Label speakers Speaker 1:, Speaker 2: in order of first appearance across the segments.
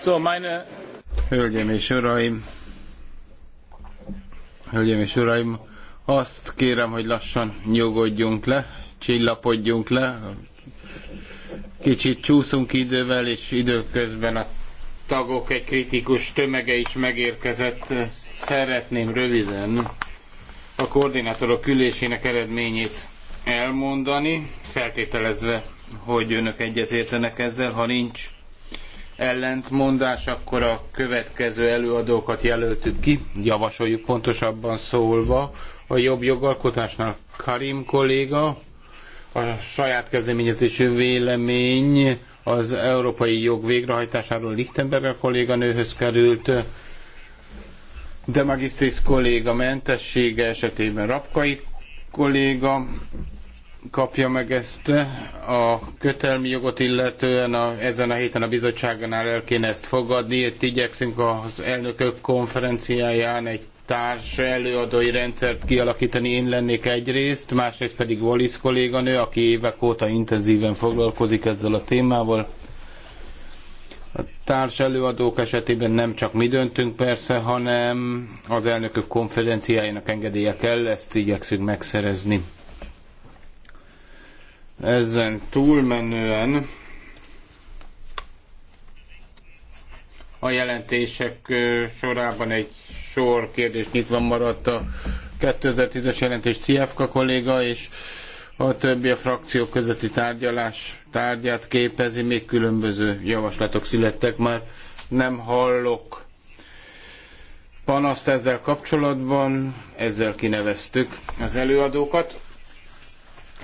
Speaker 1: So, meine... Hölgyeim és uraim, hölgyeim és uraim, azt kérem, hogy lassan nyugodjunk le, csillapodjunk le, kicsit csúszunk idővel, és időközben a tagok egy kritikus tömege is megérkezett. Szeretném röviden a koordinátorok ülésének eredményét elmondani, feltételezve, hogy önök egyetértenek ezzel, ha nincs ellentmondás, akkor a következő előadókat jelöltük ki, javasoljuk pontosabban szólva. A jobb jogalkotásnál Karim kolléga, a saját kezdeményezésű vélemény az európai jog végrehajtásáról Lichtenberger kolléganőhöz került, de magisztris kolléga mentessége esetében Rapkai kolléga, kapja meg ezt a kötelmi jogot illetően a, ezen a héten a bizottságnál el kéne ezt fogadni. Itt igyekszünk az elnökök konferenciáján egy társ előadói rendszert kialakítani. Én lennék egyrészt, másrészt pedig Wallis kolléganő, aki évek óta intenzíven foglalkozik ezzel a témával. A társ előadók esetében nem csak mi döntünk persze, hanem az elnökök konferenciájának engedélye kell, ezt igyekszünk megszerezni ezen túlmenően a jelentések sorában egy sor kérdés nyitva maradt a 2010-es jelentés CFK kolléga, és a többi a frakció közötti tárgyalás tárgyát képezi, még különböző javaslatok születtek már. Nem hallok panaszt ezzel kapcsolatban, ezzel kineveztük az előadókat.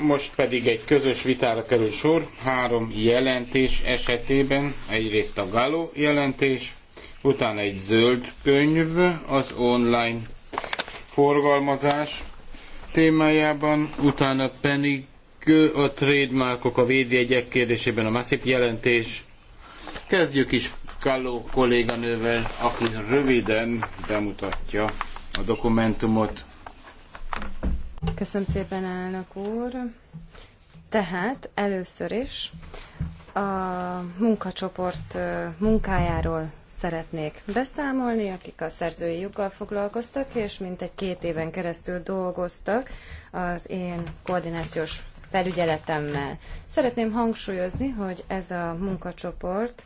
Speaker 1: Most pedig egy közös vitára kerül sor három jelentés esetében. Egyrészt a Galo jelentés, utána egy zöld könyv az online forgalmazás témájában, utána pedig a trademarkok, a védjegyek kérdésében a masszív jelentés. Kezdjük is Galo kolléganővel, aki röviden bemutatja a dokumentumot.
Speaker 2: Köszönöm szépen, elnök úr. Tehát először is a munkacsoport munkájáról szeretnék beszámolni, akik a szerzői joggal foglalkoztak, és mintegy két éven keresztül dolgoztak az én koordinációs felügyeletemmel. Szeretném hangsúlyozni, hogy ez a munkacsoport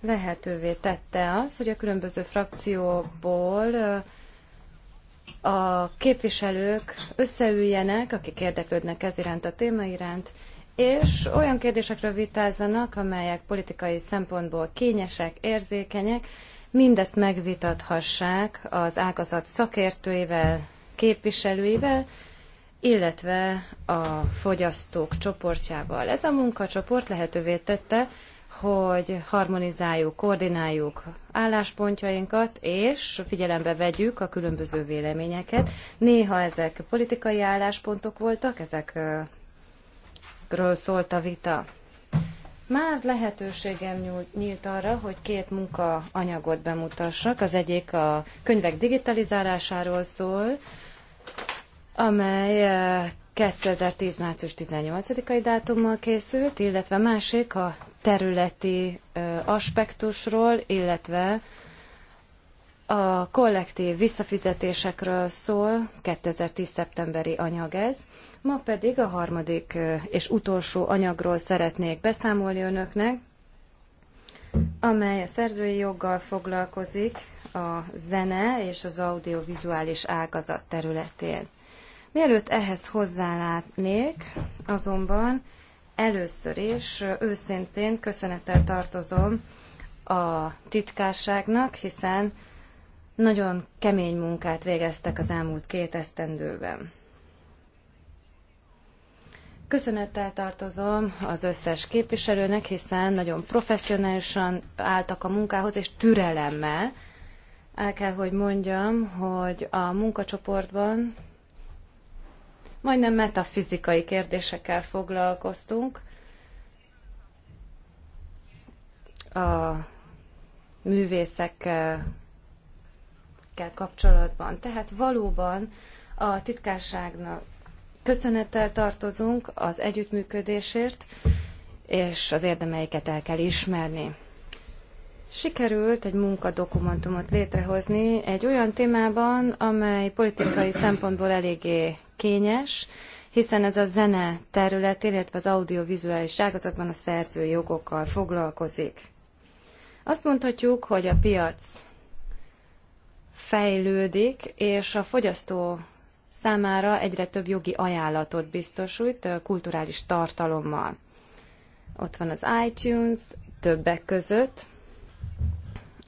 Speaker 2: lehetővé tette az, hogy a különböző frakcióból a képviselők összeüljenek, akik érdeklődnek ez iránt a téma iránt, és olyan kérdésekről vitázzanak, amelyek politikai szempontból kényesek, érzékenyek, mindezt megvitathassák az ágazat szakértőivel, képviselőivel, illetve a fogyasztók csoportjával. Ez a munkacsoport lehetővé tette, hogy harmonizáljuk, koordináljuk álláspontjainkat, és figyelembe vegyük a különböző véleményeket. Néha ezek politikai álláspontok voltak, ezekről szólt a vita. Már lehetőségem nyílt arra, hogy két munkaanyagot bemutassak. Az egyik a könyvek digitalizálásáról szól, amely 2010. Eh, március 18-ai dátummal készült, illetve másik a területi aspektusról, illetve a kollektív visszafizetésekről szól, 2010. szeptemberi anyag ez. Ma pedig a harmadik és utolsó anyagról szeretnék beszámolni önöknek, amely a szerzői joggal foglalkozik a zene és az audiovizuális ágazat területén. Mielőtt ehhez hozzálátnék, azonban Először is őszintén köszönettel tartozom a titkárságnak, hiszen nagyon kemény munkát végeztek az elmúlt két esztendőben. Köszönettel tartozom az összes képviselőnek, hiszen nagyon professzionálisan álltak a munkához, és türelemmel. El kell, hogy mondjam, hogy a munkacsoportban majdnem metafizikai kérdésekkel foglalkoztunk. A művészekkel kapcsolatban. Tehát valóban a titkárságnak köszönettel tartozunk az együttműködésért, és az érdemeiket el kell ismerni. Sikerült egy munkadokumentumot létrehozni egy olyan témában, amely politikai szempontból eléggé kényes, hiszen ez a zene területén, illetve az audiovizuális ágazatban a szerző jogokkal foglalkozik. Azt mondhatjuk, hogy a piac fejlődik, és a fogyasztó számára egyre több jogi ajánlatot biztosít kulturális tartalommal. Ott van az iTunes többek között,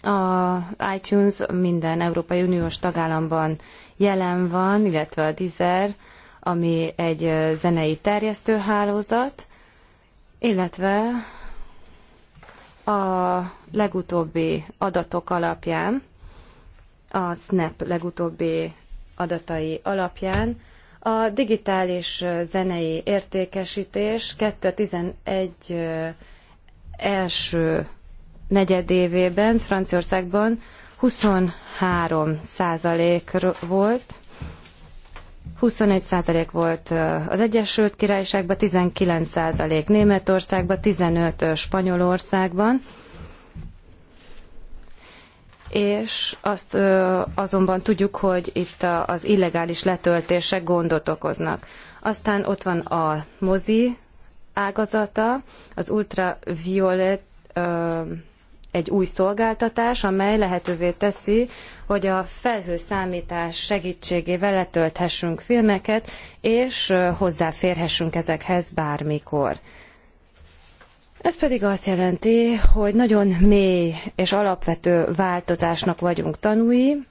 Speaker 2: a iTunes minden Európai Uniós tagállamban jelen van, illetve a Deezer, ami egy zenei terjesztőhálózat, illetve a legutóbbi adatok alapján, a Snap legutóbbi adatai alapján a digitális zenei értékesítés 2011 első negyedévében Franciaországban 23 százalék volt, 21 százalék volt az Egyesült Királyságban, 19 százalék Németországban, 15 Spanyolországban, és azt azonban tudjuk, hogy itt az illegális letöltések gondot okoznak. Aztán ott van a mozi ágazata, az ultraviolet egy új szolgáltatás, amely lehetővé teszi, hogy a felhőszámítás segítségével letölthessünk filmeket, és hozzáférhessünk ezekhez bármikor. Ez pedig azt jelenti, hogy nagyon mély és alapvető változásnak vagyunk tanúi,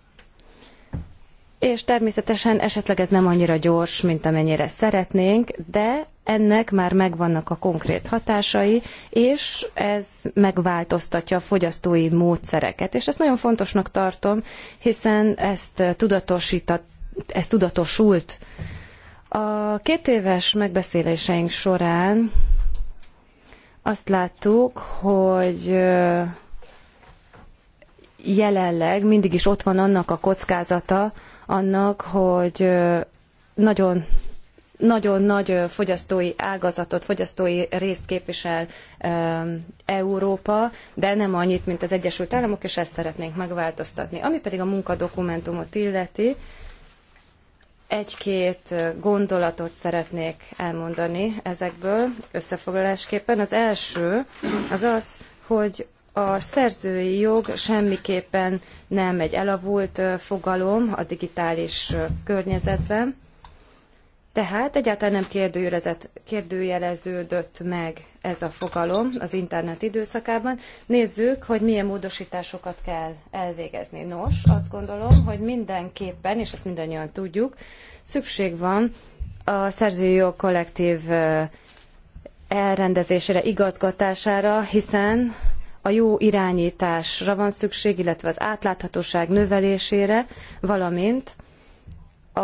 Speaker 2: és természetesen esetleg ez nem annyira gyors, mint amennyire szeretnénk, de ennek már megvannak a konkrét hatásai, és ez megváltoztatja a fogyasztói módszereket. És ezt nagyon fontosnak tartom, hiszen ezt eh, tudatosítat, ez tudatosult. A két éves megbeszéléseink során azt láttuk, hogy eh, jelenleg mindig is ott van annak a kockázata, annak, hogy eh, nagyon nagyon nagy fogyasztói ágazatot, fogyasztói részt képvisel Európa, de nem annyit, mint az Egyesült Államok, és ezt szeretnénk megváltoztatni. Ami pedig a munkadokumentumot illeti, egy-két gondolatot szeretnék elmondani ezekből összefoglalásképpen. Az első az az, hogy a szerzői jog semmiképpen nem egy elavult fogalom a digitális környezetben, tehát egyáltalán nem kérdőjeleződött meg ez a fogalom az internet időszakában. Nézzük, hogy milyen módosításokat kell elvégezni. Nos, azt gondolom, hogy mindenképpen, és ezt mindannyian tudjuk, szükség van a szerzői jog kollektív elrendezésére, igazgatására, hiszen a jó irányításra van szükség, illetve az átláthatóság növelésére, valamint a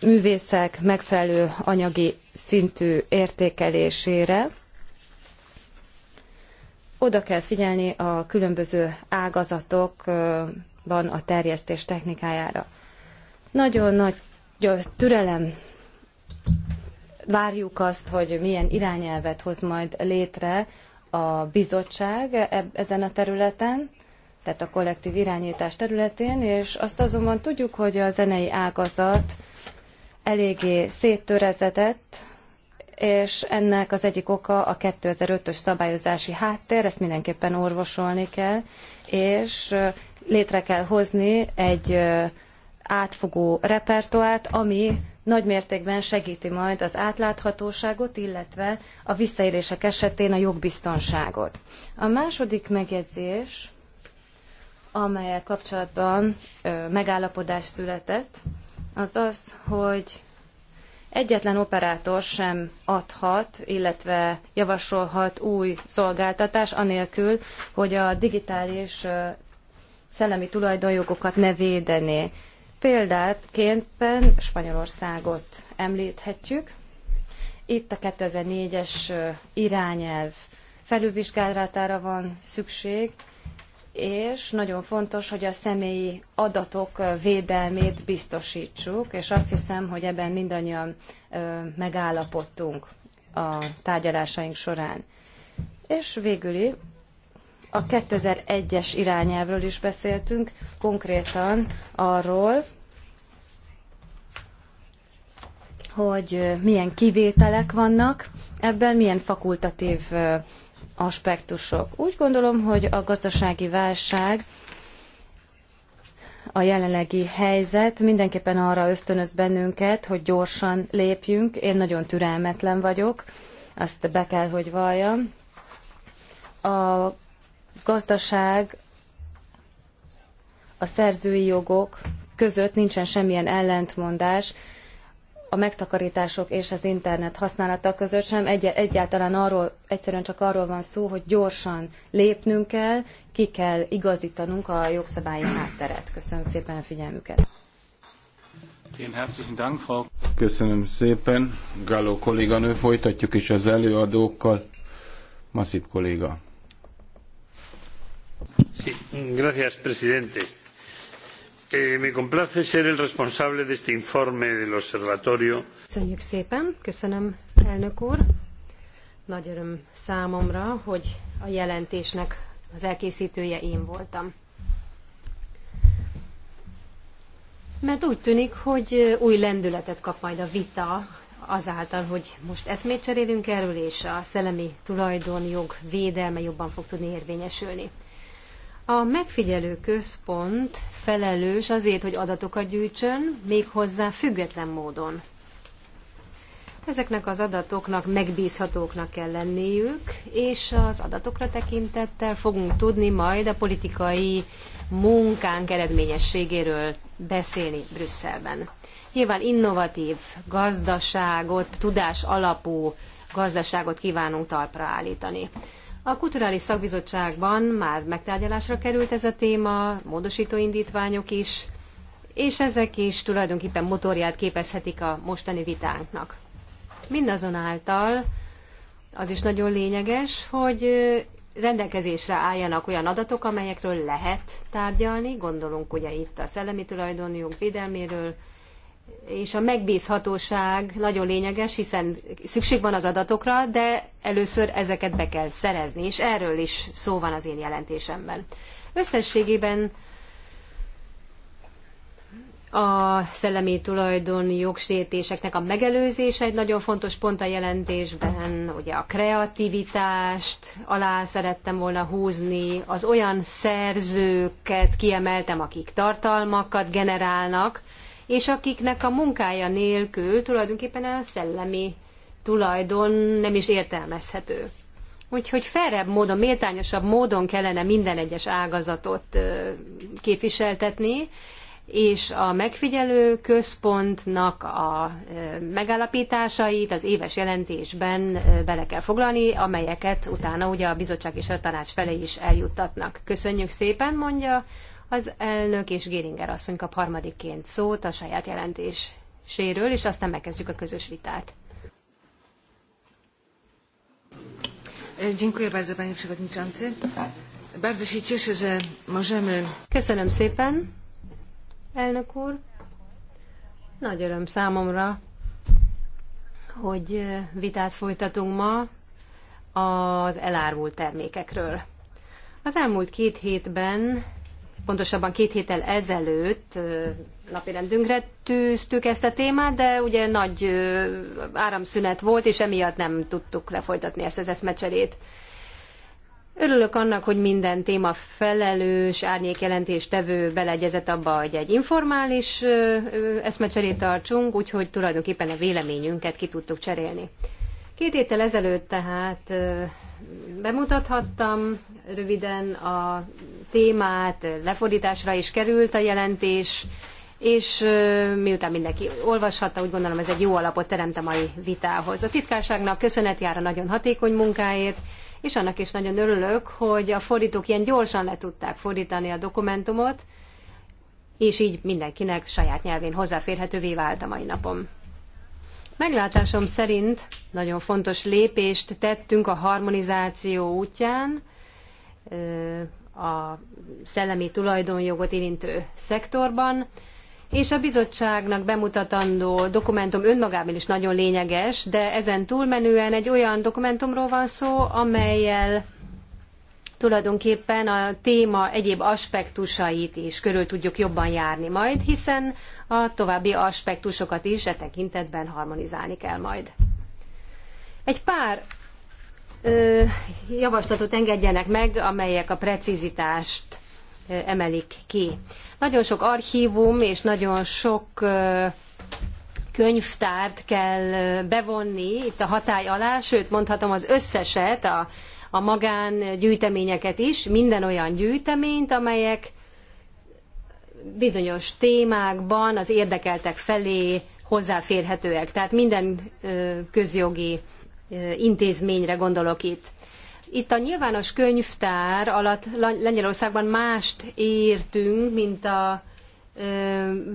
Speaker 2: művészek megfelelő anyagi szintű értékelésére. Oda kell figyelni a különböző ágazatokban a terjesztés technikájára. Nagyon nagy türelem várjuk azt, hogy milyen irányelvet hoz majd létre a bizottság e-, ezen a területen, tehát a kollektív irányítás területén, és azt azonban tudjuk, hogy a zenei ágazat eléggé széttörezedett, és ennek az egyik oka a 2005-ös szabályozási háttér, ezt mindenképpen orvosolni kell, és létre kell hozni egy átfogó repertoárt, ami nagy mértékben segíti majd az átláthatóságot, illetve a visszaélések esetén a jogbiztonságot. A második megjegyzés, amelyel kapcsolatban megállapodás született, az az, hogy egyetlen operátor sem adhat, illetve javasolhat új szolgáltatás, anélkül, hogy a digitális szellemi tulajdonjogokat ne védené. Példáképpen Spanyolországot említhetjük. Itt a 2004-es irányelv felülvizsgálatára van szükség, és nagyon fontos, hogy a személyi adatok védelmét biztosítsuk, és azt hiszem, hogy ebben mindannyian megállapodtunk a tárgyalásaink során. És végül a 2001-es irányelvről is beszéltünk, konkrétan arról, hogy milyen kivételek vannak ebben, milyen fakultatív aspektusok. Úgy gondolom, hogy a gazdasági válság a jelenlegi helyzet mindenképpen arra ösztönöz bennünket, hogy gyorsan lépjünk. Én nagyon türelmetlen vagyok, azt be kell, hogy valljam. A gazdaság, a szerzői jogok között nincsen semmilyen ellentmondás, a megtakarítások és az internet használata között sem. Egy, egyáltalán arról, egyszerűen csak arról van szó, hogy gyorsan lépnünk kell, ki kell igazítanunk a jogszabályi hátteret. Köszönöm szépen a figyelmüket.
Speaker 1: Köszönöm szépen. Galló kolléganő, folytatjuk is az előadókkal. Masszív kolléga. Sí, gracias, presidente. Eh, me complace ser el responsable de este informe del observatorio.
Speaker 3: Köszönjük szépen, köszönöm elnök úr. Nagy öröm számomra, hogy a jelentésnek az elkészítője én voltam. Mert úgy tűnik, hogy új lendületet kap majd a vita azáltal, hogy most eszmét cserélünk erről, és a szellemi tulajdonjog védelme jobban fog tudni érvényesülni. A megfigyelő központ felelős azért, hogy adatokat gyűjtsön, méghozzá független módon. Ezeknek az adatoknak megbízhatóknak kell lenniük, és az adatokra tekintettel fogunk tudni majd a politikai munkánk eredményességéről beszélni Brüsszelben. Nyilván innovatív gazdaságot, tudás alapú gazdaságot kívánunk talpra állítani. A Kulturális Szakbizottságban már megtárgyalásra került ez a téma, módosító indítványok is, és ezek is tulajdonképpen motorját képezhetik a mostani vitánknak. Mindazonáltal az is nagyon lényeges, hogy rendelkezésre álljanak olyan adatok, amelyekről lehet tárgyalni, gondolunk ugye itt a szellemi tulajdonjog védelméről, és a megbízhatóság nagyon lényeges, hiszen szükség van az adatokra, de először ezeket be kell szerezni, és erről is szó van az én jelentésemben. Összességében a szellemi tulajdon jogsértéseknek a megelőzése egy nagyon fontos pont a jelentésben, ugye a kreativitást alá szerettem volna húzni, az olyan szerzőket kiemeltem, akik tartalmakat generálnak, és akiknek a munkája nélkül tulajdonképpen a szellemi tulajdon nem is értelmezhető. Úgyhogy felrebb módon, méltányosabb módon kellene minden egyes ágazatot képviseltetni, és a megfigyelő központnak a megállapításait az éves jelentésben bele kell foglalni, amelyeket utána ugye a bizottság és a tanács felé is eljuttatnak. Köszönjük szépen, mondja az elnök és Géringer asszony kap harmadikként szót a saját jelentéséről, és aztán megkezdjük a közös vitát. E, dziękuję bardzo, panie przewodniczący. Bardzo się cieszę, że możemy... Köszönöm szépen, elnök úr. Nagy öröm számomra, hogy e, vitát folytatunk ma az elárvult termékekről. Az elmúlt két hétben pontosabban két héttel ezelőtt napirendünkre tűztük ezt a témát, de ugye nagy áramszünet volt, és emiatt nem tudtuk lefolytatni ezt az eszmecserét. Örülök annak, hogy minden téma felelős, árnyékjelentéstevő beleegyezett abba, hogy egy informális eszmecserét tartsunk, úgyhogy tulajdonképpen a véleményünket ki tudtuk cserélni. Két héttel ezelőtt tehát bemutathattam röviden a témát, lefordításra is került a jelentés, és miután mindenki olvashatta, úgy gondolom ez egy jó alapot teremt a mai vitához. A titkárságnak köszönet jár a nagyon hatékony munkáért, és annak is nagyon örülök, hogy a fordítók ilyen gyorsan le tudták fordítani a dokumentumot, és így mindenkinek saját nyelvén hozzáférhetővé vált a mai napom. Meglátásom szerint nagyon fontos lépést tettünk a harmonizáció útján, a szellemi tulajdonjogot érintő szektorban, és a bizottságnak bemutatandó dokumentum önmagában is nagyon lényeges, de ezen túlmenően egy olyan dokumentumról van szó, amelyel tulajdonképpen a téma egyéb aspektusait is körül tudjuk jobban járni majd, hiszen a további aspektusokat is e tekintetben harmonizálni kell majd. Egy pár javaslatot engedjenek meg, amelyek a precizitást emelik ki. Nagyon sok archívum és nagyon sok könyvtárt kell bevonni itt a hatály alá, sőt mondhatom az összeset, a, a magángyűjteményeket is, minden olyan gyűjteményt, amelyek bizonyos témákban az érdekeltek felé hozzáférhetőek. Tehát minden közjogi intézményre gondolok itt. Itt a nyilvános könyvtár alatt Lengyelországban mást értünk, mint a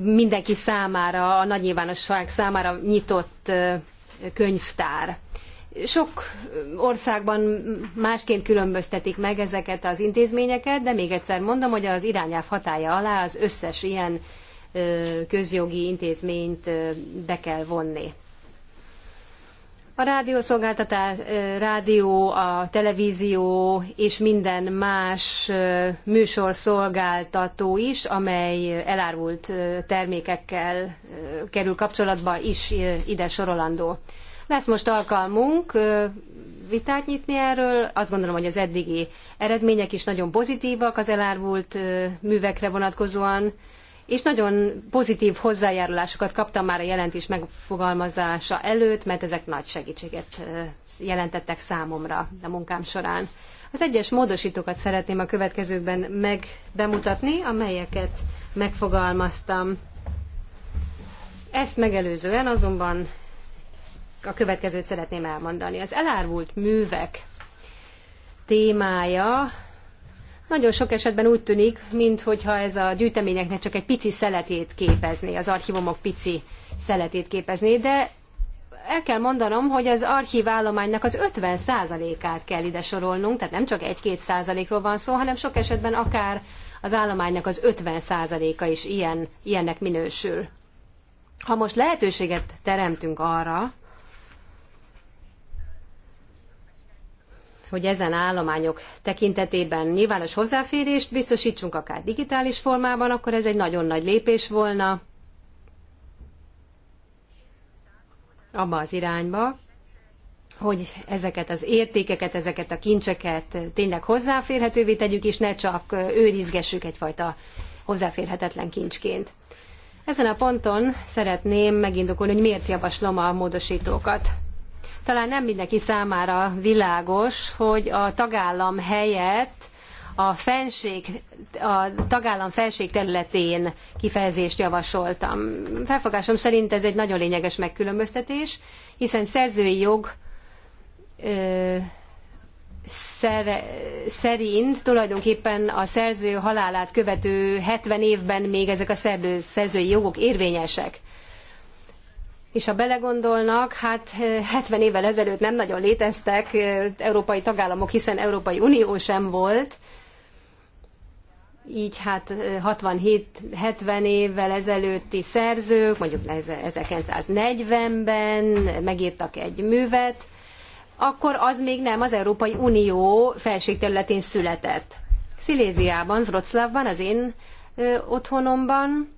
Speaker 3: mindenki számára, a nagy nyilvánosság számára nyitott könyvtár. Sok országban másként különböztetik meg ezeket az intézményeket, de még egyszer mondom, hogy az irányelv hatálya alá az összes ilyen közjogi intézményt be kell vonni. A rádiószolgáltatás, rádió, a televízió és minden más műsorszolgáltató is, amely elárult termékekkel kerül kapcsolatba, is ide sorolandó. Lesz most alkalmunk vitát nyitni erről. Azt gondolom, hogy az eddigi eredmények is nagyon pozitívak az elárvult művekre vonatkozóan és nagyon pozitív hozzájárulásokat kaptam már a jelentés megfogalmazása előtt, mert ezek nagy segítséget jelentettek számomra a munkám során. Az egyes módosítókat szeretném a következőkben meg bemutatni, amelyeket megfogalmaztam. Ezt megelőzően azonban a következőt szeretném elmondani. Az elárvult művek témája nagyon sok esetben úgy tűnik, minthogyha ez a gyűjteményeknek csak egy pici szeletét képezné, az archívumok pici szeletét képezné, de el kell mondanom, hogy az archív állománynak az 50%-át kell ide sorolnunk, tehát nem csak 1-2 százalékról van szó, hanem sok esetben akár az állománynak az 50%-a is ilyen, ilyennek minősül. Ha most lehetőséget teremtünk arra, hogy ezen állományok tekintetében nyilvános hozzáférést biztosítsunk akár digitális formában, akkor ez egy nagyon nagy lépés volna abba az irányba, hogy ezeket az értékeket, ezeket a kincseket tényleg hozzáférhetővé tegyük, és ne csak őrizgessük egyfajta hozzáférhetetlen kincsként. Ezen a ponton szeretném megindokolni, hogy miért javaslom a módosítókat. Talán nem mindenki számára világos, hogy a tagállam helyett a, fenség, a tagállam felség területén kifejezést javasoltam. Felfogásom szerint ez egy nagyon lényeges megkülönböztetés, hiszen szerzői jog ö, szer, szerint tulajdonképpen a szerző halálát követő 70 évben még ezek a szerző, szerzői jogok érvényesek. És ha belegondolnak, hát 70 eh, évvel ezelőtt nem nagyon léteztek eh, európai tagállamok, hiszen Európai Unió sem volt. Így hát 67-70 eh, évvel ezelőtti szerzők, mondjuk 1940-ben megírtak egy művet, akkor az még nem az Európai Unió felségterületén született. Sziléziában, Wroclawban, az én otthonomban,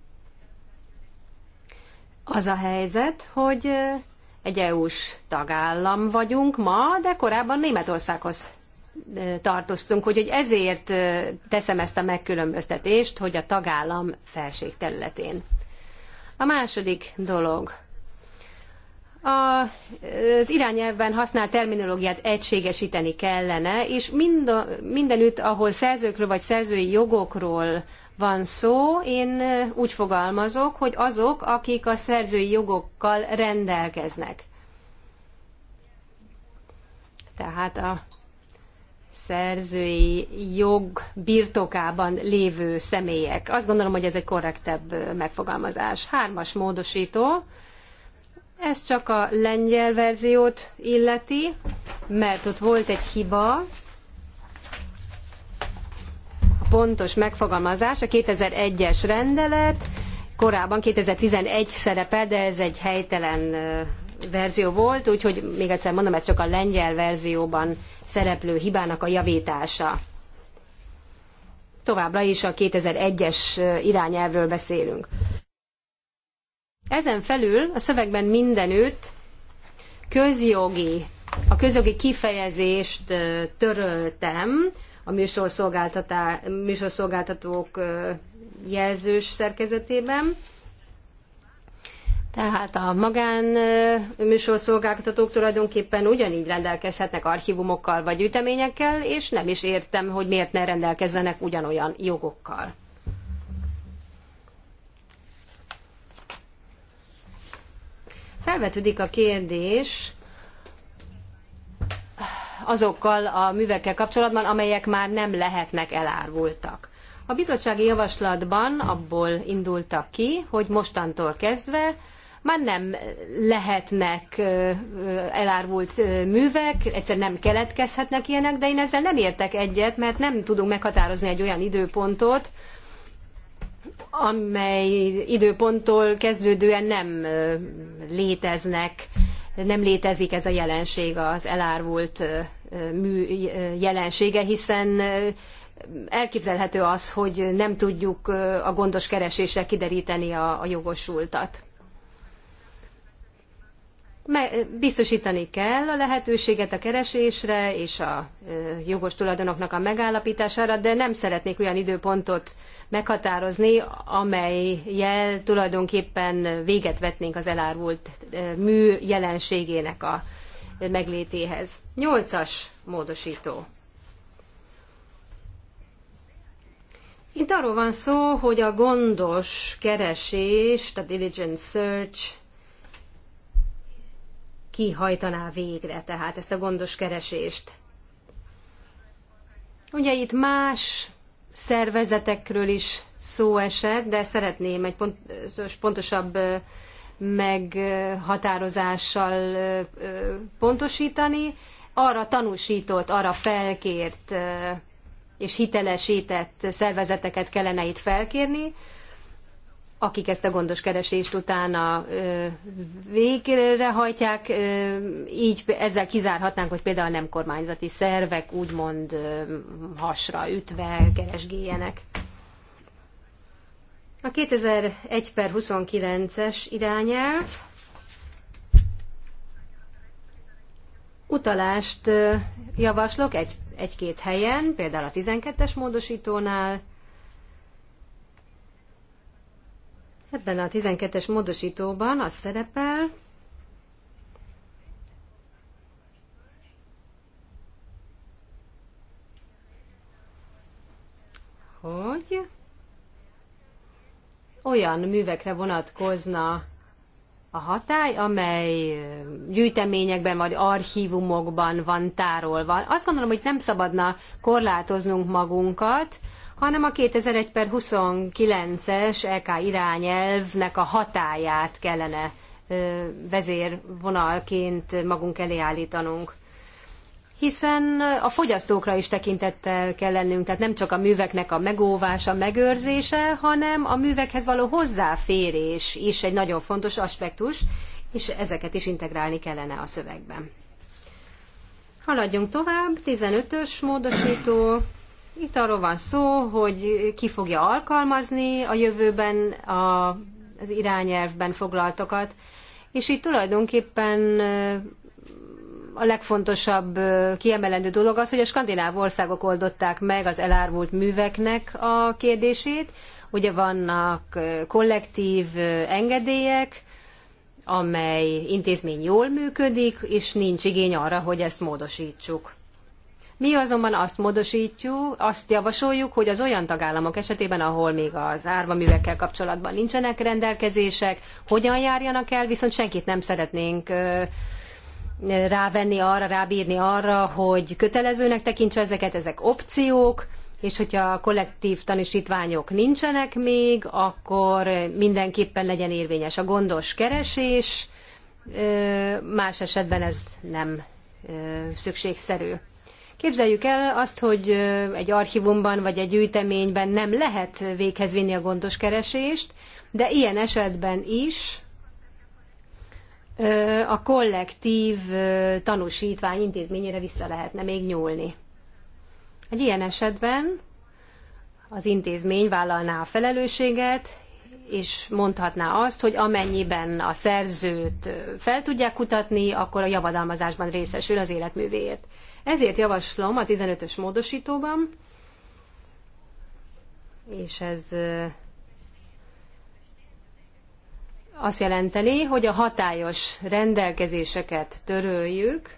Speaker 3: az a helyzet, hogy egy EU-s tagállam vagyunk ma, de korábban Németországhoz tartoztunk, hogy, hogy ezért teszem ezt a megkülönböztetést, hogy a tagállam felség területén. A második dolog. A, az irányelvben használt terminológiát egységesíteni kellene, és mind a, mindenütt, ahol szerzőkről vagy szerzői jogokról van szó, én úgy fogalmazok, hogy azok, akik a szerzői jogokkal rendelkeznek. Tehát a szerzői jog birtokában lévő személyek. Azt gondolom, hogy ez egy korrektebb megfogalmazás. Hármas módosító. Ez csak a lengyel verziót illeti, mert ott volt egy hiba, pontos megfogalmazás a 2001-es rendelet, korábban 2011 szerepel, de ez egy helytelen verzió volt, úgyhogy még egyszer mondom, ez csak a lengyel verzióban szereplő hibának a javítása. Továbbra is a 2001-es irányelvről beszélünk. Ezen felül a szövegben mindenütt közjogi, a közjogi kifejezést töröltem, a műsorszolgáltatók jelzős szerkezetében. Tehát a magán műsorszolgáltatók tulajdonképpen ugyanígy rendelkezhetnek archívumokkal vagy üteményekkel, és nem is értem, hogy miért ne rendelkezzenek ugyanolyan jogokkal. Felvetődik a kérdés, azokkal a művekkel kapcsolatban, amelyek már nem lehetnek elárvultak. A bizottsági javaslatban abból indultak ki, hogy mostantól kezdve már nem lehetnek elárvult művek, egyszer nem keletkezhetnek ilyenek, de én ezzel nem értek egyet, mert nem tudunk meghatározni egy olyan időpontot, amely időponttól kezdődően nem léteznek, nem létezik ez a jelenség az elárvult mű jelensége, hiszen elképzelhető az, hogy nem tudjuk a gondos kereséssel kideríteni a, a jogosultat. Biztosítani kell a lehetőséget a keresésre és a jogos tulajdonoknak a megállapítására, de nem szeretnék olyan időpontot meghatározni, jel tulajdonképpen véget vetnénk az elárult mű jelenségének a meglétéhez. Nyolcas módosító. Itt arról van szó, hogy a gondos keresés, a diligent search kihajtaná végre, tehát ezt a gondos keresést. Ugye itt más szervezetekről is szó esett, de szeretném egy pont, pontosabb meghatározással pontosítani, arra tanúsított, arra felkért és hitelesített szervezeteket kellene itt felkérni, akik ezt a gondos keresést utána végrehajtják, így ezzel kizárhatnánk, hogy például nem kormányzati szervek úgymond hasra ütve keresgéljenek. A 2001 per 29-es irányelv utalást javaslok egy, egy-két helyen, például a 12-es módosítónál. Ebben a 12-es módosítóban az szerepel, hogy olyan művekre vonatkozna a hatály, amely gyűjteményekben vagy archívumokban van tárolva. Azt gondolom, hogy nem szabadna korlátoznunk magunkat, hanem a 2001 per 29-es EK irányelvnek a hatáját kellene vezérvonalként magunk elé állítanunk hiszen a fogyasztókra is tekintettel kell lennünk, tehát nem csak a műveknek a megóvása, megőrzése, hanem a művekhez való hozzáférés is egy nagyon fontos aspektus, és ezeket is integrálni kellene a szövegben. Haladjunk tovább, 15-ös módosító. Itt arról van szó, hogy ki fogja alkalmazni a jövőben a, az irányelvben foglaltakat, és itt tulajdonképpen a legfontosabb kiemelendő dolog az, hogy a skandináv országok oldották meg az elárvult műveknek a kérdését. Ugye vannak kollektív engedélyek, amely intézmény jól működik, és nincs igény arra, hogy ezt módosítsuk. Mi azonban azt módosítjuk, azt javasoljuk, hogy az olyan tagállamok esetében, ahol még az árvaművekkel kapcsolatban nincsenek rendelkezések, hogyan járjanak el, viszont senkit nem szeretnénk rávenni arra, rábírni arra, hogy kötelezőnek tekintse ezeket, ezek opciók, és hogyha a kollektív tanúsítványok nincsenek még, akkor mindenképpen legyen érvényes a gondos keresés, más esetben ez nem szükségszerű. Képzeljük el azt, hogy egy archívumban vagy egy gyűjteményben nem lehet véghez vinni a gondos keresést, de ilyen esetben is a kollektív tanúsítvány intézményére vissza lehetne még nyúlni. Egy ilyen esetben az intézmény vállalná a felelősséget, és mondhatná azt, hogy amennyiben a szerzőt fel tudják kutatni, akkor a javadalmazásban részesül az életművéért. Ezért javaslom a 15-ös módosítóban, és ez azt jelenteni, hogy a hatályos rendelkezéseket töröljük,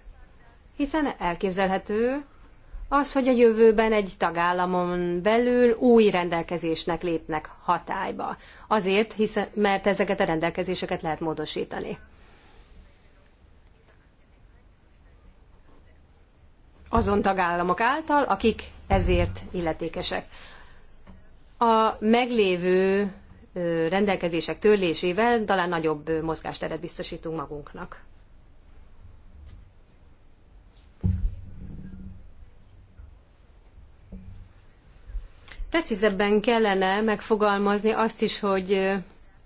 Speaker 3: hiszen elképzelhető az, hogy a jövőben egy tagállamon belül új rendelkezésnek lépnek hatályba. Azért, hiszen, mert ezeket a rendelkezéseket lehet módosítani. Azon tagállamok által, akik ezért illetékesek. A meglévő rendelkezések törlésével talán nagyobb mozgásteret biztosítunk magunknak. Precízebben kellene megfogalmazni azt is, hogy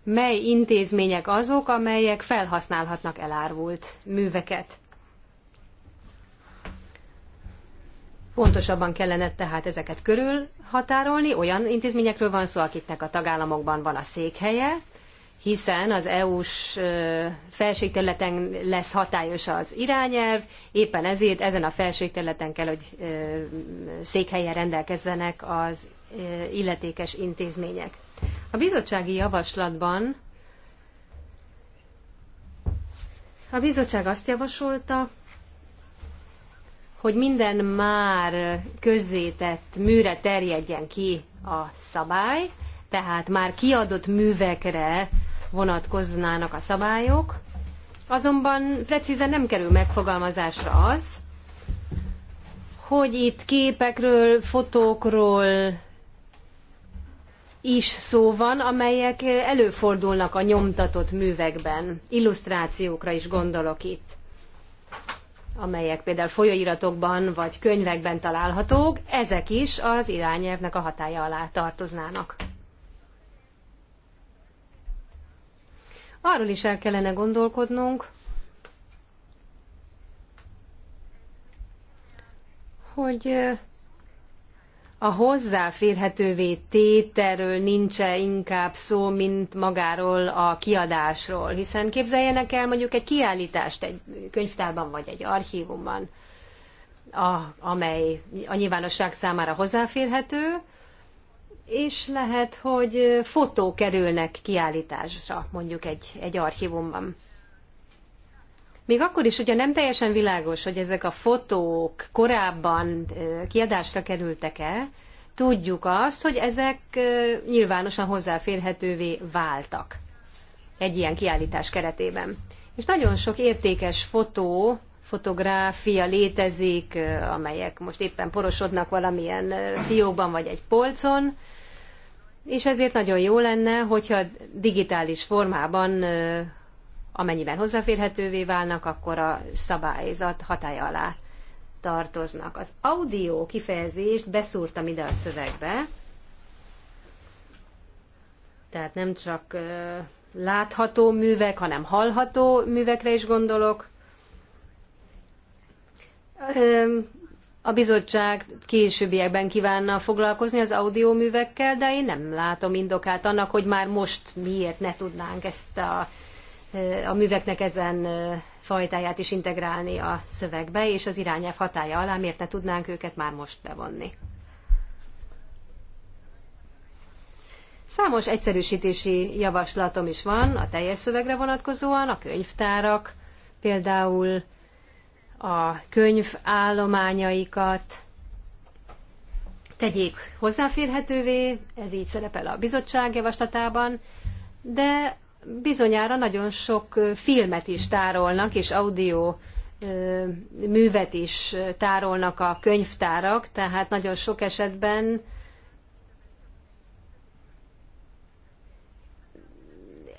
Speaker 3: mely intézmények azok, amelyek felhasználhatnak elárvult műveket. Pontosabban kellene tehát ezeket körülhatárolni, olyan intézményekről van szó, akiknek a tagállamokban van a székhelye, hiszen az EU-s felségterületen lesz hatályos az irányelv, éppen ezért ezen a felségterületen kell, hogy székhelyen rendelkezzenek az illetékes intézmények. A bizottsági javaslatban a bizottság azt javasolta, hogy minden már közzétett műre terjedjen ki a szabály, tehát már kiadott művekre vonatkoznának a szabályok, azonban precízen nem kerül megfogalmazásra az, hogy itt képekről, fotókról is szó van, amelyek előfordulnak a nyomtatott művekben. Illusztrációkra is gondolok itt amelyek például folyóiratokban vagy könyvekben találhatók, ezek is az irányelvnek a hatája alá tartoznának. Arról is el kellene gondolkodnunk, hogy a hozzáférhetővé tételről nincs -e inkább szó, mint magáról a kiadásról? Hiszen képzeljenek el mondjuk egy kiállítást egy könyvtárban vagy egy archívumban, a, amely a nyilvánosság számára hozzáférhető, és lehet, hogy fotók kerülnek kiállításra mondjuk egy, egy archívumban. Még akkor is ugye nem teljesen világos, hogy ezek a fotók korábban kiadásra kerültek-e, tudjuk azt, hogy ezek nyilvánosan hozzáférhetővé váltak egy ilyen kiállítás keretében. És nagyon sok értékes fotó, fotográfia létezik, amelyek most éppen porosodnak valamilyen fiókban vagy egy polcon, és ezért nagyon jó lenne, hogyha digitális formában amennyiben hozzáférhetővé válnak, akkor a szabályzat hatája alá tartoznak. Az audio kifejezést beszúrtam ide a szövegbe, tehát nem csak látható művek, hanem hallható művekre is gondolok. A bizottság későbbiekben kívánna foglalkozni az audio művekkel, de én nem látom indokát annak, hogy már most miért ne tudnánk ezt a a műveknek ezen fajtáját is integrálni a szövegbe, és az irányelv hatája alá miért ne tudnánk őket már most bevonni. Számos egyszerűsítési javaslatom is van a teljes szövegre vonatkozóan, a könyvtárak, például a könyv állományaikat tegyék hozzáférhetővé, ez így szerepel a bizottság javaslatában, de bizonyára nagyon sok filmet is tárolnak, és audio művet is tárolnak a könyvtárak, tehát nagyon sok esetben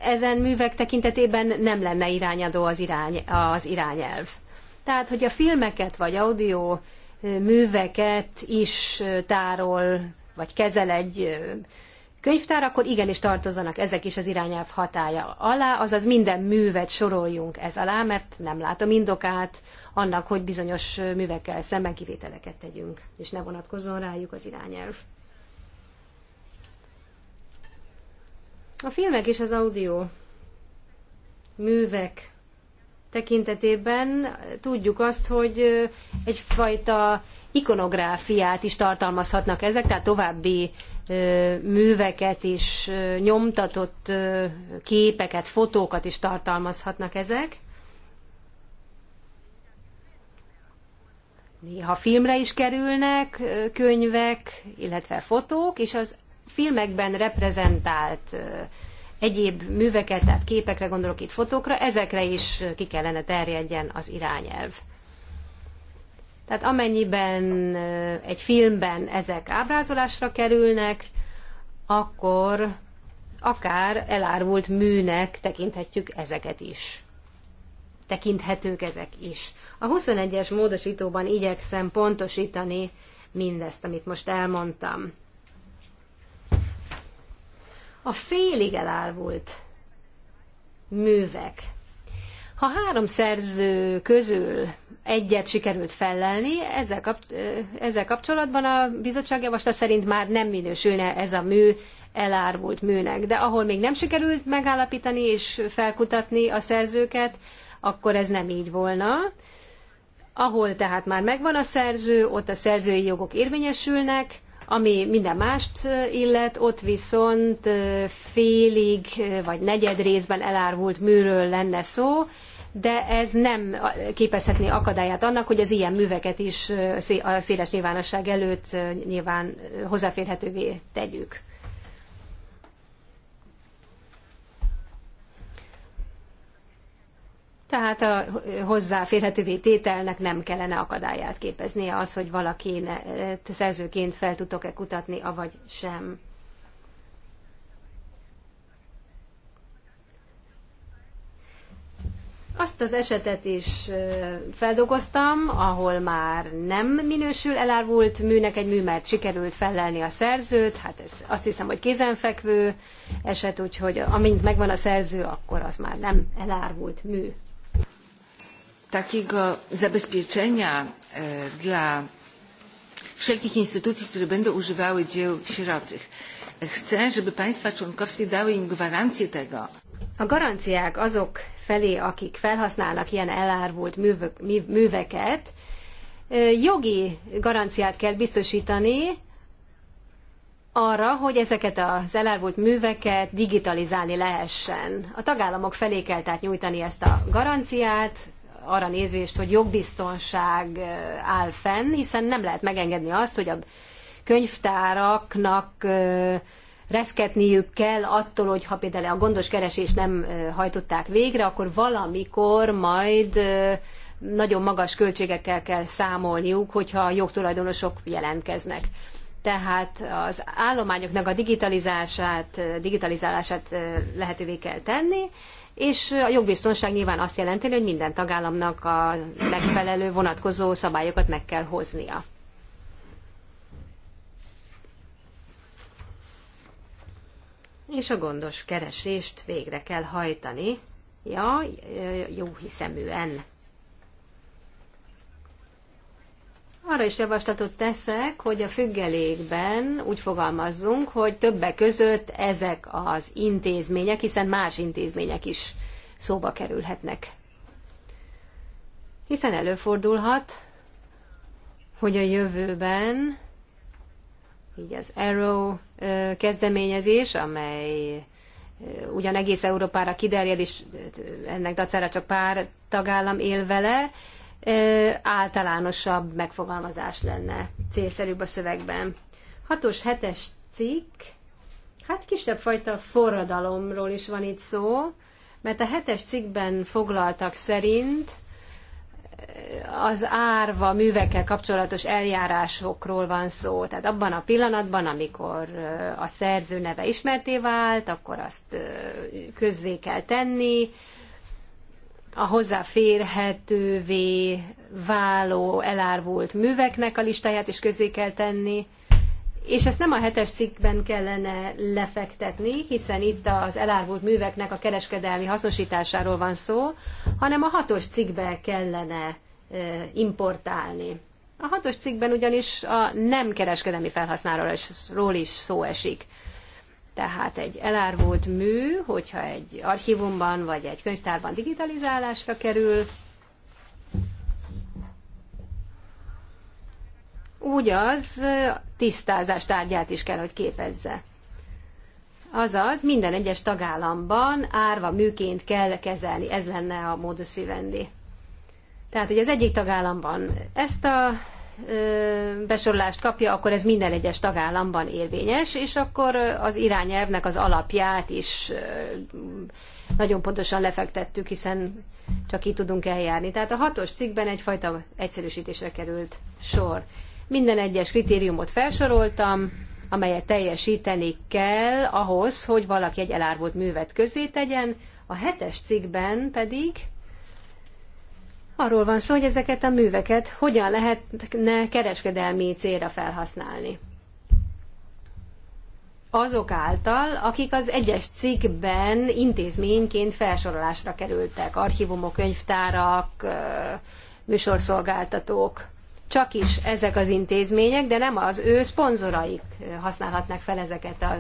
Speaker 3: ezen művek tekintetében nem lenne irányadó az, irány, az irányelv. Tehát, hogy a filmeket vagy audio műveket is tárol, vagy kezel egy könyvtár, akkor igenis tartozzanak ezek is az irányelv hatája alá, azaz minden művet soroljunk ez alá, mert nem látom indokát annak, hogy bizonyos művekkel szemben kivételeket tegyünk, és ne vonatkozzon rájuk az irányelv. A filmek és az audio művek tekintetében tudjuk azt, hogy egyfajta ikonográfiát is tartalmazhatnak ezek, tehát további műveket is, nyomtatott képeket, fotókat is tartalmazhatnak ezek. Néha filmre is kerülnek könyvek, illetve fotók, és az filmekben reprezentált egyéb műveket, tehát képekre gondolok itt fotókra, ezekre is ki kellene terjedjen az irányelv. Tehát amennyiben egy filmben ezek ábrázolásra kerülnek, akkor akár elárvult műnek tekinthetjük ezeket is. Tekinthetők ezek is. A 21-es módosítóban igyekszem pontosítani mindezt, amit most elmondtam. A félig elárvult művek. Ha három szerző közül egyet sikerült fellelni, ezzel, kap, ezzel kapcsolatban a bizottság javaslat szerint már nem minősülne ez a mű elárvult műnek. De ahol még nem sikerült megállapítani és felkutatni a szerzőket, akkor ez nem így volna. Ahol tehát már megvan a szerző, ott a szerzői jogok érvényesülnek, ami minden mást illet, ott viszont félig vagy negyed részben elárvult műről lenne szó, de ez nem képezhetné akadályát annak, hogy az ilyen műveket is a széles nyilvánosság előtt nyilván hozzáférhetővé tegyük. Tehát a hozzáférhetővé tételnek nem kellene akadályát képeznie az, hogy valakit szerzőként fel tudtok-e kutatni, avagy sem. Azt az esetet is feldolgoztam, ahol már nem minősül elárvult műnek egy mű, mert sikerült fellelni a szerzőt. Hát ez azt hiszem, hogy kézenfekvő eset, úgyhogy amint megvan a szerző, akkor az már nem elárvult mű. Takiego zabezpieczenia e, dla wszelkich instytucji, które będą używały dzieł sierocych. E, chcę, żeby państwa członkowskie dały im gwarancję tego, a garanciák azok felé, akik felhasználnak ilyen elárvult művök, műveket, jogi garanciát kell biztosítani arra, hogy ezeket az elárvult műveket digitalizálni lehessen. A tagállamok felé kell tehát nyújtani ezt a garanciát, arra nézvést, hogy jogbiztonság áll fenn, hiszen nem lehet megengedni azt, hogy a könyvtáraknak reszketniük kell attól, hogy ha például a gondos keresést nem hajtották végre, akkor valamikor majd nagyon magas költségekkel kell számolniuk, hogyha a jogtulajdonosok jelentkeznek. Tehát az állományoknak a digitalizását, digitalizálását lehetővé kell tenni, és a jogbiztonság nyilván azt jelenti, hogy minden tagállamnak a megfelelő vonatkozó szabályokat meg kell hoznia. és a gondos keresést végre kell hajtani, ja, jó hiszeműen. Arra is javaslatot teszek, hogy a függelékben úgy fogalmazzunk, hogy többek között ezek az intézmények, hiszen más intézmények is szóba kerülhetnek. Hiszen előfordulhat, hogy a jövőben, így az Arrow kezdeményezés, amely ugyan egész Európára kiderjed, és ennek dacára csak pár tagállam él vele, általánosabb megfogalmazás lenne célszerűbb a szövegben. Hatos hetes cikk, hát kisebb fajta forradalomról is van itt szó, mert a hetes cikkben foglaltak szerint az árva művekkel kapcsolatos eljárásokról van szó. Tehát abban a pillanatban, amikor a szerző neve ismerté vált, akkor azt közzé kell tenni, a hozzáférhetővé váló elárvult műveknek a listáját is közé kell tenni, és ezt nem a hetes cikkben kellene lefektetni, hiszen itt az elárvult műveknek a kereskedelmi hasznosításáról van szó, hanem a hatos cikkbe kellene importálni. A hatos cikkben ugyanis a nem kereskedelmi felhasználásról is szó esik. Tehát egy elárvult mű, hogyha egy archívumban vagy egy könyvtárban digitalizálásra kerül, úgy az tisztázás tárgyát is kell, hogy képezze. Azaz minden egyes tagállamban árva műként kell kezelni, ez lenne a modus vivendi. Tehát, hogy az egyik tagállamban ezt a besorolást kapja, akkor ez minden egyes tagállamban érvényes, és akkor az irányelvnek az alapját is nagyon pontosan lefektettük, hiszen csak így tudunk eljárni. Tehát a hatos cikkben egyfajta egyszerűsítésre került sor. Minden egyes kritériumot felsoroltam, amelyet teljesíteni kell ahhoz, hogy valaki egy elárvult művet közé tegyen, a hetes cikkben pedig arról van szó, hogy ezeket a műveket hogyan lehetne kereskedelmi célra felhasználni. Azok által, akik az egyes cikkben intézményként felsorolásra kerültek, archívumok, könyvtárak, műsorszolgáltatók, csak is ezek az intézmények, de nem az ő szponzoraik használhatnák fel ezeket a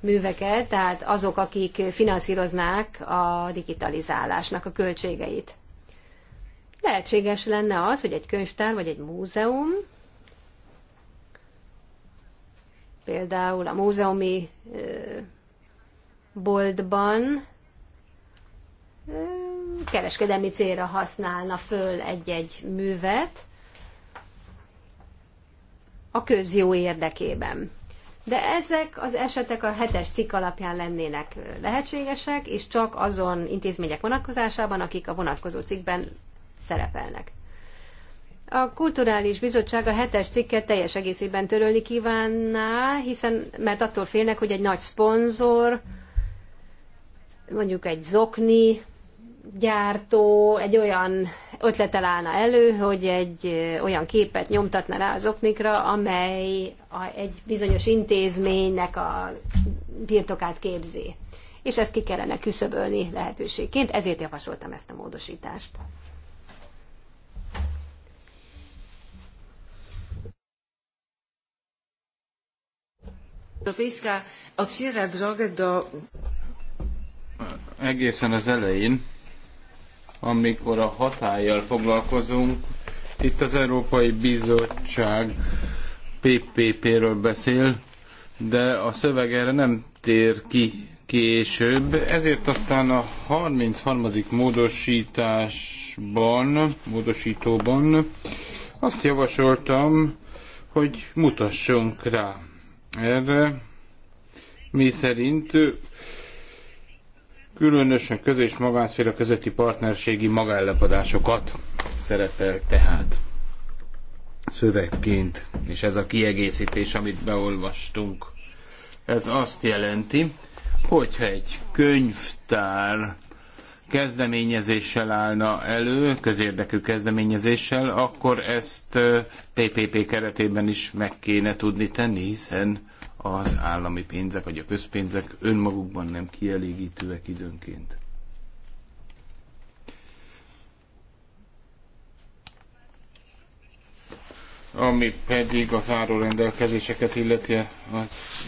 Speaker 3: műveket, tehát azok, akik finanszíroznák a digitalizálásnak a költségeit. Lehetséges lenne az, hogy egy könyvtár vagy egy múzeum, például a múzeumi boltban kereskedelmi célra használna föl egy-egy művet, a közjó érdekében. De ezek az esetek a hetes cikk alapján lennének lehetségesek, és csak azon intézmények vonatkozásában, akik a vonatkozó cikkben szerepelnek. A Kulturális Bizottság a hetes cikket teljes egészében törölni kívánná, hiszen mert attól félnek, hogy egy nagy szponzor, mondjuk egy zokni gyártó egy olyan ötletel állna elő, hogy egy olyan képet nyomtatna rá az oknikra, amely egy bizonyos intézménynek a birtokát képzi. És ezt ki kellene küszöbölni lehetőségként, ezért javasoltam ezt a módosítást.
Speaker 1: Egészen az elején amikor a hatállyal foglalkozunk. Itt az Európai Bizottság PPP-ről beszél, de a szöveg erre nem tér ki később. Ezért aztán a 33. módosításban, módosítóban azt javasoltam, hogy mutassunk rá erre, mi szerint különösen köz- és magánszféra közötti partnerségi magállapodásokat szerepel tehát szövegként, és ez a kiegészítés, amit beolvastunk, ez azt jelenti, hogyha egy könyvtár kezdeményezéssel állna elő, közérdekű kezdeményezéssel, akkor ezt PPP keretében is meg kéne tudni tenni, hiszen az állami pénzek vagy a közpénzek önmagukban nem kielégítőek időnként. Ami pedig az rendelkezéseket illeti az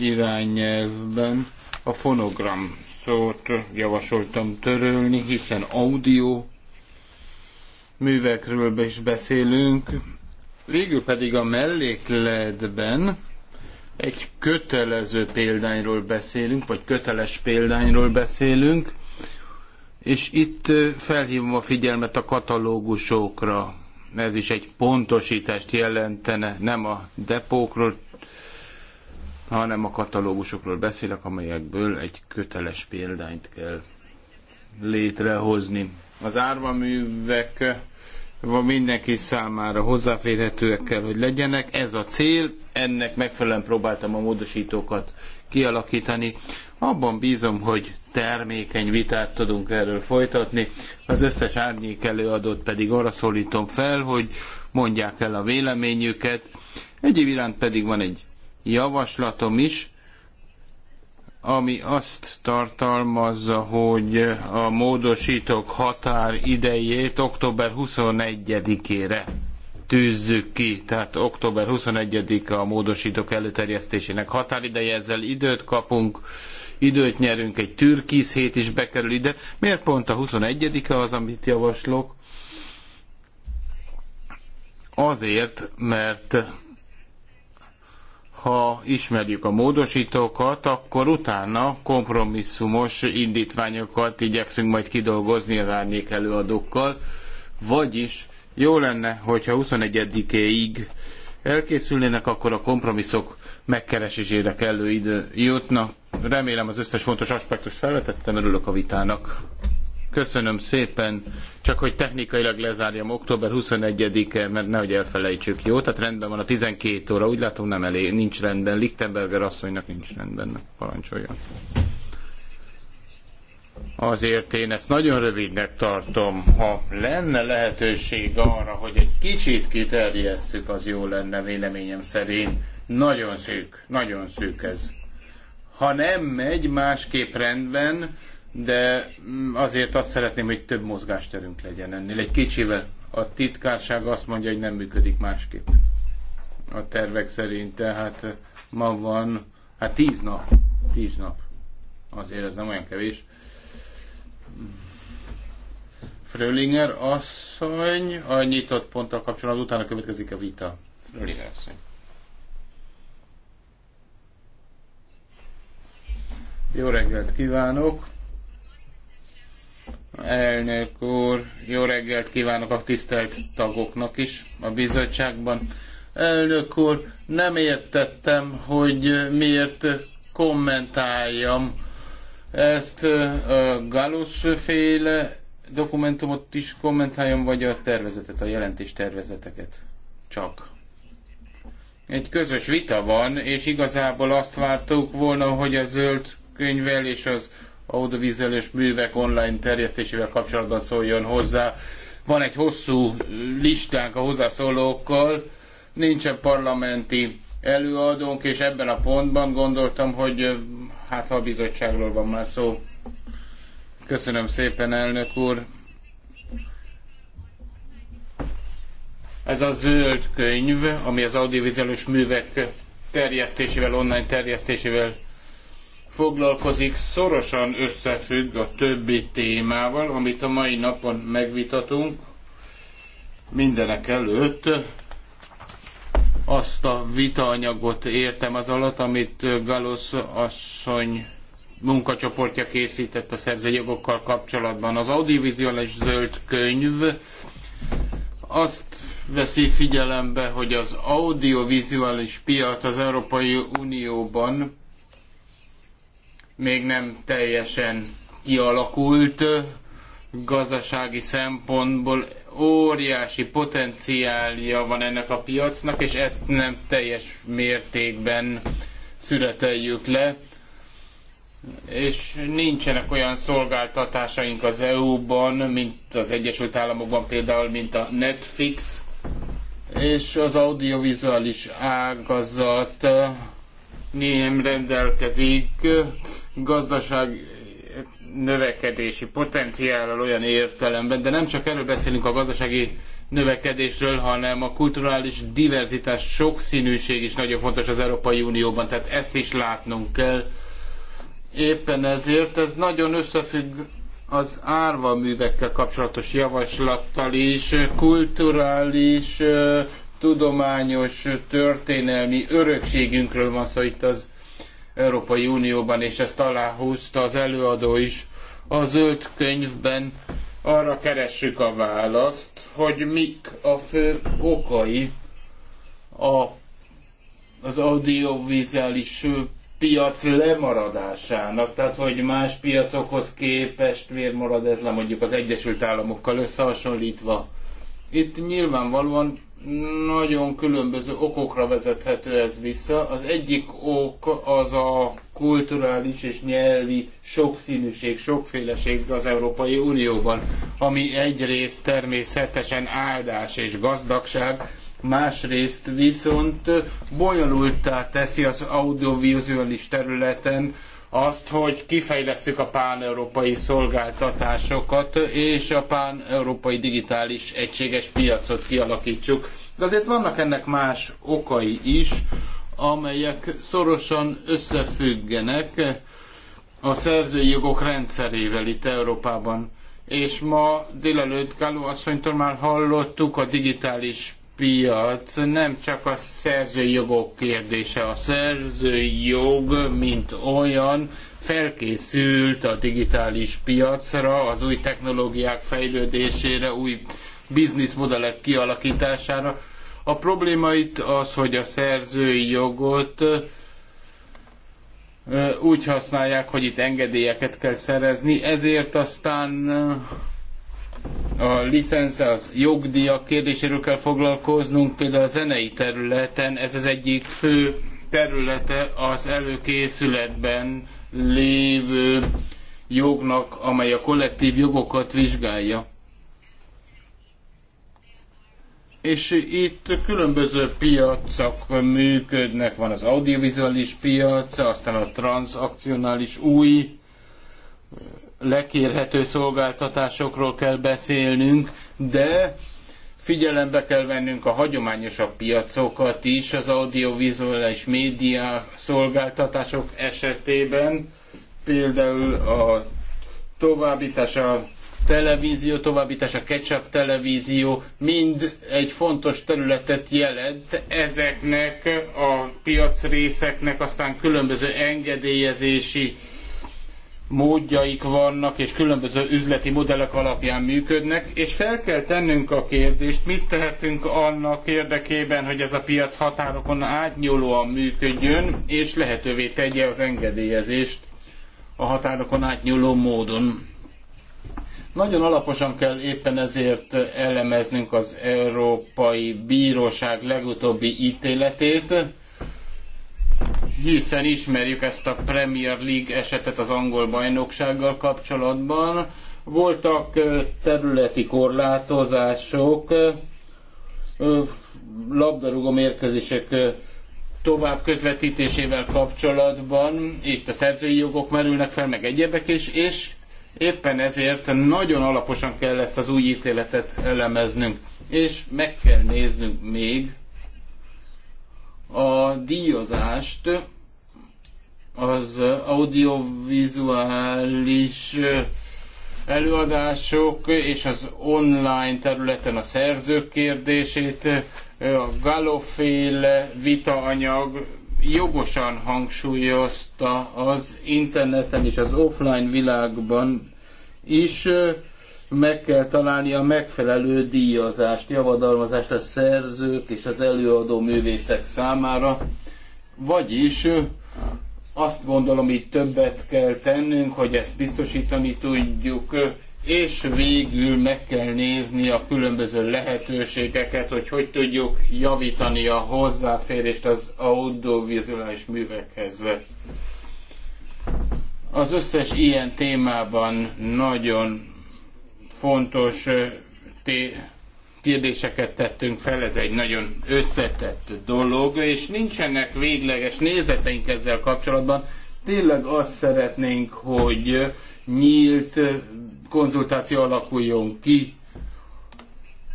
Speaker 1: irányelvben, a fonogram szót javasoltam törölni, hiszen audio művekről is beszélünk. Végül pedig a mellékletben egy kötelező példányról beszélünk, vagy köteles példányról beszélünk, és itt felhívom a figyelmet a katalógusokra. Ez is egy pontosítást jelentene, nem a depókról, hanem a katalógusokról beszélek, amelyekből egy köteles példányt kell létrehozni. Az árvaművek van mindenki számára hozzáférhetőek kell, hogy legyenek. Ez a cél, ennek megfelelően próbáltam a módosítókat kialakítani. Abban bízom, hogy termékeny vitát tudunk erről folytatni. Az összes árnyék előadót pedig arra szólítom fel, hogy mondják el a véleményüket. Egyéb iránt pedig van egy javaslatom is, ami azt tartalmazza, hogy a módosítók határidejét október 21-ére tűzzük ki, tehát október 21-e a módosítók előterjesztésének határideje, ezzel időt kapunk, időt nyerünk, egy türkisz hét is bekerül ide. Miért pont a 21-e az, amit javaslok? Azért, mert ha ismerjük a módosítókat, akkor utána kompromisszumos indítványokat igyekszünk majd kidolgozni az árnyék előadókkal, vagyis jó lenne, hogyha 21-éig elkészülnének, akkor a kompromisszok megkeresésére kellő idő jutna. Remélem az összes fontos aspektus felvetettem, örülök a vitának. Köszönöm szépen. Csak hogy technikailag lezárjam október 21-e, mert nehogy elfelejtsük. Jó, tehát rendben van a 12 óra. Úgy látom nem elé, nincs rendben. Lichtenberger asszonynak nincs rendben. Parancsolja. Azért én ezt nagyon rövidnek tartom. Ha lenne lehetőség arra, hogy egy kicsit kiterjesszük, az jó lenne véleményem szerint. Nagyon szűk, nagyon szűk ez. Ha nem megy másképp rendben, de azért azt szeretném, hogy több mozgásterünk legyen ennél. Egy kicsivel a titkárság azt mondja, hogy nem működik másképp a tervek szerint, tehát eh, ma van, hát tíz nap, tíz nap, azért ez nem olyan kevés. Frölinger asszony, a nyitott ponttal kapcsolatban utána következik a vita. Frölinger asszony. Jó reggelt kívánok! Elnök úr, jó reggelt kívánok a tisztelt tagoknak is a bizottságban. Elnök úr, nem értettem, hogy miért kommentáljam ezt a Galus féle dokumentumot is kommentáljam, vagy a tervezetet, a jelentés tervezeteket. Csak. Egy közös vita van, és igazából azt vártuk volna, hogy a zöld könyvelés és az audiovizuális művek online terjesztésével kapcsolatban szóljon hozzá. Van egy hosszú listánk a hozzászólókkal, nincsen parlamenti előadónk, és ebben a pontban gondoltam, hogy hát ha a bizottságról van már szó. Köszönöm szépen, elnök úr. Ez a zöld könyv, ami az audiovizuális művek terjesztésével, online terjesztésével foglalkozik, szorosan összefügg a többi témával, amit a mai napon megvitatunk. Mindenek előtt azt a vitaanyagot értem az alatt, amit Galosz asszony munkacsoportja készített a szerzőjogokkal kapcsolatban. Az audiovizuális zöld könyv azt veszi figyelembe, hogy az audiovizuális piac az Európai Unióban még nem teljesen kialakult gazdasági szempontból óriási potenciálja van ennek a piacnak, és ezt nem teljes mértékben szüreteljük le. És nincsenek olyan szolgáltatásaink az EU-ban, mint az Egyesült Államokban például, mint a Netflix, és az audiovizuális ágazat nem rendelkezik gazdaság növekedési potenciállal olyan értelemben, de nem csak erről beszélünk a gazdasági növekedésről, hanem a kulturális diverzitás, sokszínűség is nagyon fontos az Európai Unióban, tehát ezt is látnunk kell. Éppen ezért ez nagyon összefügg az árva művekkel kapcsolatos javaslattal is, kulturális tudományos történelmi örökségünkről van szó itt az Európai Unióban, és ezt aláhúzta az előadó is. A zöld könyvben arra keressük a választ, hogy mik a fő okai a, az audiovizuális piac lemaradásának, tehát hogy más piacokhoz képest miért marad ez le mondjuk az Egyesült Államokkal összehasonlítva. Itt nyilvánvalóan nagyon különböző okokra vezethető ez vissza. Az egyik ok az a kulturális és nyelvi sokszínűség, sokféleség az Európai Unióban, ami egyrészt természetesen áldás és gazdagság, másrészt viszont bonyolultá teszi az audiovizuális területen azt, hogy kifejlesszük a pán-európai szolgáltatásokat, és a pán-európai digitális egységes piacot kialakítsuk. De azért vannak ennek más okai is, amelyek szorosan összefüggenek a szerzői jogok rendszerével itt Európában. És ma délelőtt Gáló asszonytól már hallottuk a digitális piac nem csak a szerzői jogok kérdése. A szerzői jog, mint olyan, felkészült a digitális piacra, az új technológiák fejlődésére, új bizniszmodellek kialakítására. A probléma itt az, hogy a szerzői jogot úgy használják, hogy itt engedélyeket kell szerezni, ezért aztán a licenc, az jogdíjak kérdéséről kell foglalkoznunk, például a zenei területen, ez az egyik fő területe az előkészületben lévő jognak, amely a kollektív jogokat vizsgálja. És itt különböző piacok működnek, van az audiovizuális piac, aztán a transakcionális új lekérhető szolgáltatásokról kell beszélnünk, de figyelembe kell vennünk a hagyományosabb piacokat is az audiovizuális média szolgáltatások esetében, például a továbbítás a televízió, továbbítás a ketchup televízió mind egy fontos területet jelent ezeknek a piacrészeknek, aztán különböző engedélyezési módjaik vannak, és különböző üzleti modellek alapján működnek, és fel kell tennünk a kérdést, mit tehetünk annak érdekében, hogy ez a piac határokon átnyúlóan működjön, és lehetővé tegye az engedélyezést a határokon átnyúló módon. Nagyon alaposan kell éppen ezért elemeznünk az Európai Bíróság legutóbbi ítéletét, hiszen ismerjük ezt a Premier League esetet az angol bajnoksággal kapcsolatban. Voltak területi korlátozások, labdarúgó mérkőzések tovább közvetítésével kapcsolatban, itt a szerzői jogok merülnek fel, meg egyebek is, és éppen ezért nagyon alaposan kell ezt az új ítéletet elemeznünk, és meg kell néznünk még, a díjazást az audiovizuális előadások és az online területen a szerzők kérdését, a galoféle vitaanyag jogosan hangsúlyozta az interneten és az offline világban is meg kell találni a megfelelő díjazást, javadalmazást a szerzők és az előadó művészek számára, vagyis azt gondolom, itt többet kell tennünk, hogy ezt biztosítani tudjuk, és végül meg kell nézni a különböző lehetőségeket, hogy hogy tudjuk javítani a hozzáférést az audiovizuális művekhez. Az összes ilyen témában nagyon fontos kérdéseket tettünk fel, ez egy nagyon összetett dolog, és nincsenek végleges nézeteink ezzel kapcsolatban. Tényleg azt szeretnénk, hogy nyílt konzultáció alakuljon ki.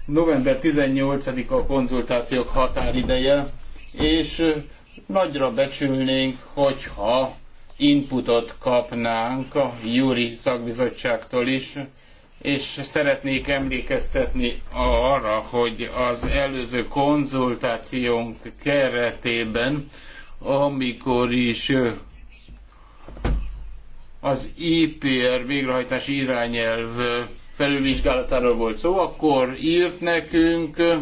Speaker 1: November 18-a a konzultációk határideje, és nagyra becsülnénk, hogyha inputot kapnánk a Júri szakbizottságtól is, és szeretnék emlékeztetni arra, hogy az előző konzultációnk keretében, amikor is az IPR végrehajtási irányelv felülvizsgálatáról volt szó, akkor írt nekünk,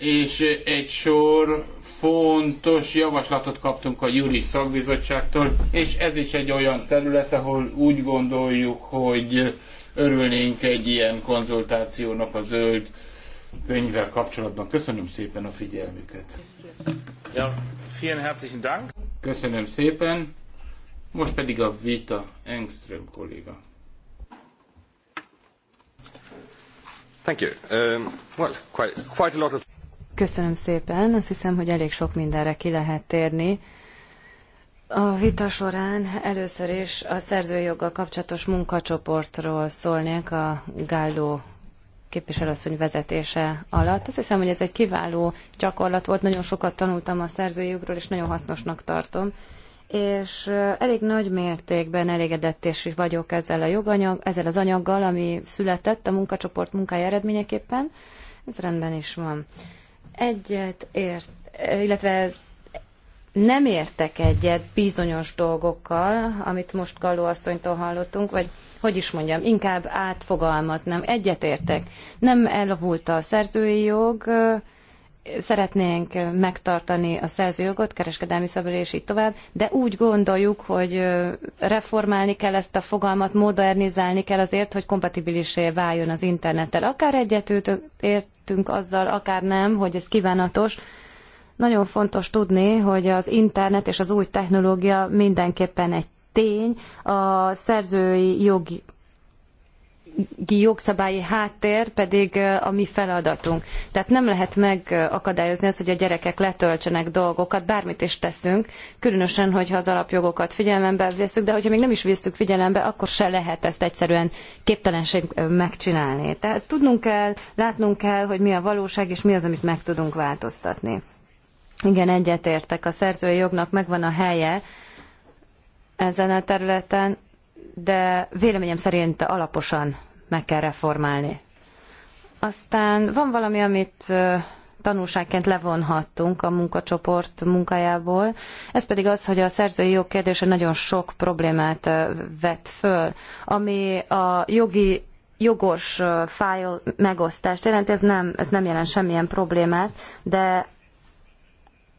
Speaker 1: és egy sor fontos javaslatot kaptunk a Juri Szakbizottságtól, és ez is egy olyan terület, ahol úgy gondoljuk, hogy Örülnénk egy ilyen konzultációnak a zöld könyvvel kapcsolatban. Köszönöm szépen a figyelmüket. Ja, vielen herzlichen Dank. Köszönöm szépen. Most pedig a vita Engström
Speaker 4: kolléga. Thank you. Um, well, quite, quite a lot of...
Speaker 2: Köszönöm szépen. Azt hiszem, hogy elég sok mindenre ki lehet térni. A vita során először is a szerzőjoggal kapcsolatos munkacsoportról szólnék a Gálló képviselőasszony vezetése alatt. Azt hiszem, hogy ez egy kiváló gyakorlat volt, nagyon sokat tanultam a szerzőjogról, és nagyon hasznosnak tartom. És elég nagy mértékben elégedett és vagyok ezzel a joganyag, ezzel az anyaggal, ami született a munkacsoport munkája eredményeképpen. Ez rendben is van. Egyet ért, illetve nem értek egyet bizonyos dolgokkal, amit most Galló asszonytól hallottunk, vagy hogy is mondjam, inkább átfogalmaznám, egyetértek. Nem elavult a szerzői jog, szeretnénk megtartani a szerzőjogot, kereskedelmi szabály és így tovább, de úgy gondoljuk, hogy reformálni kell ezt a fogalmat, modernizálni kell azért, hogy kompatibilisé váljon az internettel. Akár egyetértünk azzal, akár nem, hogy ez kívánatos, nagyon fontos tudni, hogy az internet és az új technológia mindenképpen egy tény, a szerzői jogi jogszabályi háttér pedig a mi feladatunk. Tehát nem lehet megakadályozni azt, hogy a gyerekek letöltsenek dolgokat, bármit is teszünk, különösen, hogyha az alapjogokat figyelembe veszük, de hogyha még nem is visszük figyelembe, akkor se lehet ezt egyszerűen képtelenség megcsinálni. Tehát tudnunk kell, látnunk kell, hogy mi a valóság, és mi az, amit meg tudunk változtatni. Igen, egyetértek. A szerzői jognak megvan a helye ezen a területen, de véleményem szerint alaposan meg kell reformálni. Aztán van valami, amit tanulságként levonhattunk a munkacsoport munkájából. Ez pedig az, hogy a szerzői jog kérdése nagyon sok problémát vet föl, ami a jogi jogos fájl megosztást jelenti, ez nem, ez nem jelent semmilyen problémát, de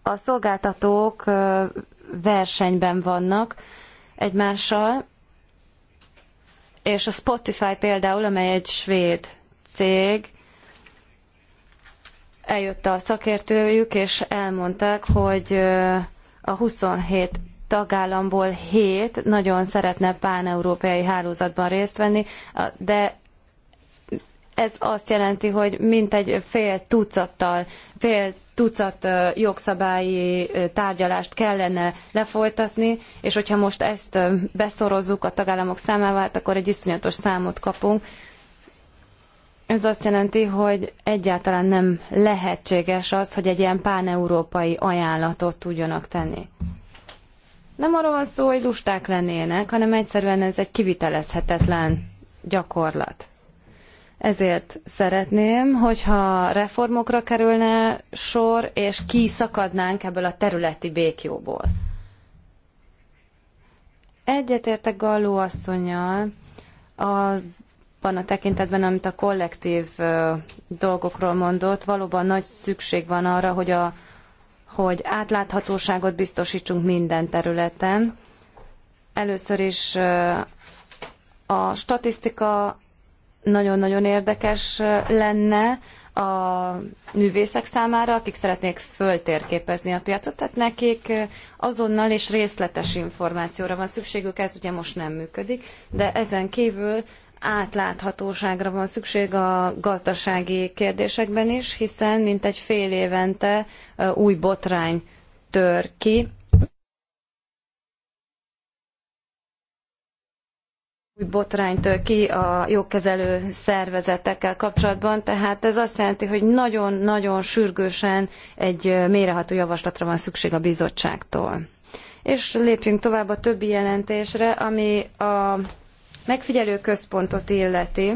Speaker 2: a szolgáltatók versenyben vannak egymással, és a Spotify például, amely egy svéd cég, eljött a szakértőjük, és elmondták, hogy a 27 tagállamból 7 nagyon szeretne pán-európai hálózatban részt venni, de ez azt jelenti, hogy mintegy fél tucattal, fél tucat jogszabályi tárgyalást kellene lefolytatni, és hogyha most ezt beszorozzuk a tagállamok számával, hát akkor egy iszonyatos számot kapunk. Ez azt jelenti, hogy egyáltalán nem lehetséges az, hogy egy ilyen páneurópai ajánlatot tudjanak tenni. Nem arról van szó, hogy lusták lennének, hanem egyszerűen ez egy kivitelezhetetlen gyakorlat. Ezért szeretném, hogyha reformokra kerülne sor, és kiszakadnánk ebből a területi békjóból. Egyetértek Galló asszonyjal abban a tekintetben, amit a kollektív dolgokról mondott, valóban nagy szükség van arra, hogy, a, hogy átláthatóságot biztosítsunk minden területen. Először is a statisztika nagyon-nagyon érdekes lenne a művészek számára, akik szeretnék föltérképezni a piacot, tehát nekik azonnal és részletes információra van szükségük, ez ugye most nem működik, de ezen kívül átláthatóságra van szükség a gazdasági kérdésekben is, hiszen mintegy fél évente új botrány tör ki, új botrányt ki a jogkezelő szervezetekkel kapcsolatban, tehát ez azt jelenti, hogy nagyon-nagyon sürgősen egy mélyreható javaslatra van szükség a bizottságtól. És lépjünk tovább a többi jelentésre, ami a megfigyelő központot illeti.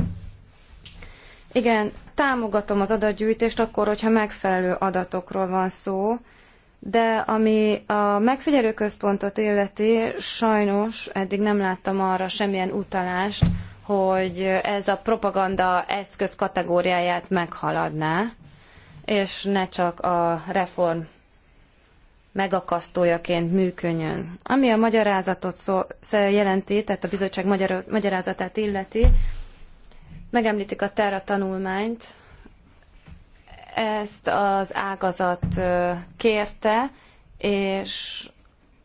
Speaker 2: Igen, támogatom az adatgyűjtést akkor, hogyha megfelelő adatokról van szó, de ami a megfigyelőközpontot illeti, sajnos eddig nem láttam arra semmilyen utalást, hogy ez a propaganda eszköz kategóriáját meghaladná, és ne csak a reform megakasztójaként működjön. Ami a magyarázatot szó, jelenti, tehát a bizottság magyar, magyarázatát illeti, megemlítik a terra tanulmányt, ezt az ágazat kérte, és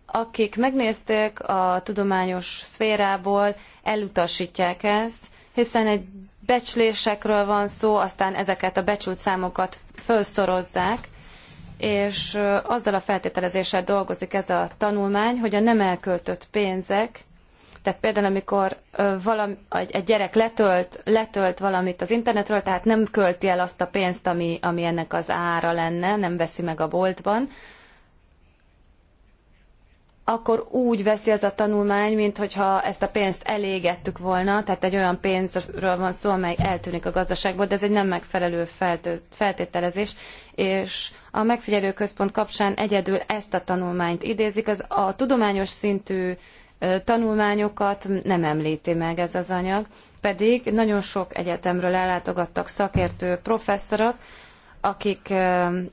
Speaker 2: akik megnézték a tudományos szférából, elutasítják ezt, hiszen egy becslésekről van szó, aztán ezeket a becsült számokat felszorozzák, és azzal a feltételezéssel dolgozik ez a tanulmány, hogy a nem elköltött pénzek tehát például, amikor valami, egy gyerek letölt, letölt valamit az internetről, tehát nem költi el azt a pénzt, ami, ami ennek az ára lenne, nem veszi meg a boltban, akkor úgy veszi ez a tanulmány, mintha ezt a pénzt elégettük volna, tehát egy olyan pénzről van szó, amely eltűnik a gazdaságból, de ez egy nem megfelelő feltételezés, és a megfigyelőközpont kapcsán egyedül ezt a tanulmányt idézik, az a tudományos szintű tanulmányokat nem említi meg ez az anyag, pedig nagyon sok egyetemről ellátogattak szakértő professzorok, akik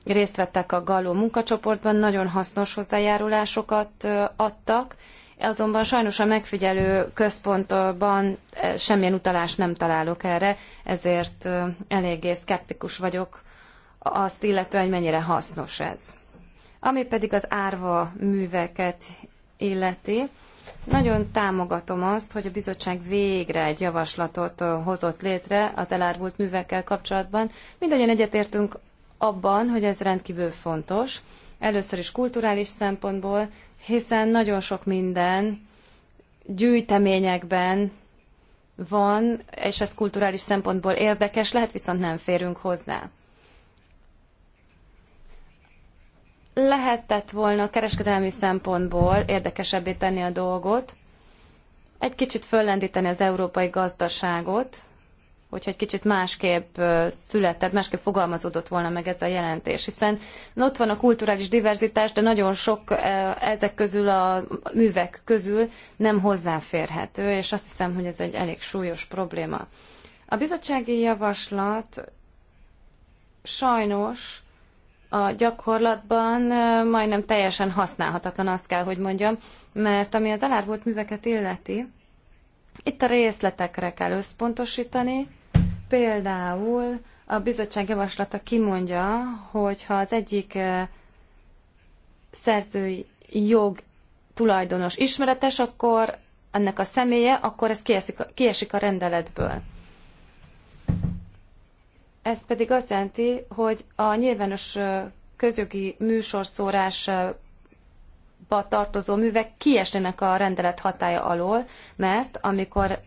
Speaker 2: részt vettek a Galo munkacsoportban, nagyon hasznos hozzájárulásokat adtak, azonban sajnos a megfigyelő központban semmilyen utalást nem találok erre, ezért eléggé szkeptikus vagyok azt illetően, hogy mennyire hasznos ez. Ami pedig az árva műveket illeti, nagyon támogatom azt, hogy a bizottság végre egy javaslatot hozott létre az elárvult művekkel kapcsolatban. Mindannyian egyetértünk abban, hogy ez rendkívül fontos. Először is kulturális szempontból, hiszen nagyon sok minden gyűjteményekben van, és ez kulturális szempontból érdekes, lehet viszont nem férünk hozzá. lehetett volna kereskedelmi szempontból érdekesebbé tenni a dolgot, egy kicsit föllendíteni az európai gazdaságot, hogyha egy kicsit másképp született, másképp fogalmazódott volna meg ez a jelentés, hiszen ott van a kulturális diverzitás, de nagyon sok ezek közül a művek közül nem hozzáférhető, és azt hiszem, hogy ez egy elég súlyos probléma. A bizottsági javaslat sajnos a gyakorlatban majdnem teljesen használhatatlan, azt kell, hogy mondjam, mert ami az elárvult műveket illeti, itt a részletekre kell összpontosítani, például a bizottság javaslata kimondja, hogy ha az egyik szerzői jog tulajdonos ismeretes, akkor ennek a személye, akkor ez kiesik a rendeletből. Ez pedig azt jelenti, hogy a nyilvános közjogi műsorszórásba tartozó művek kiesnének a rendelet hatája alól, mert amikor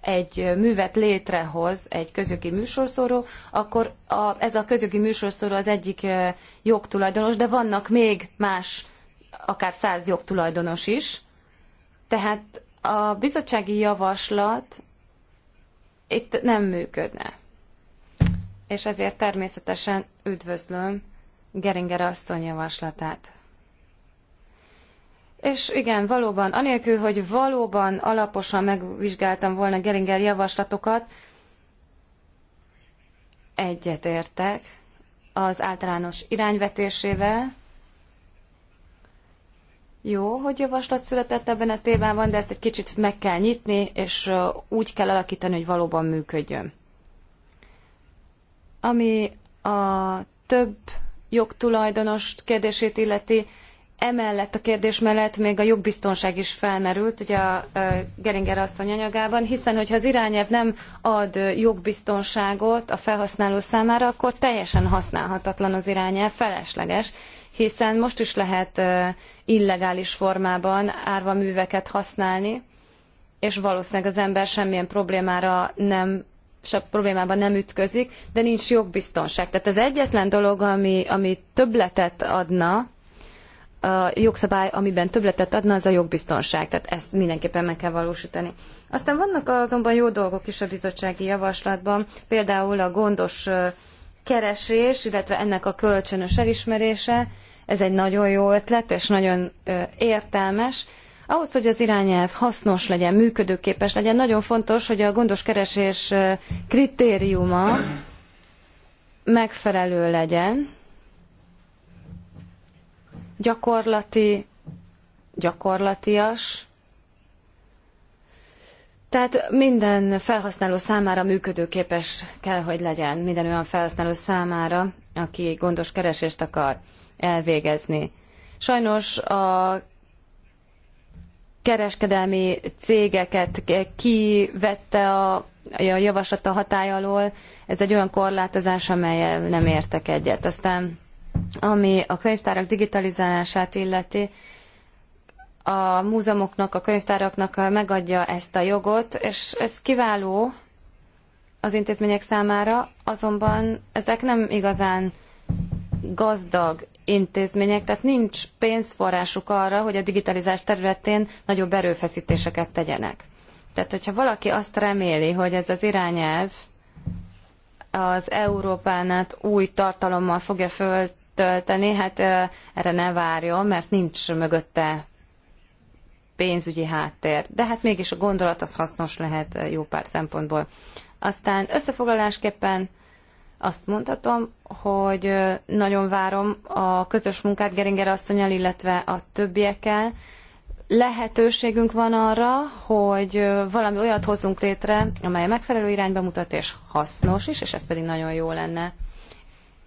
Speaker 2: egy művet létrehoz egy közjogi műsorszóró, akkor a, ez a közjogi műsorszóró az egyik jogtulajdonos, de vannak még más, akár száz jogtulajdonos is. Tehát a bizottsági javaslat itt nem működne és ezért természetesen üdvözlöm Geringer asszony javaslatát. És igen, valóban, anélkül, hogy valóban alaposan megvizsgáltam volna Geringer javaslatokat, egyetértek az általános irányvetésével. Jó, hogy javaslat született ebben a témában, de ezt egy kicsit meg kell nyitni, és úgy kell alakítani, hogy valóban működjön. Ami a több jogtulajdonos kérdését illeti, emellett a kérdés mellett még a jogbiztonság is felmerült, ugye a Geringer asszony anyagában, hiszen hogyha az irányelv nem ad jogbiztonságot a felhasználó számára, akkor teljesen használhatatlan az irányelv, felesleges, hiszen most is lehet illegális formában árva műveket használni, és valószínűleg az ember semmilyen problémára nem problémában nem ütközik, de nincs jogbiztonság. Tehát az egyetlen dolog, ami, ami többletet adna, a jogszabály, amiben többletet adna, az a jogbiztonság. Tehát ezt mindenképpen meg kell valósítani. Aztán vannak azonban jó dolgok is a bizottsági javaslatban, például a gondos keresés, illetve ennek a kölcsönös elismerése. Ez egy nagyon jó ötlet, és nagyon értelmes, ahhoz, hogy az irányelv hasznos legyen, működőképes legyen, nagyon fontos, hogy a gondos keresés kritériuma megfelelő legyen, gyakorlati, gyakorlatias, tehát minden felhasználó számára működőképes kell, hogy legyen, minden olyan felhasználó számára, aki gondos keresést akar elvégezni. Sajnos a kereskedelmi cégeket kivette a, a javaslat a hatály alól. Ez egy olyan korlátozás, amelyel nem értek egyet. Aztán ami a könyvtárak digitalizálását illeti, a múzeumoknak, a könyvtáraknak megadja ezt a jogot, és ez kiváló az intézmények számára, azonban ezek nem igazán gazdag intézmények, tehát nincs pénzforrásuk arra, hogy a digitalizás területén nagyobb erőfeszítéseket tegyenek. Tehát, hogyha valaki azt reméli, hogy ez az irányelv az Európánát új tartalommal fogja föltölteni, hát erre ne várjon, mert nincs mögötte pénzügyi háttér. De hát mégis a gondolat az hasznos lehet jó pár szempontból. Aztán összefoglalásképpen azt mondhatom, hogy nagyon várom a közös munkát Geringer asszonyal, illetve a többiekkel. Lehetőségünk van arra, hogy valami olyat hozzunk létre, amely a megfelelő irányba mutat, és hasznos is, és ez pedig nagyon jó lenne.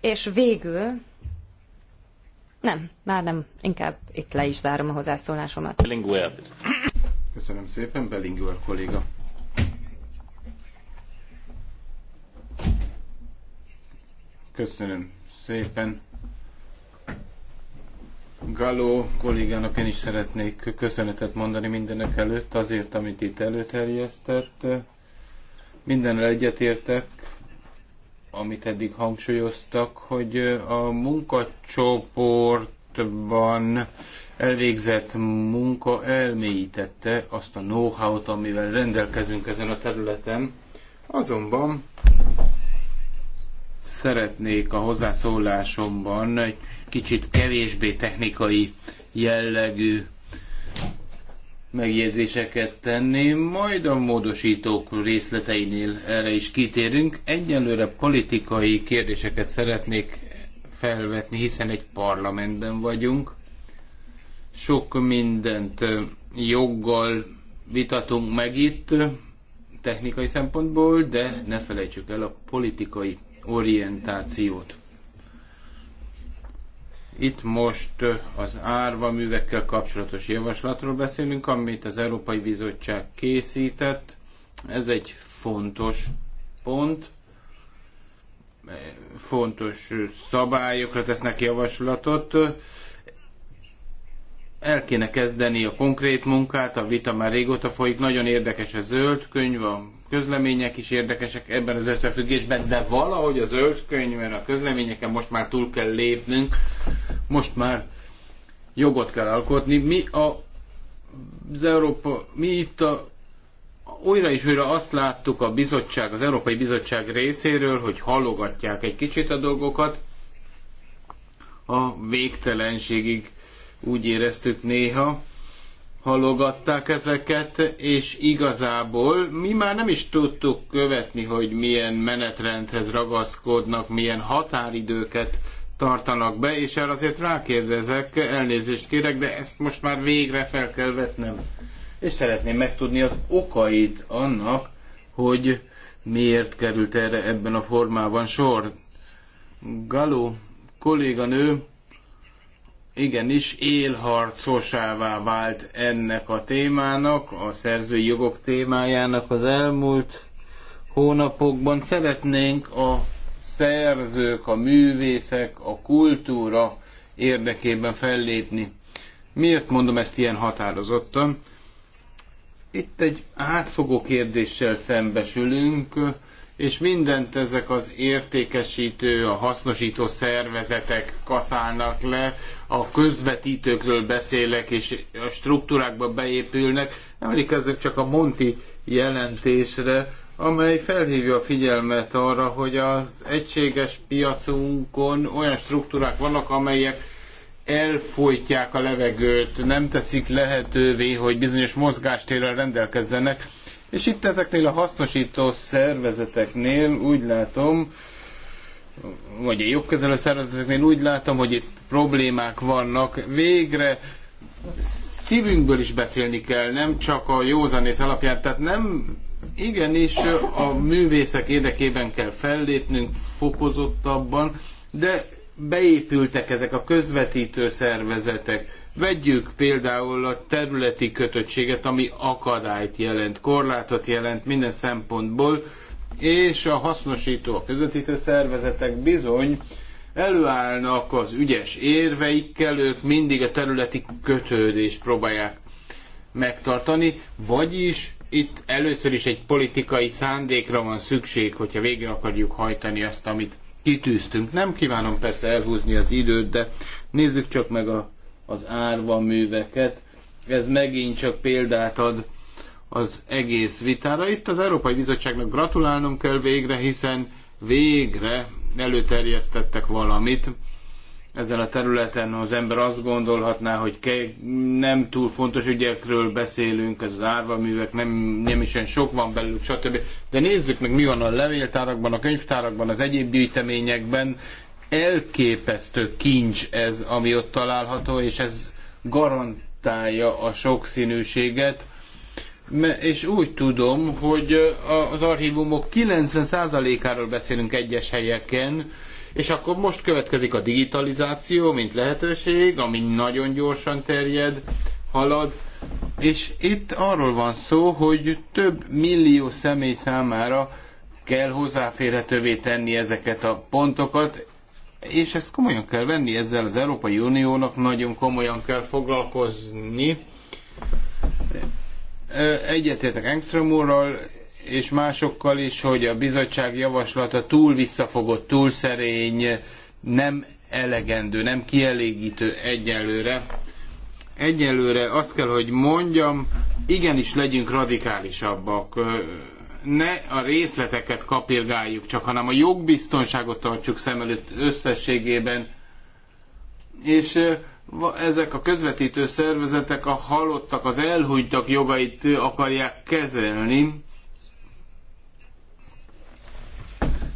Speaker 2: És végül, nem, már nem, inkább itt le is zárom a hozzászólásomat.
Speaker 1: Köszönöm szépen, Belinguer kolléga. Köszönöm szépen. Galó kollégának én is szeretnék köszönetet mondani mindenek előtt azért, amit itt előterjesztett. Mindenre egyetértek, amit eddig hangsúlyoztak, hogy a munkacsoportban elvégzett munka elmélyítette azt a know-how-t, amivel rendelkezünk ezen a területen. Azonban szeretnék a hozzászólásomban egy kicsit kevésbé technikai jellegű megjegyzéseket tenni, majd a módosítók részleteinél erre is kitérünk. Egyelőre politikai kérdéseket szeretnék felvetni, hiszen egy parlamentben vagyunk. Sok mindent joggal vitatunk meg itt, technikai szempontból, de ne felejtsük el a politikai orientációt. Itt most az árva művekkel kapcsolatos javaslatról beszélünk, amit az Európai Bizottság készített. Ez egy fontos pont. Fontos szabályokra tesznek javaslatot. El kéne kezdeni a konkrét munkát, a vita már régóta folyik, nagyon érdekes a zöld könyv, a közlemények is érdekesek ebben az összefüggésben, de valahogy az zöld könyvben, a közleményeken most már túl kell lépnünk, most már jogot kell alkotni. Mi a, az Európa, mi itt a újra és újra azt láttuk a bizottság, az Európai Bizottság részéről, hogy halogatják egy kicsit a dolgokat, a végtelenségig úgy éreztük néha, halogatták ezeket, és igazából mi már nem is tudtuk követni, hogy milyen menetrendhez ragaszkodnak, milyen határidőket tartanak be, és erre azért rákérdezek, elnézést kérek, de ezt most már végre fel kell vetnem. És szeretném megtudni az okait annak, hogy miért került erre ebben a formában sor. Galó kolléganő igenis élharcosává vált ennek a témának, a szerzői jogok témájának az elmúlt hónapokban. Szeretnénk a szerzők, a művészek, a kultúra érdekében fellépni. Miért mondom ezt ilyen határozottan? Itt egy átfogó kérdéssel szembesülünk, és mindent ezek az értékesítő, a hasznosító szervezetek kaszálnak le, a közvetítőkről beszélek, és a struktúrákba beépülnek. Emlékezzek csak a Monti jelentésre, amely felhívja a figyelmet arra, hogy az egységes piacunkon olyan struktúrák vannak, amelyek elfolytják a levegőt, nem teszik lehetővé, hogy bizonyos mozgástérrel rendelkezzenek, és itt ezeknél a hasznosító szervezeteknél úgy látom, vagy a jogkezelő szervezeteknél úgy látom, hogy itt problémák vannak. Végre szívünkből is beszélni kell, nem csak a józanész alapján. Tehát nem igenis a művészek érdekében kell fellépnünk fokozottabban, de beépültek ezek a közvetítő szervezetek Vegyük például a területi kötöttséget, ami akadályt jelent, korlátot jelent minden szempontból, és a hasznosító, a közvetítő szervezetek bizony előállnak az ügyes érveikkel, ők mindig a területi kötődést próbálják megtartani, vagyis itt először is egy politikai szándékra van szükség, hogyha végre akarjuk hajtani azt, amit kitűztünk. Nem kívánom persze elhúzni az időt, de nézzük csak meg a az árva műveket. Ez megint csak példát ad az egész vitára. Itt az Európai Bizottságnak gratulálnunk kell végre, hiszen végre előterjesztettek valamit. Ezen a területen az ember azt gondolhatná, hogy nem túl fontos ügyekről beszélünk, ez az művek, nem, nem is sok van belőlük, stb. De nézzük meg, mi van a levéltárakban, a könyvtárakban, az egyéb gyűjteményekben, elképesztő kincs ez, ami ott található, és ez garantálja a sokszínűséget. És úgy tudom, hogy az archívumok 90%-áról beszélünk egyes helyeken, és akkor most következik a digitalizáció, mint lehetőség, ami nagyon gyorsan terjed, halad, és itt arról van szó, hogy több millió személy számára kell hozzáférhetővé tenni ezeket a pontokat, és ezt komolyan kell venni, ezzel az Európai Uniónak nagyon komolyan kell foglalkozni. Egyetértek Engström úrral, és másokkal is, hogy a bizottság javaslata túl visszafogott, túl szerény, nem elegendő, nem kielégítő egyelőre. Egyelőre azt kell, hogy mondjam, igenis legyünk radikálisabbak ne a részleteket kapirgáljuk csak, hanem a jogbiztonságot tartsuk szem előtt összességében. És ezek a közvetítő szervezetek a halottak, az elhunytak jogait akarják kezelni.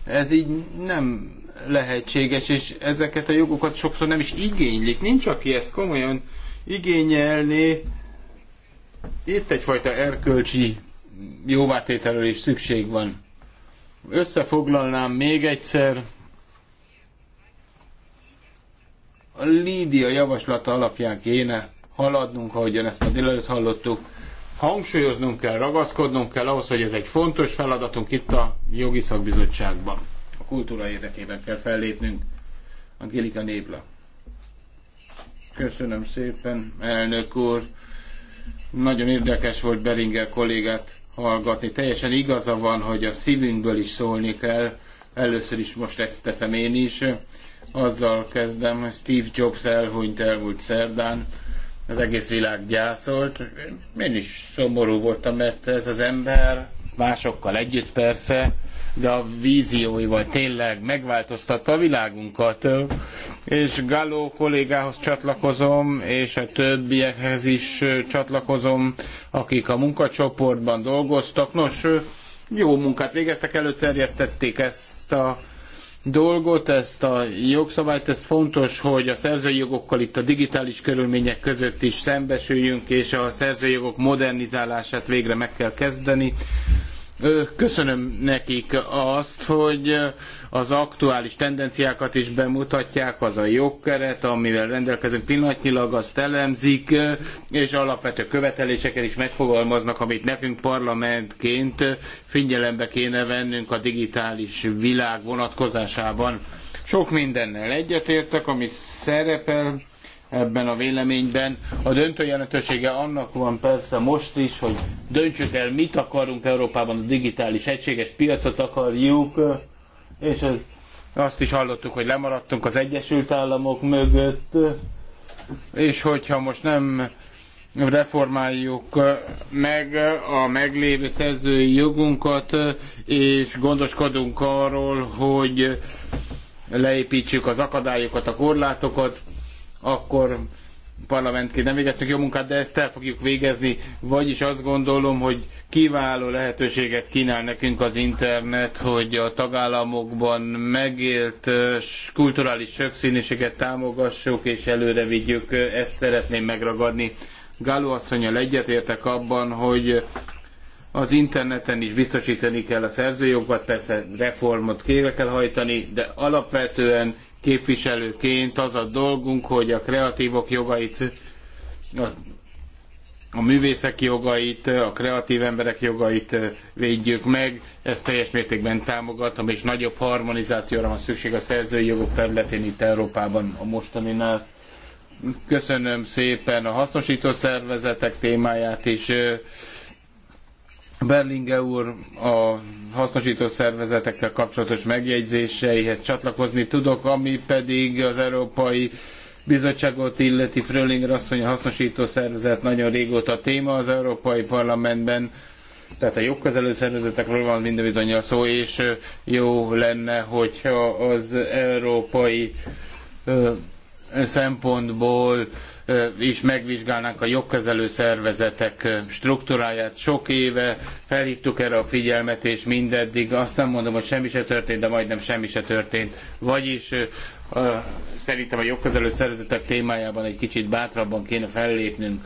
Speaker 1: Ez így nem lehetséges, és ezeket a jogokat sokszor nem is igénylik. Nincs, aki ezt komolyan igényelni. Itt egyfajta erkölcsi jóvátételről is szükség van. Összefoglalnám még egyszer. A Lídia javaslata alapján kéne haladnunk, ahogyan ezt ma délelőtt hallottuk. Hangsúlyoznunk kell, ragaszkodnunk kell ahhoz, hogy ez egy fontos feladatunk itt a jogi szakbizottságban. A kultúra érdekében kell fellépnünk. Angélika Nébla. Köszönöm szépen, elnök úr. Nagyon érdekes volt Beringer kollégát hallgatni. Teljesen igaza van, hogy a szívünkből is szólni kell. Először is most ezt teszem én is. Azzal kezdem, hogy Steve Jobs elhunyt elmúlt szerdán. Az egész világ gyászolt. Én is szomorú voltam, mert ez az ember másokkal együtt persze, de a vízióival tényleg megváltoztatta a világunkat. És Galló kollégához csatlakozom, és a többiekhez is csatlakozom, akik a munkacsoportban dolgoztak. Nos, jó munkát végeztek, előterjesztették ezt a dolgot, ezt a jogszabályt, ezt fontos, hogy a szerzői jogokkal itt a digitális körülmények között is szembesüljünk, és a szerzői jogok modernizálását végre meg kell kezdeni Köszönöm nekik azt, hogy az aktuális tendenciákat is bemutatják, az a jogkeret, amivel rendelkezünk pillanatnyilag, azt elemzik, és alapvető követeléseket is megfogalmaznak, amit nekünk parlamentként figyelembe kéne vennünk a digitális világ vonatkozásában. Sok mindennel egyetértek, ami szerepel ebben a véleményben. A döntő jelentősége annak van persze most is, hogy döntsük el, mit akarunk Európában, a digitális egységes piacot akarjuk, és ez, azt is hallottuk, hogy lemaradtunk az Egyesült Államok mögött, és hogyha most nem reformáljuk meg a meglévő szerzői jogunkat, és gondoskodunk arról, hogy leépítsük az akadályokat, a korlátokat, akkor parlamentként nem végeztünk jó munkát, de ezt el fogjuk végezni, vagyis azt gondolom, hogy kiváló lehetőséget kínál nekünk az internet, hogy a tagállamokban megélt kulturális sokszínűséget támogassuk és előre vigyük, ezt szeretném megragadni. Gáló asszonyjal egyetértek abban, hogy az interneten is biztosítani kell a szerzőjogokat, persze reformot kére kell hajtani, de alapvetően képviselőként az a dolgunk, hogy a kreatívok jogait, a, a művészek jogait, a kreatív emberek jogait védjük meg. Ezt teljes mértékben támogatom, és nagyobb harmonizációra van szükség a szerzői jogok területén itt Európában a mostaninál. Köszönöm szépen a hasznosító szervezetek témáját is Berlinge úr a hasznosító szervezetekkel kapcsolatos megjegyzéseihez csatlakozni tudok, ami pedig az Európai Bizottságot illeti Frölinger asszony a hasznosító szervezet nagyon régóta téma az Európai Parlamentben, tehát a jogkezelő szervezetekről van minden bizonyal szó, és jó lenne, hogyha az európai szempontból is megvizsgálnánk a jogkezelő szervezetek struktúráját. Sok éve felhívtuk erre a figyelmet, és mindeddig azt nem mondom, hogy semmi se történt, de majdnem semmi se történt. Vagyis szerintem a jogkezelő szervezetek témájában egy kicsit bátrabban kéne fellépnünk.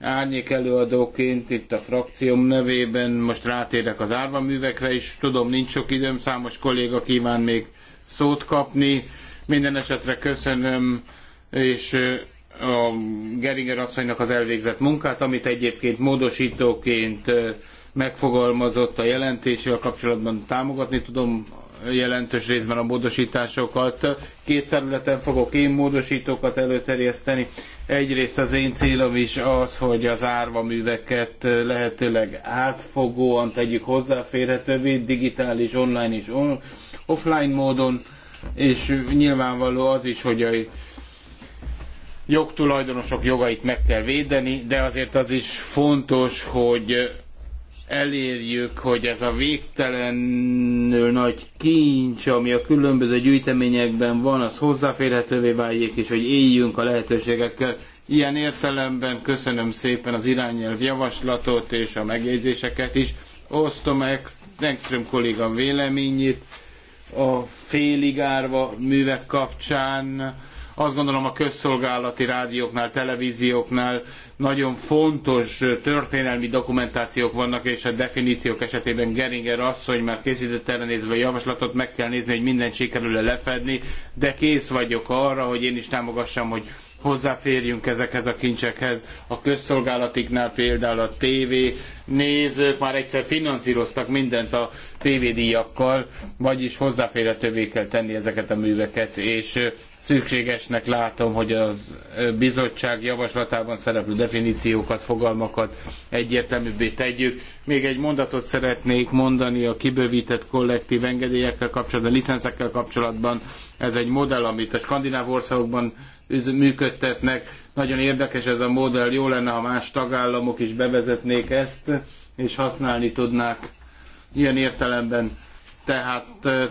Speaker 1: Árnyék előadóként itt a frakcióm nevében most rátérek az árvaművekre is. Tudom, nincs sok időm, számos kolléga kíván még szót kapni minden esetre köszönöm, és a Geringer asszonynak az elvégzett munkát, amit egyébként módosítóként megfogalmazott a jelentésével kapcsolatban támogatni tudom jelentős részben a módosításokat. Két területen fogok én módosítókat előterjeszteni. Egyrészt az én célom is az, hogy az árva műveket lehetőleg átfogóan tegyük hozzáférhetővé, digitális, online és on offline módon és nyilvánvaló az is, hogy a jogtulajdonosok jogait meg kell védeni, de azért az is fontos, hogy elérjük, hogy ez a végtelenül nagy kincs, ami a különböző gyűjteményekben van, az hozzáférhetővé váljék, és hogy éljünk a lehetőségekkel. Ilyen értelemben köszönöm szépen az irányelv javaslatot és a megjegyzéseket is. Osztom Engström kolléga véleményét, a félig árva művek kapcsán. Azt gondolom a közszolgálati rádióknál, televízióknál nagyon fontos történelmi dokumentációk vannak, és a definíciók esetében Geringer asszony már készített erre nézve javaslatot, meg kell nézni, hogy mindent sikerül-e lefedni, de kész vagyok arra, hogy én is támogassam, hogy hozzáférjünk ezekhez a kincsekhez. A közszolgálatiknál például a TV nézők már egyszer finanszíroztak mindent a tévédíjakkal, vagyis hozzáférhetővé kell tenni ezeket a műveket, és szükségesnek látom, hogy a bizottság javaslatában szereplő definíciókat, fogalmakat egyértelműbbé tegyük. Még egy mondatot szeretnék mondani a kibővített kollektív engedélyekkel kapcsolatban, licencekkel kapcsolatban. Ez egy modell, amit a skandináv országokban működtetnek. Nagyon érdekes ez a modell, jó lenne, ha más tagállamok is bevezetnék ezt, és használni tudnák ilyen értelemben. Tehát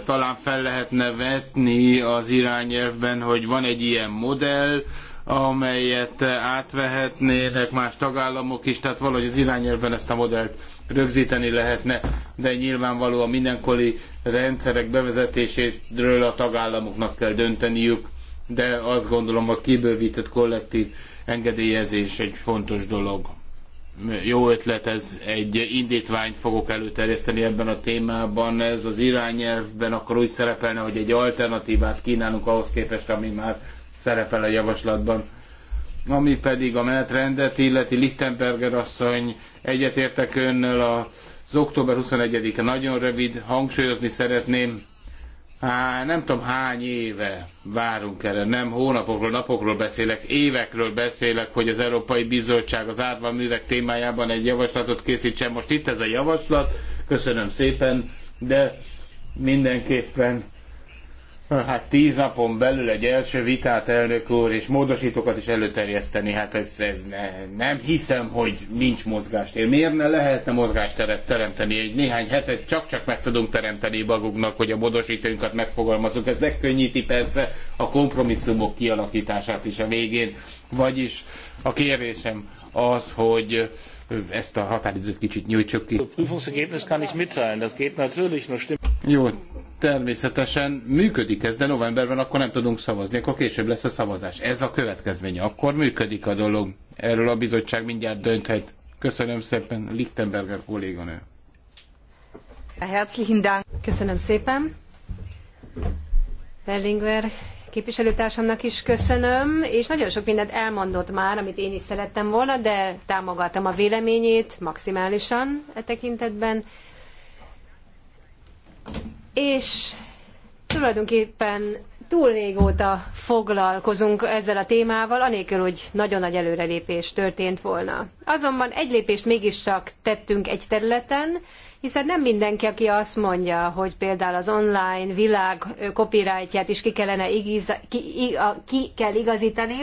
Speaker 1: talán fel lehetne vetni az irányelvben, hogy van egy ilyen modell, amelyet átvehetnének más tagállamok is, tehát valahogy az irányelvben ezt a modellt rögzíteni lehetne, de nyilvánvalóan mindenkori rendszerek bevezetéséről a tagállamoknak kell dönteniük de azt gondolom a kibővített kollektív engedélyezés egy fontos dolog. Jó ötlet, ez egy indítványt fogok előterjeszteni ebben a témában. Ez az irányelvben akkor úgy szerepelne, hogy egy alternatívát kínálunk ahhoz képest, ami már szerepel a javaslatban ami pedig a menetrendet illeti Lichtenberger asszony egyetértek önnel az október 21-e nagyon rövid, hangsúlyozni szeretném, nem tudom hány éve várunk erre, nem hónapokról, napokról beszélek, évekről beszélek, hogy az Európai Bizottság az árva művek témájában egy javaslatot készítsen. Most itt ez a javaslat, köszönöm szépen, de mindenképpen Hát tíz napon belül egy első vitát, elnök úr, és módosítókat is előterjeszteni, hát ez, ez ne, nem hiszem, hogy nincs mozgástér. Miért ne lehetne mozgásteret teremteni? Egy néhány hetet csak-csak meg tudunk teremteni maguknak, hogy a módosítóinkat megfogalmazunk. Ez megkönnyíti persze a kompromisszumok kialakítását is a végén. Vagyis a kérésem az, hogy ezt a határidőt kicsit nyújtsuk ki. Jó, természetesen működik ez, de novemberben akkor nem tudunk szavazni, akkor később lesz a szavazás. Ez a következménye, akkor működik a dolog. Erről a bizottság mindjárt dönthet. Köszönöm szépen, Lichtenberger kolléganő.
Speaker 3: Herzlichen Dank. Köszönöm szépen. Bellinger, képviselőtársamnak is köszönöm, és nagyon sok mindent elmondott már, amit én is szerettem volna, de támogattam a véleményét maximálisan e tekintetben. És tulajdonképpen túl régóta foglalkozunk ezzel a témával, anélkül, hogy nagyon nagy előrelépés történt volna. Azonban egy lépést mégiscsak tettünk egy területen, hiszen nem mindenki, aki azt mondja, hogy például az online világ copyrightját is ki, kellene ki, ki kell igazítani,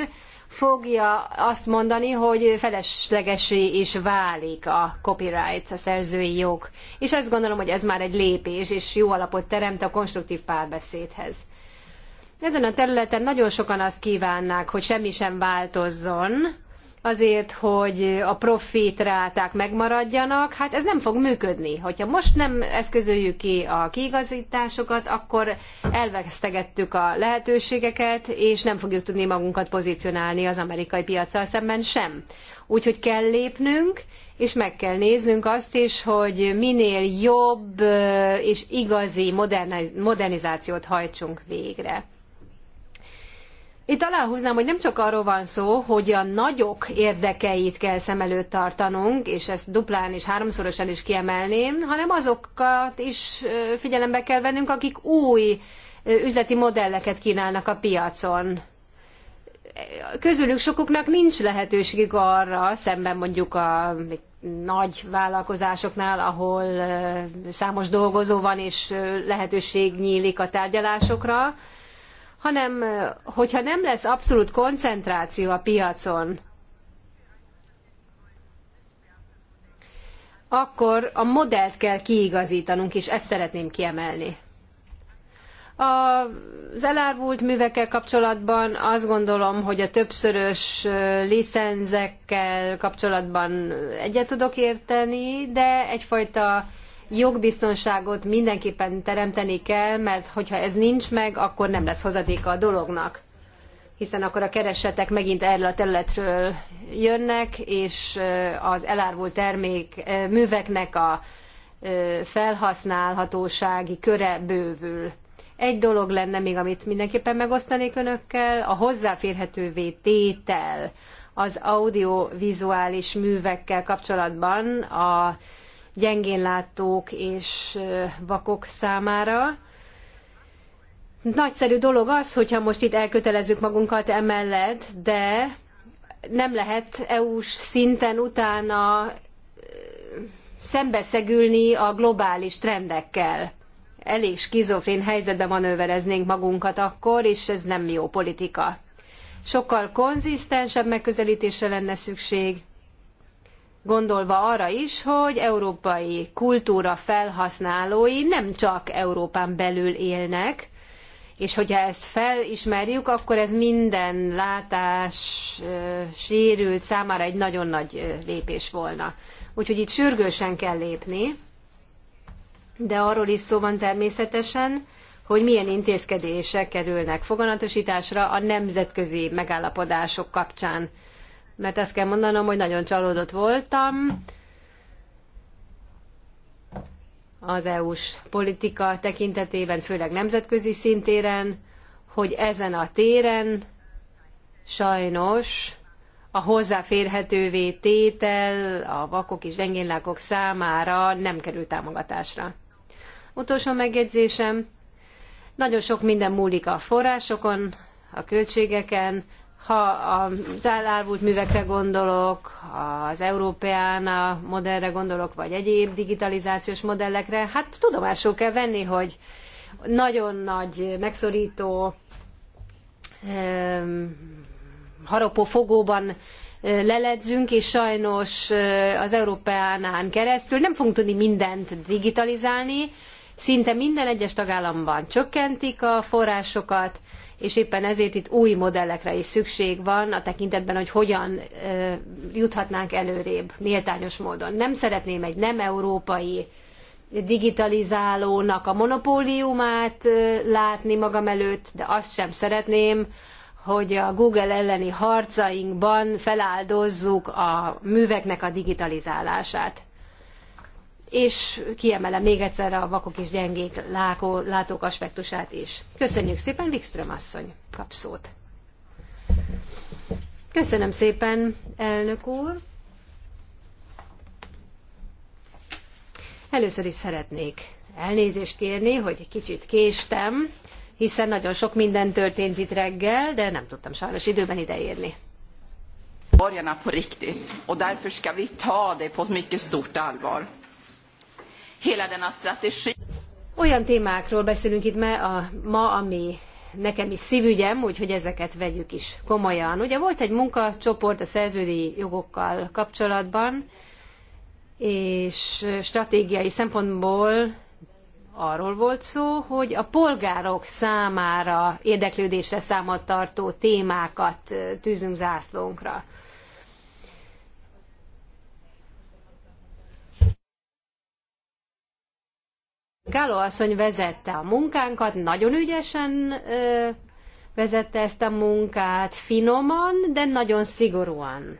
Speaker 3: fogja azt mondani, hogy feleslegesé is válik a copyright, a szerzői jog. És ezt gondolom, hogy ez már egy lépés, és jó alapot teremt a konstruktív párbeszédhez. Ezen a területen nagyon sokan azt kívánnák, hogy semmi sem változzon, azért, hogy a profitráták megmaradjanak, hát ez nem fog működni. Hogyha most nem eszközöljük ki a kiigazításokat, akkor elvesztegettük a lehetőségeket, és nem fogjuk tudni magunkat pozícionálni az amerikai piacsal szemben sem. Úgyhogy kell lépnünk, és meg kell néznünk azt is, hogy minél jobb és igazi modernizációt hajtsunk végre. Itt aláhúznám, hogy nem csak arról van szó, hogy a nagyok érdekeit kell szem előtt tartanunk, és ezt duplán és háromszorosan is kiemelném, hanem azokat is figyelembe kell vennünk, akik új üzleti modelleket kínálnak a piacon. Közülük sokuknak nincs lehetőségük arra, szemben mondjuk a nagy vállalkozásoknál, ahol számos dolgozó van, és lehetőség nyílik a tárgyalásokra, hanem hogyha nem lesz abszolút koncentráció a piacon, akkor a modellt kell kiigazítanunk, és ezt szeretném kiemelni. Az elárvult művekkel kapcsolatban azt gondolom, hogy a többszörös licenzekkel kapcsolatban egyet tudok érteni, de egyfajta jogbiztonságot mindenképpen teremteni kell, mert hogyha ez nincs meg, akkor nem lesz hozadéka a dolognak hiszen akkor a keresetek megint erről a területről jönnek, és az elárvult termék műveknek a felhasználhatósági köre bővül. Egy dolog lenne még, amit mindenképpen megosztanék önökkel, a hozzáférhetővé tétel az audiovizuális művekkel kapcsolatban a gyengénlátók és vakok számára. Nagyszerű dolog az, hogyha most itt elkötelezzük magunkat emellett, de nem lehet EU-s szinten utána szembeszegülni a globális trendekkel. Elég skizofrén helyzetbe manővereznénk magunkat akkor, és ez nem jó politika. Sokkal konzisztensebb megközelítésre lenne szükség, gondolva arra is, hogy európai kultúra felhasználói nem csak Európán belül élnek, és hogyha ezt felismerjük, akkor ez minden látás sérült számára egy nagyon nagy lépés volna. Úgyhogy itt sürgősen kell lépni, de arról is szó van természetesen, hogy milyen intézkedések kerülnek foganatosításra a nemzetközi megállapodások kapcsán mert ezt kell mondanom, hogy nagyon csalódott voltam az EU-s politika tekintetében, főleg nemzetközi szintéren, hogy ezen a téren sajnos a hozzáférhetővé tétel a vakok és gyengénlákok számára nem kerül támogatásra. Utolsó megjegyzésem, nagyon sok minden múlik a forrásokon, a költségeken, ha az elárvult művekre gondolok, az a modellre gondolok, vagy egyéb digitalizációs modellekre, hát tudomásul kell venni, hogy nagyon nagy, megszorító, harapó fogóban leledzünk, és sajnos az Európeánán keresztül nem fogunk tudni mindent digitalizálni. Szinte minden egyes tagállamban csökkentik a forrásokat, és éppen ezért itt új modellekre is szükség van a tekintetben, hogy hogyan juthatnánk előrébb méltányos módon. Nem szeretném egy nem európai digitalizálónak a monopóliumát látni magam előtt, de azt sem szeretném, hogy a Google elleni harcainkban feláldozzuk a műveknek a digitalizálását és kiemelem még egyszer a vakok és gyengék lákó, látók aspektusát is. Köszönjük szépen, Wikström asszony, kap szót. Köszönöm szépen, elnök úr. Először is szeretnék elnézést kérni, hogy kicsit késtem, hiszen nagyon sok minden történt itt reggel, de nem tudtam sajnos időben ideérni.
Speaker 2: Borgarna på riktigt,
Speaker 3: och därför ska vi ta det på ett mycket stort allvar. Olyan témákról beszélünk itt ma, a, ma ami nekem is szívügyem, úgyhogy ezeket vegyük is komolyan. Ugye volt egy munkacsoport a szerződi jogokkal kapcsolatban, és stratégiai szempontból arról volt szó, hogy a polgárok számára érdeklődésre számot tartó témákat tűzünk zászlónkra. Gáló asszony vezette a munkánkat, nagyon ügyesen ö, vezette ezt a munkát, finoman, de nagyon szigorúan.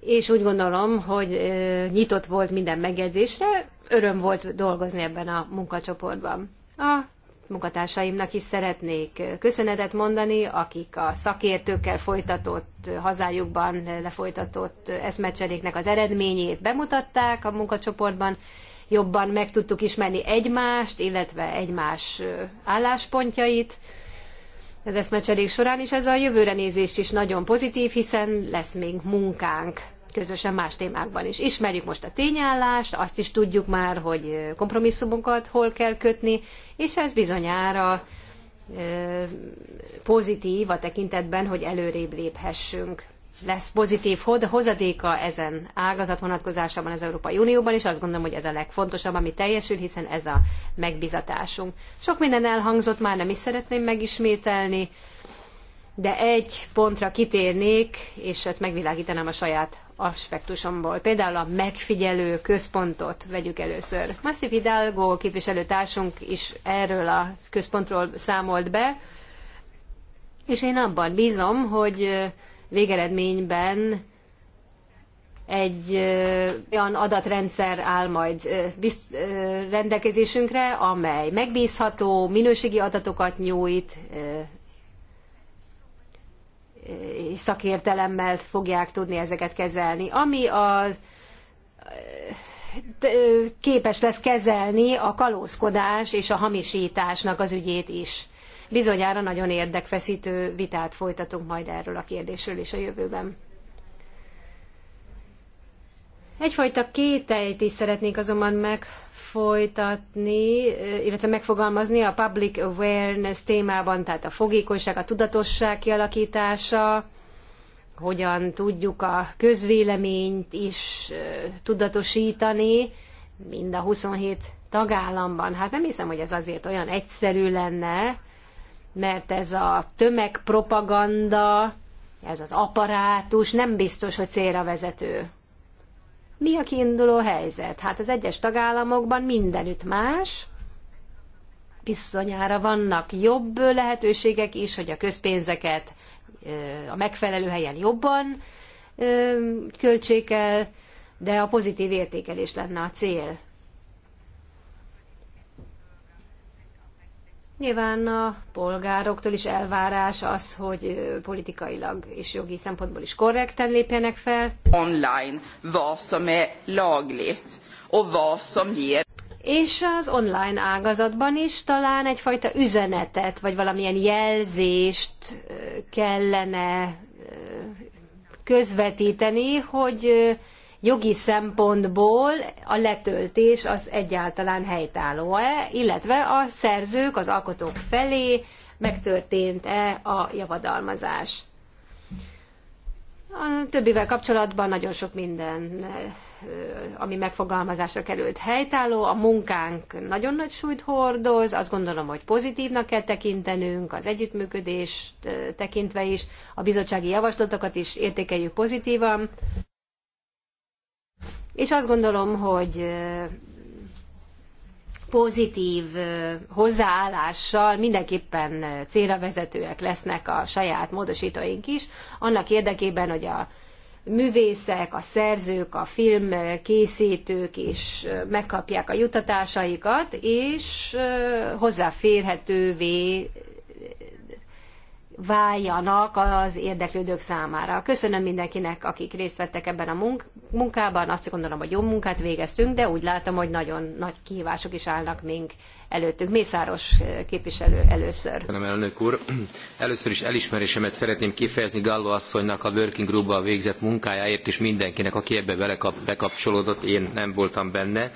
Speaker 3: És úgy gondolom, hogy ö, nyitott volt minden megjegyzésre, öröm volt dolgozni ebben a munkacsoportban. A munkatársaimnak is szeretnék köszönetet mondani, akik a szakértőkkel folytatott, hazájukban lefolytatott eszmecseréknek az eredményét bemutatták a munkacsoportban, jobban meg tudtuk ismerni egymást, illetve egymás álláspontjait az eszmecserék során, és ez a jövőre nézést is nagyon pozitív, hiszen lesz még munkánk közösen más témákban is. Ismerjük most a tényállást, azt is tudjuk már, hogy kompromisszumokat hol kell kötni, és ez bizonyára pozitív a tekintetben, hogy előrébb léphessünk lesz pozitív hozadéka ezen ágazat vonatkozásában az Európai Unióban, és azt gondolom, hogy ez a legfontosabb, ami teljesül, hiszen ez a megbizatásunk. Sok minden elhangzott, már nem is szeretném megismételni, de egy pontra kitérnék, és ezt megvilágítanám a saját aspektusomból. Például a megfigyelő központot vegyük először. Massif Hidalgo képviselőtársunk is erről a központról számolt be, és én abban bízom, hogy végeredményben egy olyan adatrendszer áll majd rendelkezésünkre, amely megbízható, minőségi adatokat nyújt, szakértelemmel fogják tudni ezeket kezelni. Ami a képes lesz kezelni a kalózkodás és a hamisításnak az ügyét is bizonyára nagyon érdekfeszítő vitát folytatunk majd erről a kérdésről is a jövőben. Egyfajta kételyt is szeretnék azonban megfolytatni, illetve megfogalmazni a public awareness témában, tehát a fogékonyság, a tudatosság kialakítása, hogyan tudjuk a közvéleményt is tudatosítani, mind a 27 tagállamban. Hát nem hiszem, hogy ez azért olyan egyszerű lenne, mert ez a tömegpropaganda, ez az aparátus nem biztos, hogy célra vezető. Mi a kiinduló helyzet? Hát az egyes tagállamokban mindenütt más, bizonyára vannak jobb lehetőségek is, hogy a közpénzeket a megfelelő helyen jobban költsék el, de a pozitív értékelés lenne a cél. Nyilván a polgároktól is elvárás az, hogy politikailag és jogi szempontból is korrekten lépjenek fel.
Speaker 1: Online, vad som är lagligt, och
Speaker 3: és az online ágazatban is talán egyfajta üzenetet, vagy valamilyen jelzést kellene közvetíteni, hogy jogi szempontból a letöltés az egyáltalán helytálló-e, illetve a szerzők, az alkotók felé megtörtént-e a javadalmazás. A többivel kapcsolatban nagyon sok minden, ami megfogalmazásra került helytálló. A munkánk nagyon nagy súlyt hordoz, azt gondolom, hogy pozitívnak kell tekintenünk, az együttműködést tekintve is, a bizottsági javaslatokat is értékeljük pozitívan. És azt gondolom, hogy pozitív hozzáállással mindenképpen célra vezetőek lesznek a saját módosítóink is, annak érdekében, hogy a művészek, a szerzők, a filmkészítők is megkapják a jutatásaikat, és hozzáférhetővé váljanak az érdeklődők számára. Köszönöm mindenkinek, akik részt vettek ebben a munkában. Azt gondolom, hogy jó munkát végeztünk, de úgy látom, hogy nagyon nagy kihívások is állnak mink előttünk. Mészáros képviselő először.
Speaker 4: Köszönöm, elnök úr. Először is elismerésemet szeretném kifejezni Gallo asszonynak a Working Groupban végzett munkájáért, és mindenkinek, aki ebbe belekap, bekapcsolódott, én nem voltam benne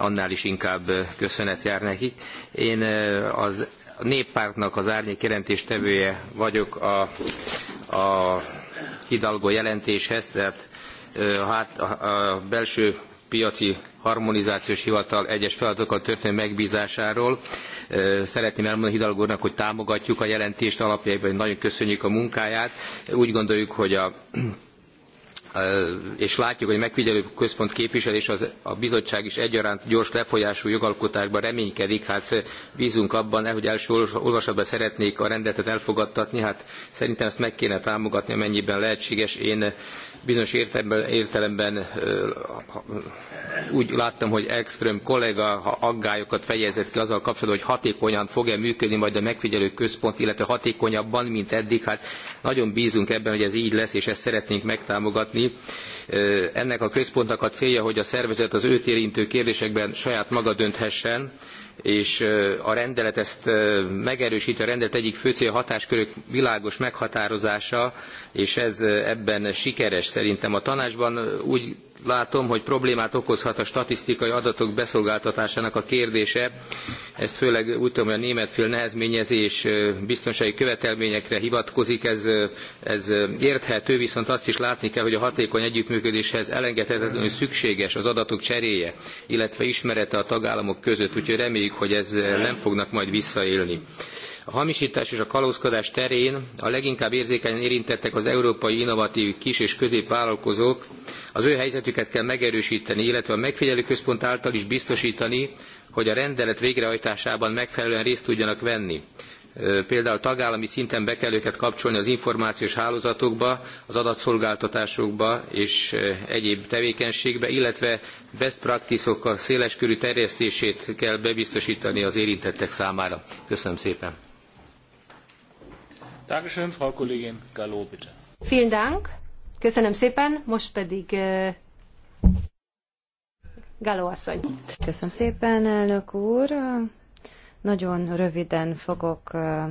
Speaker 4: annál is inkább köszönet jár nekik. Én eh, az a néppártnak az árnyék jelentéstevője vagyok a, a Hidalgo jelentéshez, tehát a, hát a, a belső piaci harmonizációs hivatal egyes feladatokkal történő megbízásáról. Szeretném elmondani Hidalgo úrnak, hogy támogatjuk a jelentést alapjaiban, nagyon köszönjük a munkáját. Úgy gondoljuk, hogy a és látjuk, hogy megfigyelő központ képviselés az, a bizottság is egyaránt gyors lefolyású jogalkotásban reménykedik, hát bízunk abban, hogy első olvasatban szeretnék a rendetet elfogadtatni, hát szerintem ezt meg kéne támogatni, amennyiben lehetséges. Én Bizonyos értelemben, úgy láttam, hogy Ekström kollega aggályokat fejezett ki azzal kapcsolatban, hogy hatékonyan fog-e működni majd a megfigyelő központ, illetve hatékonyabban, mint eddig. Hát nagyon bízunk ebben, hogy ez így lesz, és ezt szeretnénk megtámogatni. Ennek a központnak a célja, hogy a szervezet az őt érintő kérdésekben saját maga dönthessen, és a rendelet ezt megerősíti, a rendelet egyik fő cél hatáskörök világos meghatározása, és ez ebben sikeres szerintem. A tanácsban úgy látom, hogy problémát okozhat a statisztikai adatok beszolgáltatásának a kérdése. Ez főleg úgy tudom, hogy a német fél nehezményezi és biztonsági követelményekre hivatkozik, ez, ez érthető, viszont azt is látni kell, hogy a hatékony együttműködéshez elengedhetetlenül szükséges az adatok cseréje, illetve ismerete a tagállamok között, úgyhogy reméljük, hogy ez nem fognak majd visszaélni. A hamisítás és a kalózkodás terén a leginkább érzékenyen érintettek az európai innovatív kis- és középvállalkozók. Az ő helyzetüket kell megerősíteni, illetve a megfigyelőközpont által is biztosítani, hogy a rendelet végrehajtásában megfelelően részt tudjanak venni például tagállami szinten be kell őket kapcsolni az információs hálózatokba, az adatszolgáltatásokba és egyéb tevékenységbe, illetve best practice-ok a széleskörű terjesztését kell bebiztosítani az érintettek számára. Köszönöm szépen!
Speaker 3: Dankeschön, Frau Kollegin Gallo, bitte. Vielen Dank. Köszönöm szépen, most pedig uh, Gallo asszony.
Speaker 2: Köszönöm szépen, elnök úr. Nagyon röviden fogok uh,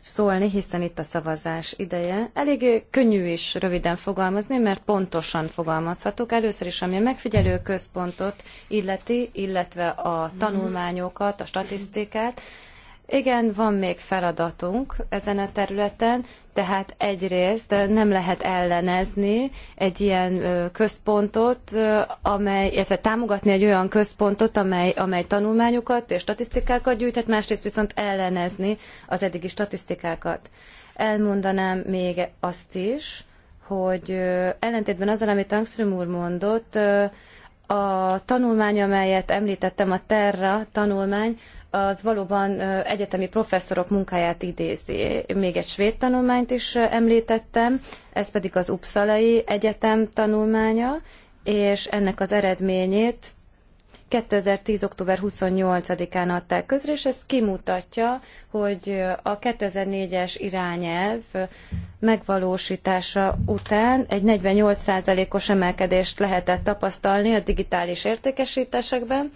Speaker 2: szólni, hiszen itt a szavazás ideje. Elég könnyű is röviden fogalmazni, mert pontosan fogalmazhatok. Először is, ami a megfigyelő központot illeti, illetve a mhm. tanulmányokat, a statisztikát. Mm igen, van még feladatunk ezen a területen, tehát egyrészt nem lehet ellenezni egy ilyen központot, amely, illetve támogatni egy olyan központot, amely, amely tanulmányokat és statisztikákat gyűjthet, másrészt viszont ellenezni az eddigi statisztikákat. Elmondanám még azt is, hogy ellentétben azzal, amit Angström úr mondott, a tanulmány, amelyet említettem, a Terra tanulmány, az valóban egyetemi professzorok munkáját idézi. Még egy svéd tanulmányt is említettem, ez pedig az Uppsalai Egyetem tanulmánya, és ennek az eredményét 2010. október 28-án adták közre, és ez kimutatja, hogy a 2004-es irányelv megvalósítása után egy 48%-os emelkedést lehetett tapasztalni a digitális értékesítésekben,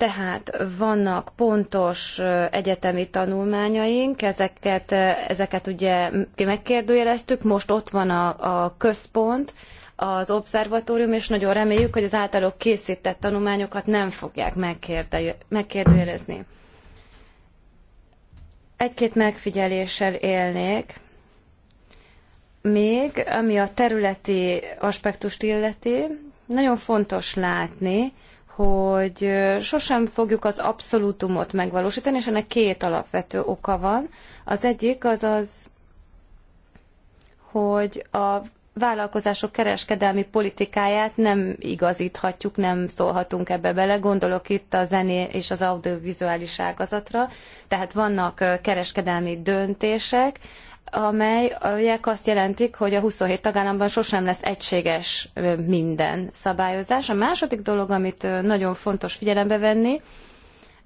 Speaker 2: tehát vannak pontos egyetemi tanulmányaink, ezeket, ezeket ugye megkérdőjeleztük, most ott van a, a központ, az obszervatórium, és nagyon reméljük, hogy az általuk készített tanulmányokat nem fogják megkérdőjelezni. Egy-két megfigyeléssel élnék. Még, ami a területi aspektust illeti, nagyon fontos látni, hogy sosem fogjuk az abszolútumot megvalósítani, és ennek két alapvető oka van. Az egyik az az, hogy a vállalkozások kereskedelmi politikáját nem igazíthatjuk, nem szólhatunk ebbe bele. Gondolok itt a zené és az audiovizuális ágazatra. Tehát vannak kereskedelmi döntések, amelyek azt jelentik, hogy a 27 tagállamban sosem lesz egységes minden szabályozás. A második dolog, amit nagyon fontos figyelembe venni,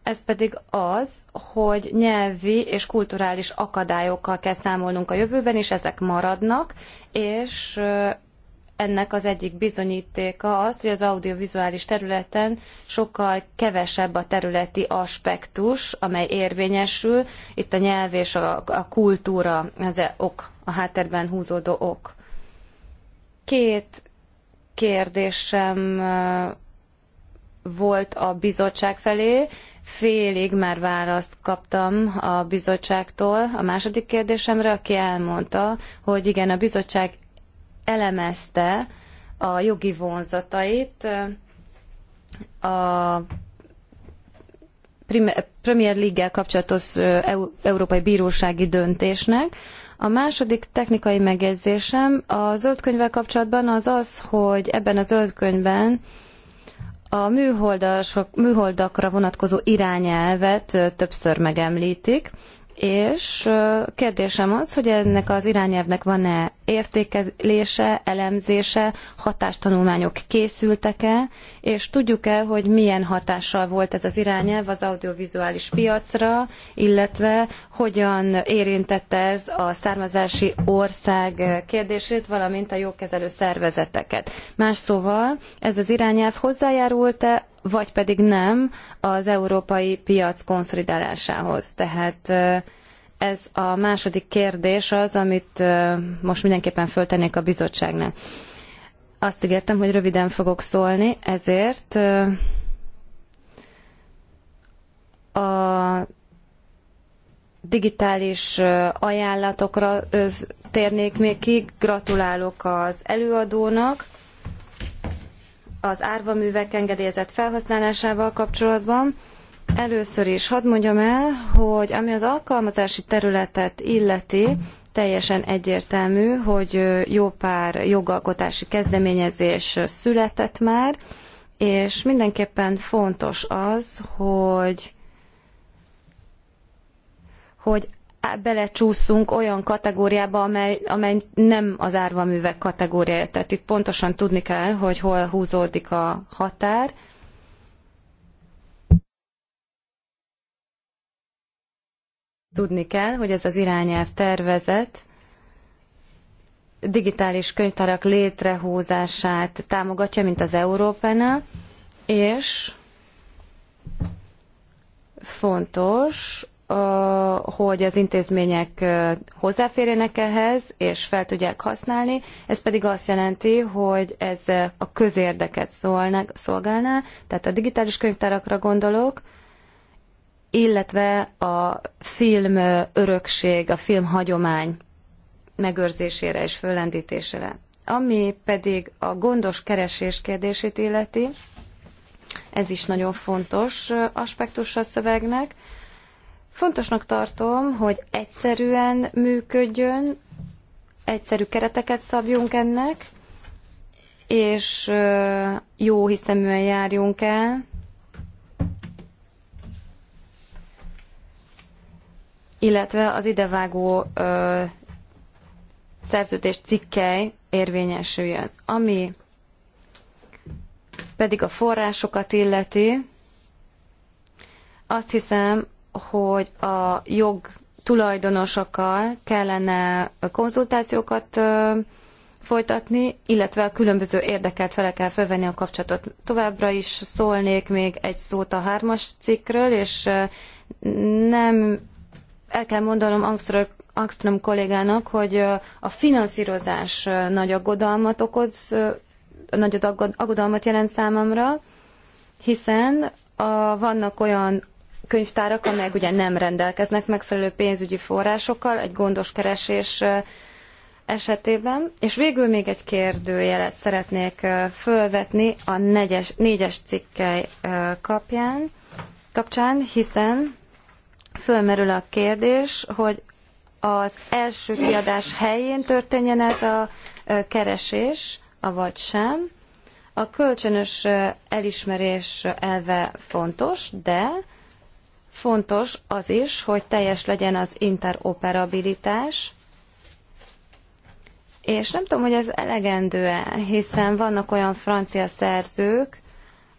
Speaker 2: ez pedig az, hogy nyelvi és kulturális akadályokkal kell számolnunk a jövőben, és ezek maradnak, és ennek az egyik bizonyítéka az, hogy az audiovizuális területen sokkal kevesebb a területi aspektus, amely érvényesül. Itt a nyelv és a, a kultúra, az e ok, a háttérben húzódó ok. Két kérdésem volt a bizottság felé. Félig már választ kaptam a bizottságtól a második kérdésemre, aki elmondta, hogy igen, a bizottság elemezte a jogi vonzatait a Premier League-gel kapcsolatos Európai Bírósági döntésnek. A második technikai megjegyzésem a zöldkönyvvel kapcsolatban az az, hogy ebben a zöldkönyvben a műholdakra vonatkozó irányelvet többször megemlítik és kérdésem az, hogy ennek az irányelvnek van-e értékelése, elemzése, hatástanulmányok készültek-e, és tudjuk-e, hogy milyen hatással volt ez az irányelv az audiovizuális piacra, illetve hogyan érintette ez a származási ország kérdését, valamint a jogkezelő szervezeteket. Más szóval, ez az irányelv hozzájárult-e, vagy pedig nem az európai piac konszolidálásához. Tehát ez a második kérdés az, amit most mindenképpen föltennék a bizottságnak. Azt ígértem, hogy röviden fogok szólni, ezért a digitális ajánlatokra térnék még ki. Gratulálok az előadónak az árvaművek engedélyezett felhasználásával kapcsolatban. Először is hadd mondjam el, hogy ami az alkalmazási területet illeti, teljesen egyértelmű, hogy jó pár jogalkotási kezdeményezés született már, és mindenképpen fontos az, hogy hogy belecsúszunk olyan kategóriába, amely, amely nem az árvaművek kategóriája. Tehát itt pontosan tudni kell, hogy hol húzódik a határ, Tudni kell, hogy ez az irányelv tervezet digitális könyvtárak létrehozását támogatja, mint az Európánál, és fontos, hogy az intézmények hozzáférjenek ehhez, és fel tudják használni. Ez pedig azt jelenti, hogy ez a közérdeket szolgálná, tehát a digitális könyvtárakra gondolok, illetve a film örökség, a film hagyomány megőrzésére és föllendítésére. Ami pedig a gondos keresés kérdését illeti, ez is nagyon fontos aspektus a szövegnek. Fontosnak tartom, hogy egyszerűen működjön, egyszerű kereteket szabjunk ennek, és jó hiszeműen járjunk el, illetve az idevágó ö, szerződés cikkei érvényesüljön. Ami pedig a forrásokat illeti, azt hiszem, hogy a jog tulajdonosokkal kellene konzultációkat folytatni, illetve a különböző érdekelt felekkel felvenni a kapcsolatot. Továbbra is szólnék még egy szót a hármas cikkről, és nem el kell mondanom Angström, kollégának, hogy a finanszírozás nagy aggodalmat okoz, nagy aggodalmat jelent számomra, hiszen a, vannak olyan könyvtárak, amelyek ugye nem rendelkeznek megfelelő pénzügyi forrásokkal egy gondos keresés esetében. És végül még egy kérdőjelet szeretnék fölvetni a negyes, négyes cikkely kapján, kapcsán, hiszen Fölmerül a kérdés, hogy az első kiadás helyén történjen ez a keresés, avagy sem. A kölcsönös elismerés elve fontos, de fontos az is, hogy teljes legyen az interoperabilitás, és nem tudom, hogy ez elegendő-e, hiszen vannak olyan francia szerzők,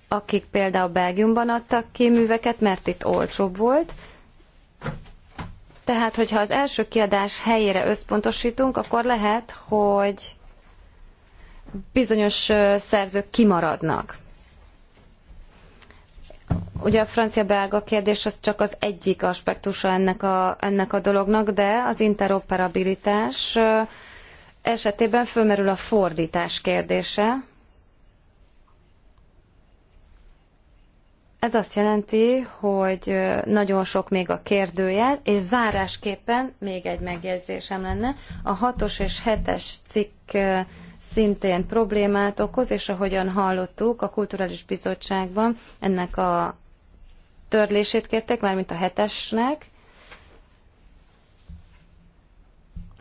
Speaker 2: akik például Belgiumban adtak ki műveket, mert itt olcsóbb volt, tehát, hogyha az első kiadás helyére összpontosítunk, akkor lehet, hogy bizonyos szerzők kimaradnak. Ugye a francia-belga kérdés az csak az egyik aspektusa ennek a, ennek a dolognak, de az interoperabilitás esetében fölmerül a fordítás kérdése, Ez azt jelenti, hogy nagyon sok még a kérdőjel, és zárásképpen még egy megjegyzésem lenne. A hatos os és hetes es cikk szintén problémát okoz, és ahogyan hallottuk, a Kulturális Bizottságban ennek a törlését kértek, mármint a hetesnek,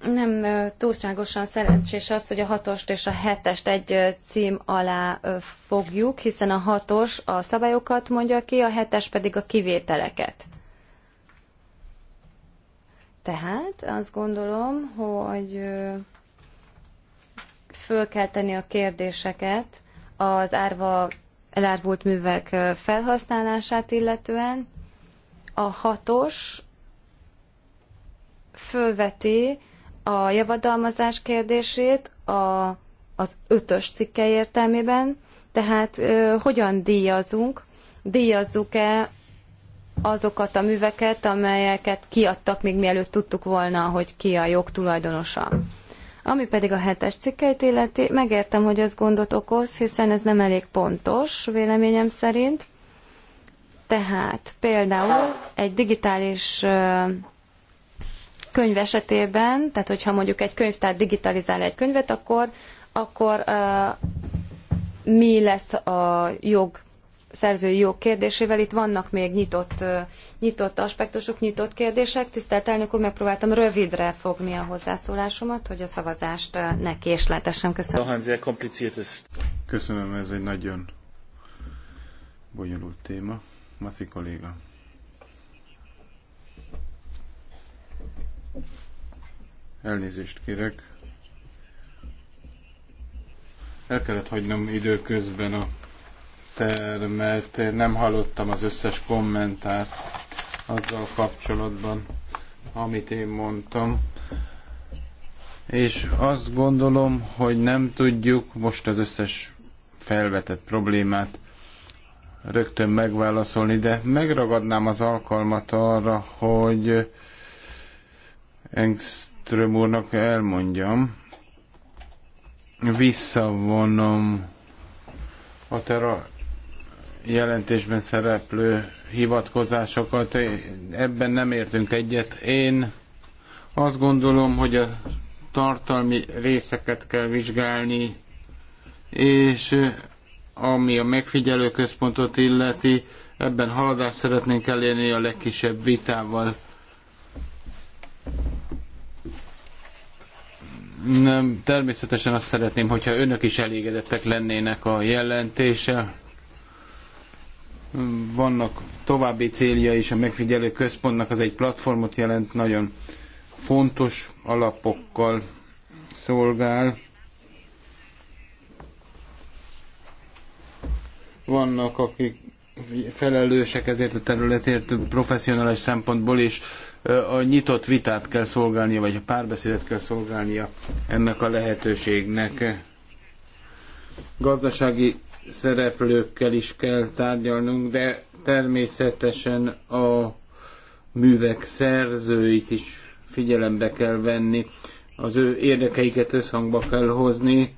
Speaker 2: nem túlságosan szerencsés az, hogy a hatost és a hetest egy cím alá fogjuk, hiszen a hatos a szabályokat mondja ki, a hetes pedig a kivételeket. Tehát azt gondolom, hogy föl kell tenni a kérdéseket az árva elárvult művek felhasználását illetően. A hatos fölveti, a javadalmazás kérdését a, az ötös cikke értelmében, tehát ö, hogyan díjazunk, díjazzuk-e azokat a műveket, amelyeket kiadtak még mielőtt tudtuk volna, hogy ki a jogtulajdonosa. Ami pedig a hetes cikkeit illeti, megértem, hogy ez gondot okoz, hiszen ez nem elég pontos, véleményem szerint. Tehát például egy digitális könyv esetében, tehát hogyha mondjuk egy könyvtár digitalizál egy könyvet, akkor, akkor uh, mi lesz a jog, szerzői jog kérdésével. Itt vannak még nyitott, uh, nyitott aspektusok, nyitott kérdések. Tisztelt elnök úr, megpróbáltam rövidre fogni a hozzászólásomat, hogy a szavazást uh, ne késletesen.
Speaker 1: Köszönöm. Köszönöm, ez egy nagyon bonyolult téma. Maszi kolléga. Elnézést kérek. El kellett hagynom időközben a termet, nem hallottam az összes kommentárt azzal kapcsolatban, amit én mondtam. És azt gondolom, hogy nem tudjuk most az összes felvetett problémát rögtön megválaszolni, de megragadnám az alkalmat arra, hogy Engström úrnak elmondjam. Visszavonom a terra jelentésben szereplő hivatkozásokat. Ebben nem értünk egyet. Én azt gondolom, hogy a tartalmi részeket kell vizsgálni, és ami a megfigyelő központot illeti, ebben haladást szeretnénk elérni a legkisebb vitával. Nem, természetesen azt szeretném, hogyha önök is elégedettek lennének a jelentése. Vannak további célja is a megfigyelő központnak, az egy platformot jelent, nagyon fontos alapokkal szolgál. Vannak, akik felelősek ezért a területért professzionális szempontból, és a nyitott vitát kell szolgálnia, vagy a párbeszédet kell szolgálnia ennek a lehetőségnek. Gazdasági szereplőkkel is kell tárgyalnunk, de természetesen a művek szerzőit is figyelembe kell venni, az ő érdekeiket összhangba kell hozni,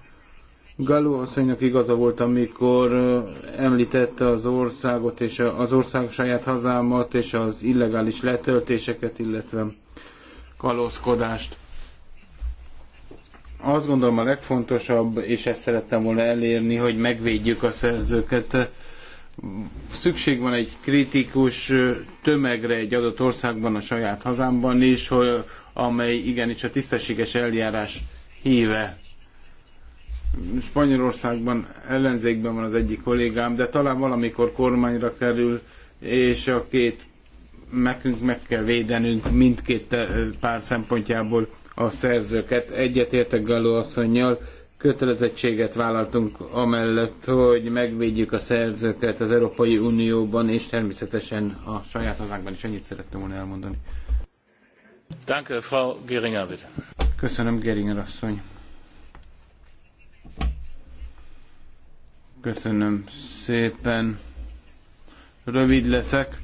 Speaker 1: Galló asszonynak igaza volt, amikor említette az országot és az ország saját hazámat és az illegális letöltéseket, illetve kalózkodást. Azt gondolom a legfontosabb, és ezt szerettem volna elérni, hogy megvédjük a szerzőket. Szükség van egy kritikus tömegre egy adott országban, a saját hazámban is, hogy, amely igenis a tisztességes eljárás híve Spanyolországban ellenzékben van az egyik kollégám, de talán valamikor kormányra kerül, és a két nekünk meg kell védenünk mindkét eh, pár szempontjából a szerzőket. Egyetértek Galló asszonynal, kötelezettséget vállaltunk amellett, hogy megvédjük a szerzőket az Európai Unióban, és természetesen a saját hazánkban is ennyit szerettem volna elmondani. Danke, Frau Geringer, bitte. Köszönöm, Geringer asszony. Köszönöm szépen. Rövid leszek.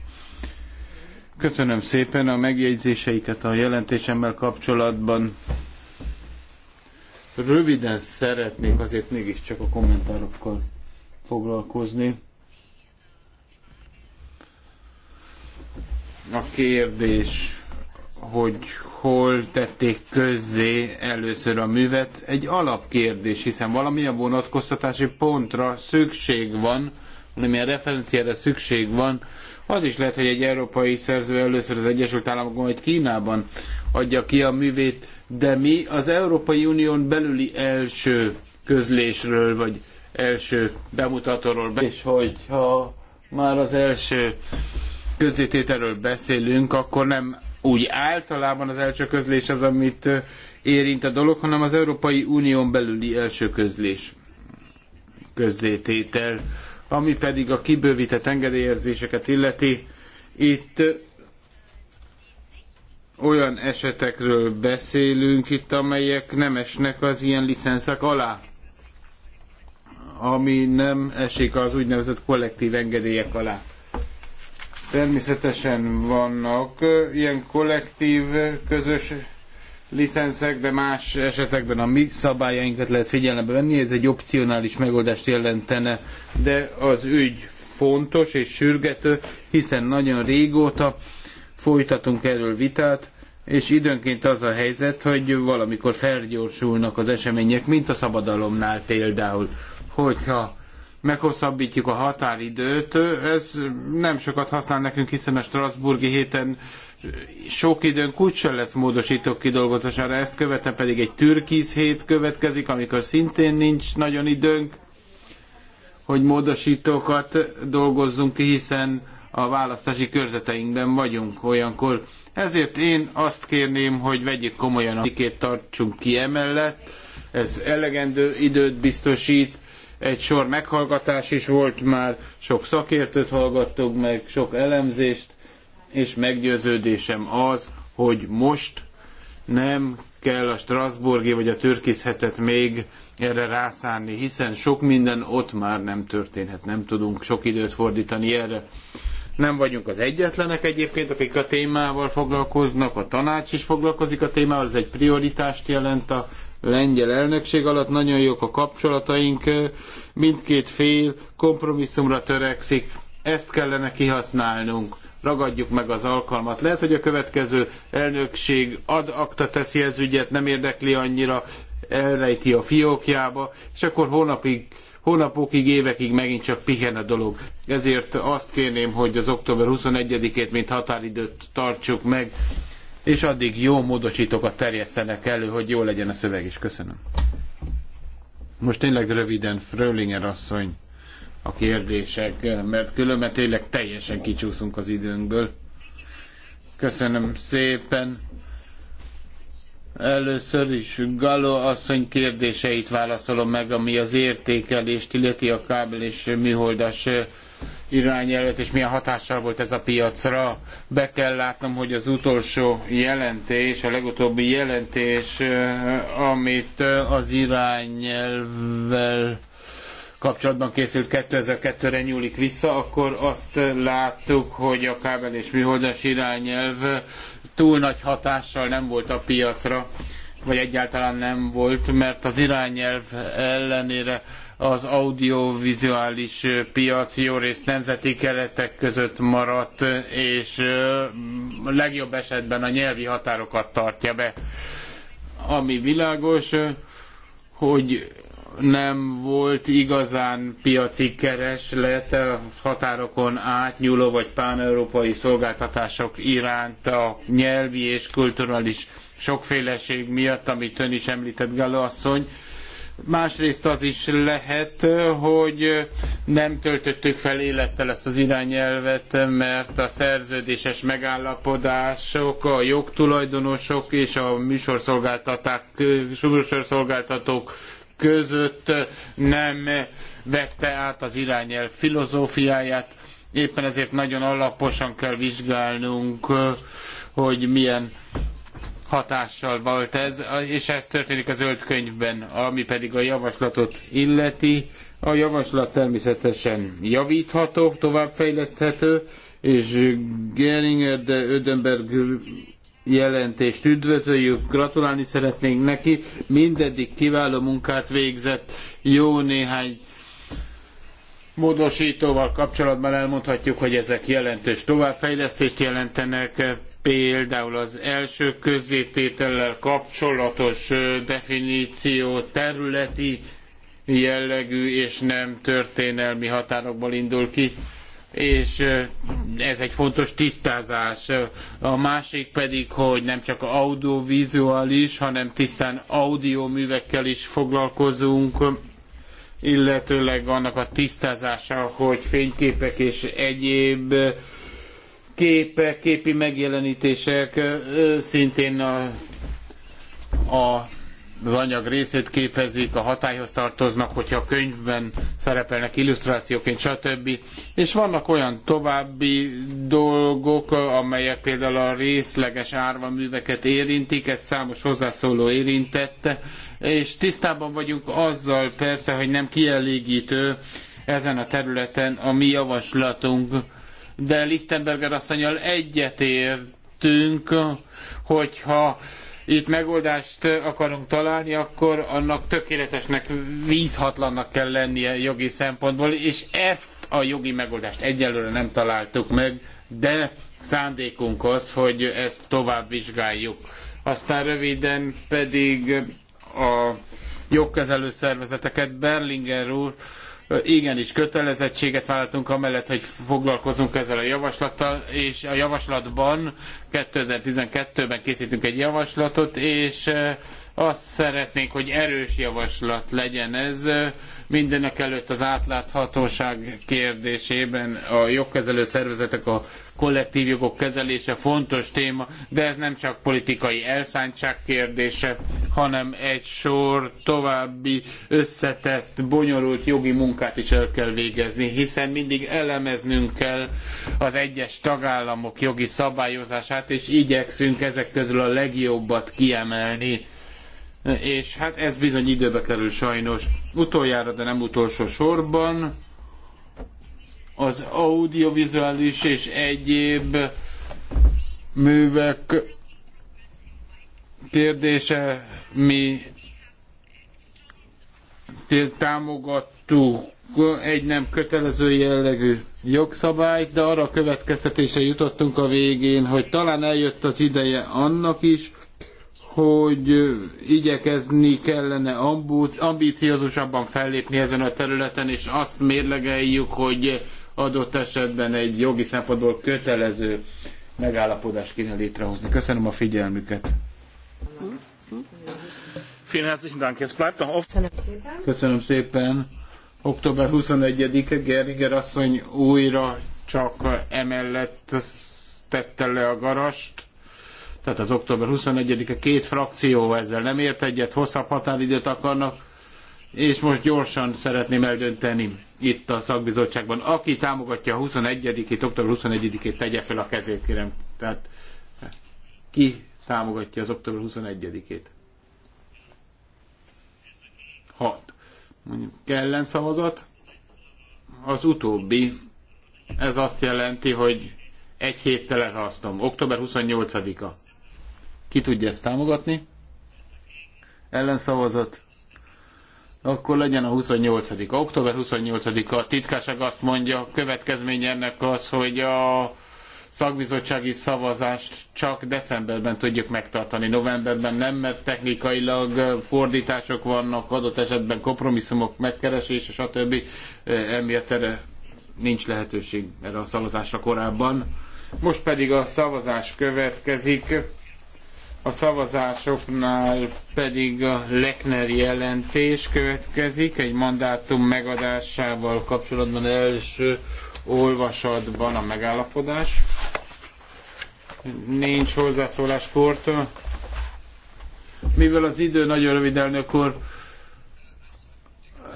Speaker 1: Köszönöm szépen a megjegyzéseiket a jelentésemmel kapcsolatban. Röviden szeretnék azért mégiscsak a kommentárokkal foglalkozni. A kérdés, hogy hol tették közzé először a művet, egy alapkérdés, hiszen valamilyen vonatkoztatási pontra szükség van, valamilyen referenciára szükség van, az is lehet, hogy egy európai szerző először az Egyesült Államokban vagy Kínában adja ki a művét, de mi az Európai Unión belüli első közlésről, vagy első bemutatóról, és hogyha már az első közzétételről beszélünk, akkor nem úgy általában az első közlés az, amit érint a dolog, hanem az Európai Unión belüli első közlés közzététel, ami pedig a kibővített engedélyezéseket illeti. Itt olyan esetekről beszélünk itt, amelyek nem esnek az ilyen licenszek alá, ami nem esik az úgynevezett kollektív engedélyek alá. Természetesen vannak ilyen kollektív, közös licenszek, de más esetekben a mi szabályainkat lehet figyelembe venni, ez egy opcionális megoldást jelentene, de az ügy fontos és sürgető, hiszen nagyon régóta folytatunk erről vitát, és időnként az a helyzet, hogy valamikor felgyorsulnak az események, mint a szabadalomnál például, hogyha meghosszabbítjuk a határidőt. Ez nem sokat használ nekünk, hiszen a Strasburgi héten sok időnk úgyse lesz módosítók kidolgozására, ezt követően pedig egy türkiz hét következik, amikor szintén nincs nagyon időnk, hogy módosítókat dolgozzunk ki, hiszen a választási körzeteinkben vagyunk olyankor. Ezért én azt kérném, hogy vegyük komolyan a két tartsunk ki emellett, ez elegendő időt biztosít, egy sor meghallgatás is volt már, sok szakértőt hallgattuk meg, sok elemzést, és meggyőződésem az, hogy most nem kell a Strasburgi vagy a hetet még erre rászánni, hiszen sok minden ott már nem történhet, nem tudunk sok időt fordítani erre. Nem vagyunk az egyetlenek egyébként, akik a témával foglalkoznak, a tanács is foglalkozik a témával, ez egy prioritást jelent a lengyel elnökség alatt. Nagyon jók a kapcsolataink, mindkét fél kompromisszumra törekszik, ezt kellene kihasználnunk ragadjuk meg az alkalmat. Lehet, hogy a következő elnökség ad akta teszi ez ügyet, nem érdekli annyira, elrejti a fiókjába, és akkor hónapig, hónapokig, évekig megint csak pihen a dolog. Ezért azt kérném, hogy az október 21-ét, mint határidőt tartsuk meg, és addig jó módosítókat terjesszenek elő, hogy jó legyen a szöveg is. Köszönöm. Most tényleg röviden Frölinger asszony a kérdések, mert különben tényleg teljesen kicsúszunk az időnkből. Köszönöm szépen. Először is Galo asszony kérdéseit válaszolom meg, ami az értékelést illeti a kábel és műholdas irányelvet, és milyen hatással volt ez a piacra. Be kell látnom, hogy az utolsó jelentés, a legutóbbi jelentés, eh, amit eh, az irányelvvel kapcsolatban készült 2002-re nyúlik vissza, akkor azt láttuk, hogy a kábel és műholdas irányelv túl nagy hatással nem volt a piacra, vagy egyáltalán nem volt, mert az irányelv ellenére az audiovizuális piac jó rész nemzeti keretek között maradt, és legjobb esetben a nyelvi határokat tartja be. Ami világos, hogy nem volt igazán piaci kereslet a határokon átnyúló vagy páneurópai szolgáltatások iránt a nyelvi és kulturális sokféleség miatt, amit ön is említett, Gala asszony Másrészt az is lehet, hogy nem töltöttük fel élettel ezt az irányelvet, mert a szerződéses megállapodások, a jogtulajdonosok és a műsorszolgáltatók között nem vette át az irányelv filozófiáját. Éppen ezért nagyon alaposan kell vizsgálnunk, hogy milyen hatással volt ez, és ez történik a zöld könyvben, ami pedig a javaslatot illeti. A javaslat természetesen javítható, továbbfejleszthető, és Geringer de Ödenberg jelentést üdvözöljük, gratulálni szeretnénk neki, mindeddig kiváló munkát végzett, jó néhány módosítóval kapcsolatban elmondhatjuk, hogy ezek jelentős továbbfejlesztést jelentenek, például az első közzététellel kapcsolatos definíció területi jellegű és nem történelmi határokból indul ki, és ez egy fontos tisztázás. A másik pedig, hogy nem csak audiovizuális, hanem tisztán audioművekkel is foglalkozunk, illetőleg annak a tisztázása, hogy fényképek és egyéb képek, képi megjelenítések szintén a, a az anyag részét képezik, a hatályhoz tartoznak, hogyha a könyvben szerepelnek illusztrációként, stb. És vannak olyan további dolgok, amelyek például a részleges árva műveket érintik, ezt számos hozzászóló érintette, és tisztában vagyunk azzal persze, hogy nem kielégítő ezen a területen a mi javaslatunk, de Lichtenberger asszonyal egyetértünk, hogyha itt megoldást akarunk találni, akkor annak tökéletesnek, vízhatlannak kell lennie jogi szempontból, és ezt a jogi megoldást egyelőre nem találtuk meg, de szándékunk az, hogy ezt tovább vizsgáljuk. Aztán röviden pedig a jogkezelő szervezeteket Berlinger úr igenis kötelezettséget vállaltunk amellett, hogy foglalkozunk ezzel a javaslattal, és a javaslatban 2012-ben készítünk egy javaslatot, és azt szeretnénk, hogy erős javaslat legyen ez. Mindenek előtt az átláthatóság kérdésében a jogkezelő szervezetek, a kollektív jogok kezelése fontos téma, de ez nem csak politikai elszántság kérdése, hanem egy sor további összetett, bonyolult jogi munkát is el kell végezni, hiszen mindig elemeznünk kell az egyes tagállamok jogi szabályozását, és igyekszünk ezek közül a legjobbat kiemelni és hát ez bizony időbe kerül sajnos. Utoljára, de nem utolsó sorban az audiovizuális és egyéb művek kérdése mi támogattuk egy nem kötelező jellegű jogszabályt, de arra a következtetésre jutottunk a végén, hogy talán eljött az ideje annak is, hogy igyekezni kellene ambíciózusabban fellépni ezen a területen, és azt mérlegeljük, hogy adott esetben egy jogi szempontból kötelező megállapodást kéne létrehozni. Köszönöm a figyelmüket. Köszönöm szépen. Október 21-e Geriger asszony újra csak emellett tette le a garast tehát az október 21-e két frakció ezzel nem ért egyet, hosszabb határidőt akarnak, és most gyorsan szeretném eldönteni itt a szakbizottságban. Aki támogatja a 21-ét, október 21-ét, tegye fel a kezét, kérem. Tehát ki támogatja az október 21-ét? Hat. Mondjuk kellen szavazat. Az utóbbi, ez azt jelenti, hogy egy héttel elhasztom. Október 28-a. Ki tudja ezt támogatni? Ellenszavazat? Akkor legyen a 28. Október 28-a. titkárság azt mondja, a következménye ennek az, hogy a szakbizottsági szavazást csak decemberben tudjuk megtartani. Novemberben nem, mert technikailag fordítások vannak, adott esetben kompromisszumok megkeresése, többi. Emiatt erre nincs lehetőség erre a szavazásra korábban. Most pedig a szavazás következik a szavazásoknál pedig a Lechner jelentés következik, egy mandátum megadásával kapcsolatban első olvasatban a megállapodás. Nincs hozzászólás kortól. Mivel az idő nagyon rövid, elnök úr,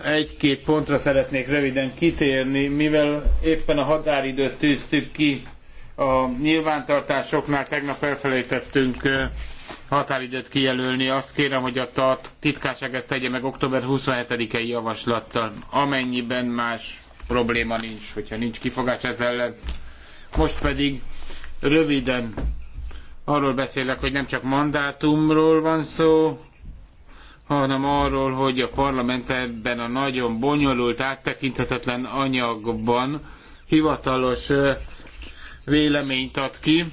Speaker 1: egy-két pontra szeretnék röviden kitérni, mivel éppen a határidőt tűztük ki a nyilvántartásoknál, tegnap elfelejtettünk határidőt kijelölni. Azt kérem, hogy a TAT titkárság ezt tegye meg október 27-i javaslattal, amennyiben más probléma nincs, hogyha nincs kifogás ez ellen. Most pedig röviden arról beszélek, hogy nem csak mandátumról van szó, hanem arról, hogy a parlament ebben a nagyon bonyolult, áttekinthetetlen anyagban hivatalos véleményt ad ki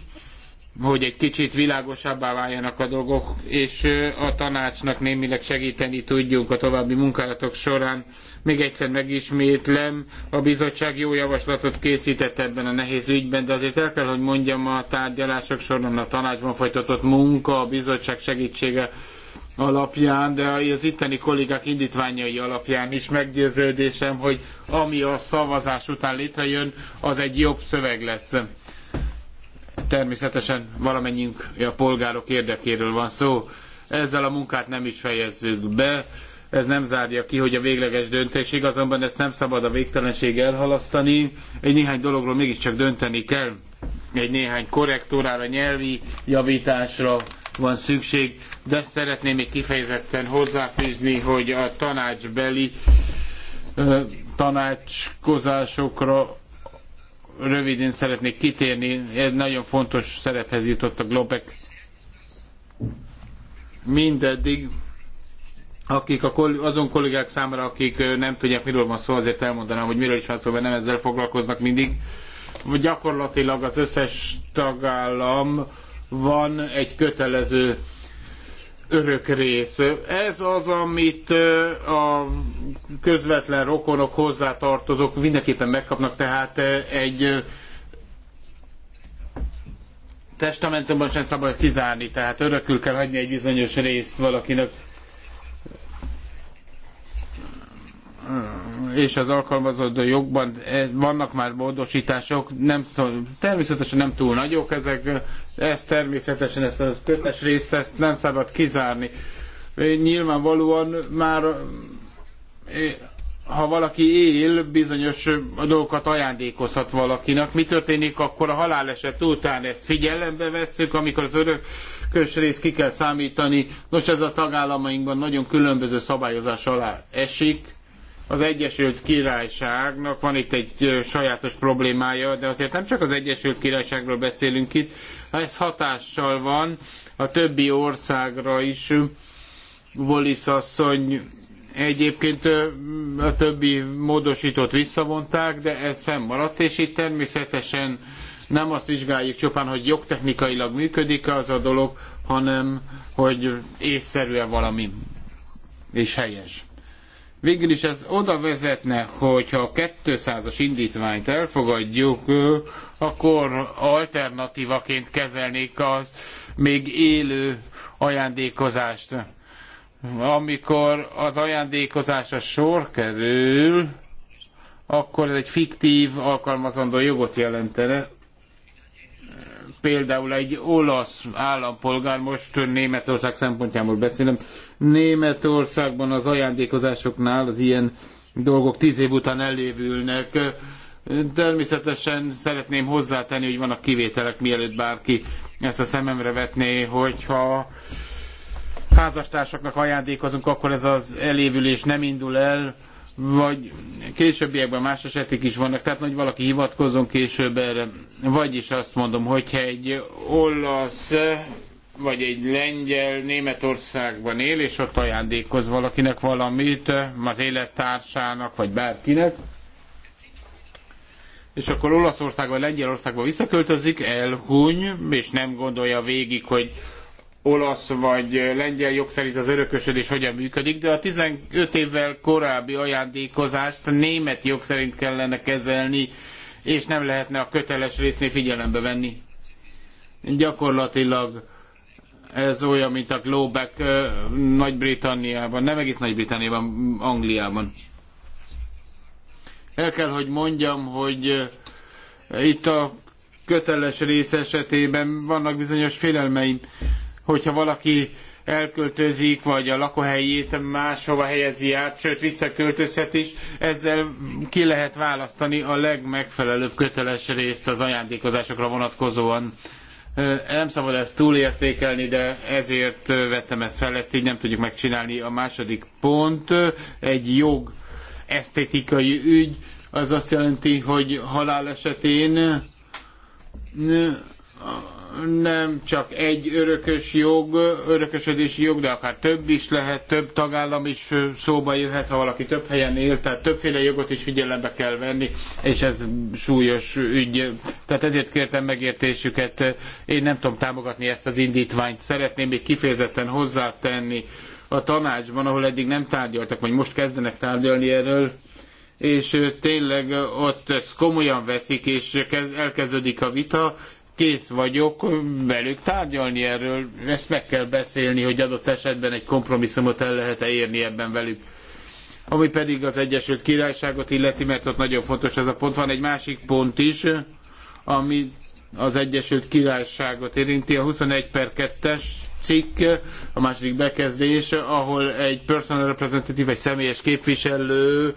Speaker 1: hogy egy kicsit világosabbá váljanak a dolgok, és a tanácsnak némileg segíteni tudjunk a további munkálatok során. Még egyszer megismétlem, a bizottság jó javaslatot készített ebben a nehéz ügyben, de azért el kell, hogy mondjam, a tárgyalások során a tanácsban folytatott munka, a bizottság segítsége alapján, de az itteni kollégák indítványai alapján is meggyőződésem, hogy ami a szavazás után létrejön, az egy jobb szöveg lesz. Természetesen valamennyiünk a polgárok érdekéről van szó. Ezzel a munkát nem is fejezzük be. Ez nem zárja ki, hogy a végleges döntésig, azonban ezt nem szabad a végtelenség elhalasztani. Egy néhány dologról mégiscsak dönteni kell. Egy néhány korrektúrára, nyelvi javításra van szükség, de szeretném még kifejezetten hozzáfűzni, hogy a tanácsbeli tanácskozásokra röviden szeretnék kitérni, egy nagyon fontos szerephez jutott a Globek. Mindeddig akik a, azon kollégák számára, akik nem tudják, miről van szó, azért elmondanám, hogy miről is van szó, mert nem ezzel foglalkoznak mindig. Gyakorlatilag az összes tagállam van egy kötelező örök rész. Ez az, amit a közvetlen rokonok, hozzátartozók mindenképpen megkapnak, tehát egy testamentumban sem szabad kizárni, tehát örökül kell hagyni egy bizonyos részt valakinek. és az alkalmazott jogban eh, vannak már módosítások, nem, természetesen nem túl nagyok ezek, ez természetesen, ezt a kötes részt ezt nem szabad kizárni. Nyilvánvalóan már eh, ha valaki él, bizonyos eh, dolgokat ajándékozhat valakinek. Mi történik akkor a haláleset után? Ezt figyelembe vesszük, amikor az örökös részt ki kell számítani. Nos, ez a tagállamainkban nagyon különböző szabályozás alá esik az Egyesült Királyságnak van itt egy sajátos problémája, de azért nem csak az Egyesült Királyságról beszélünk itt, ez hatással van a többi országra is. Wallis asszony egyébként a többi módosítót visszavonták, de ez fennmaradt, és itt természetesen nem azt vizsgáljuk csupán, hogy jogtechnikailag működik az a dolog, hanem hogy észszerű valami, és helyes. Végül is ez oda vezetne, hogyha a 200-as indítványt elfogadjuk, akkor alternatívaként kezelnék az még élő ajándékozást. Amikor az ajándékozásra sor kerül, akkor ez egy fiktív alkalmazandó jogot jelentene, Például egy olasz állampolgár, most Németország szempontjából beszélem, Németországban az ajándékozásoknál az ilyen dolgok tíz év után elévülnek. Természetesen szeretném hozzátenni, hogy vannak kivételek, mielőtt bárki ezt a szememre vetné, hogyha házastársaknak ajándékozunk, akkor ez az elévülés nem indul el, vagy későbbiekben más esetek is vannak, tehát hogy valaki hivatkozzon később erre. Vagyis azt mondom, hogyha egy olasz vagy egy lengyel Németországban él, és ott ajándékoz valakinek valamit, az élettársának, vagy bárkinek, és akkor olaszországban, lengyelországban visszaköltözik, elhuny, és nem gondolja végig, hogy olasz vagy lengyel jog szerint az örökösödés hogyan működik, de a 15 évvel korábbi ajándékozást német jog szerint kellene kezelni, és nem lehetne a köteles résznél figyelembe venni. Gyakorlatilag ez olyan, mint a clawback Nagy-Britanniában, nem egész Nagy-Britanniában, Angliában. El kell, hogy mondjam, hogy itt a köteles rész esetében vannak bizonyos félelmeim hogyha valaki elköltözik, vagy a lakóhelyét máshova helyezi át, sőt visszaköltözhet is, ezzel ki lehet választani a legmegfelelőbb köteles részt az ajándékozásokra vonatkozóan. Nem szabad ezt túlértékelni, de ezért vettem ezt fel, ezt így nem tudjuk megcsinálni. A második pont egy jog esztétikai ügy, az azt jelenti, hogy halál esetén nem csak egy örökös jog, örökösödési jog, de akár több is lehet, több tagállam is szóba jöhet, ha valaki több helyen él, tehát többféle jogot is figyelembe kell venni, és ez súlyos ügy. Tehát ezért kértem megértésüket. Én nem tudom támogatni ezt az indítványt. Szeretném még kifejezetten hozzátenni a tanácsban, ahol eddig nem tárgyaltak, vagy most kezdenek tárgyalni erről, és tényleg ott ezt komolyan veszik, és elkezdődik a vita, kész vagyok velük tárgyalni erről, ezt meg kell beszélni, hogy adott esetben egy kompromisszumot el lehet-e érni ebben velük. Ami pedig az Egyesült Királyságot illeti, mert ott nagyon fontos ez a pont. Van egy másik pont is, ami az Egyesült Királyságot érinti, a 21 per 2-es cikk, a második bekezdés, ahol egy personal representative, egy személyes képviselő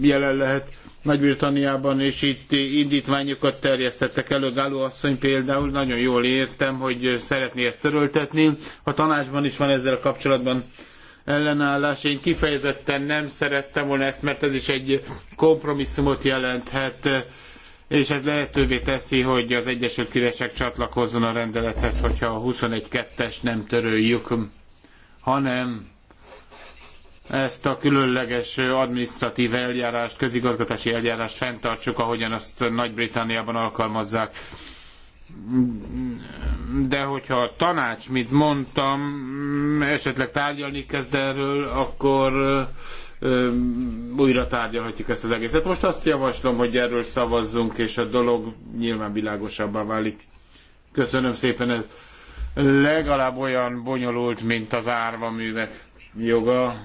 Speaker 1: jelen lehet nagy-Britanniában, és itt indítványokat terjesztettek elő. Gáló asszony például, nagyon jól értem, hogy szeretné ezt töröltetni. A tanácsban is van ezzel kapcsolatban ellenállás. Én kifejezetten nem szerettem volna ezt, mert ez is egy kompromisszumot jelenthet, és ez lehetővé teszi, hogy az Egyesült Királyság csatlakozzon a rendelethez, hogyha a 2 es nem töröljük, hanem ezt a különleges administratív eljárást, közigazgatási eljárást fenntartsuk, ahogyan azt Nagy-Britanniában alkalmazzák. De hogyha a tanács, mint mondtam, esetleg tárgyalni kezd erről, akkor újra tárgyalhatjuk ezt az egészet. Most azt javaslom, hogy erről szavazzunk, és a dolog nyilván világosabbá válik. Köszönöm szépen, ez legalább olyan bonyolult, mint az árva művek joga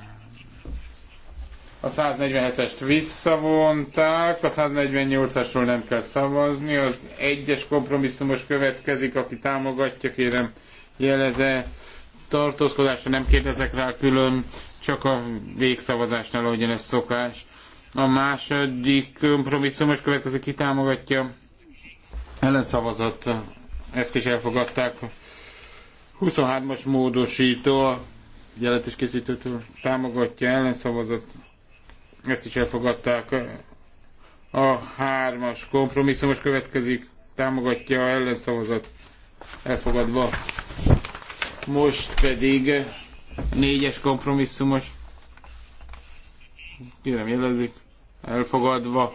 Speaker 1: a 147-est visszavonták, a 148-asról nem kell szavazni, az egyes kompromisszumos következik, aki támogatja, kérem jeleze. Tartózkodásra nem kérdezek rá külön, csak a végszavazásnál, ahogyan ez szokás. A második kompromisszumos következik, ki támogatja? Ellenszavazat, ezt is elfogadták. 23-as módosító, jelentés készítőtől támogatja ellenszavazat ezt is elfogadták. A hármas kompromisszumos következik, támogatja ellenszavazat elfogadva. Most pedig négyes kompromisszumos. nem jelezik. Elfogadva.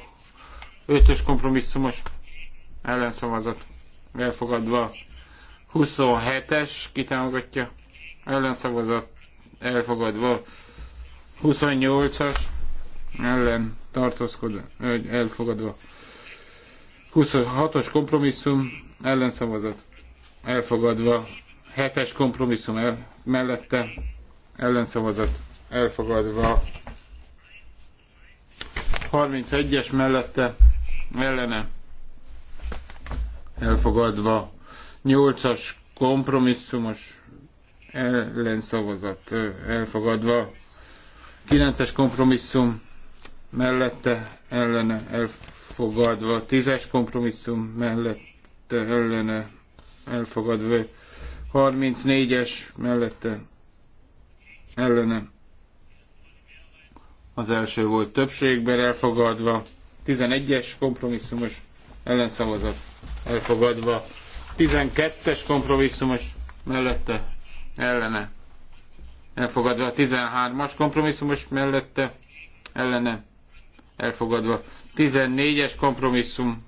Speaker 1: Ötös kompromisszumos. Ellenszavazat. Elfogadva. 27-es kitámogatja. Ellenszavazat. Elfogadva. 28-as ellen tartózkodva, elfogadva. 26-os kompromisszum ellenszavazat elfogadva. 7-es kompromisszum el, mellette ellenszavazat elfogadva. 31-es mellette ellene elfogadva. 8-as kompromisszumos ellenszavazat elfogadva. 9-es kompromisszum mellette ellene elfogadva, tízes kompromisszum mellette ellene elfogadva, 34-es mellette ellene az első volt többségben elfogadva, 11-es kompromisszumos ellenszavazat elfogadva, 12-es kompromisszumos mellette ellene elfogadva, 13-as kompromisszumos mellette ellene elfogadva. 14-es kompromisszum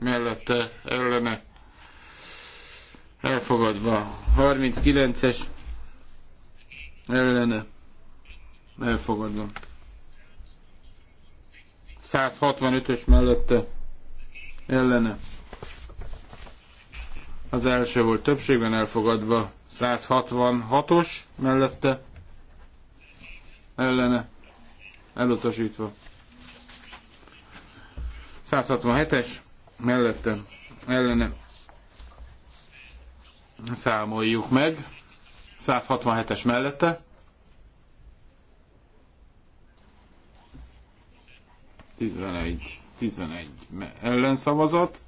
Speaker 1: mellette ellene elfogadva. 39-es ellene elfogadva. 165-ös mellette ellene. Az első volt többségben elfogadva. 166-os mellette ellene elutasítva. 167-es mellette ellene számoljuk meg. 167-es mellette. Tizenegy, tizenegy ellenszavazat.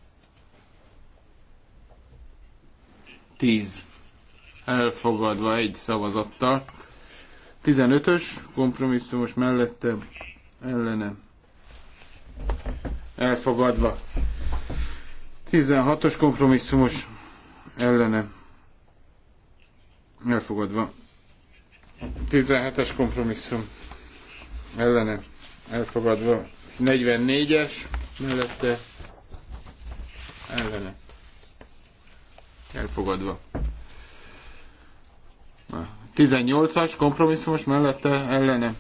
Speaker 1: Tíz elfogadva egy szavazattal. Tizenötös kompromisszumos mellette ellene elfogadva. 16-os kompromisszumos ellene elfogadva. 17-es kompromisszum ellene elfogadva. 44-es mellette ellene elfogadva. 18-as kompromisszumos mellette ellene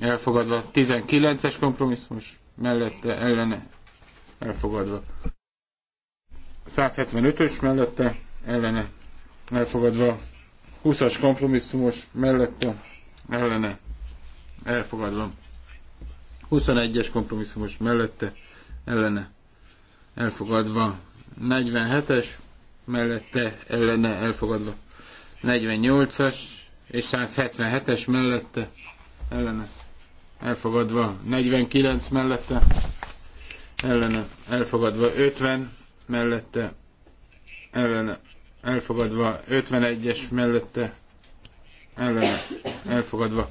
Speaker 1: elfogadva. 19-es kompromisszumos mellette ellene elfogadva. 175-ös mellette ellene elfogadva. 20-as kompromisszumos mellette ellene elfogadva. 21-es kompromisszumos mellette ellene elfogadva. 47-es mellette ellene elfogadva. 48-as és 177-es mellette ellene elfogadva 49 mellette, ellene elfogadva 50 mellette, ellene elfogadva 51-es mellette, ellene elfogadva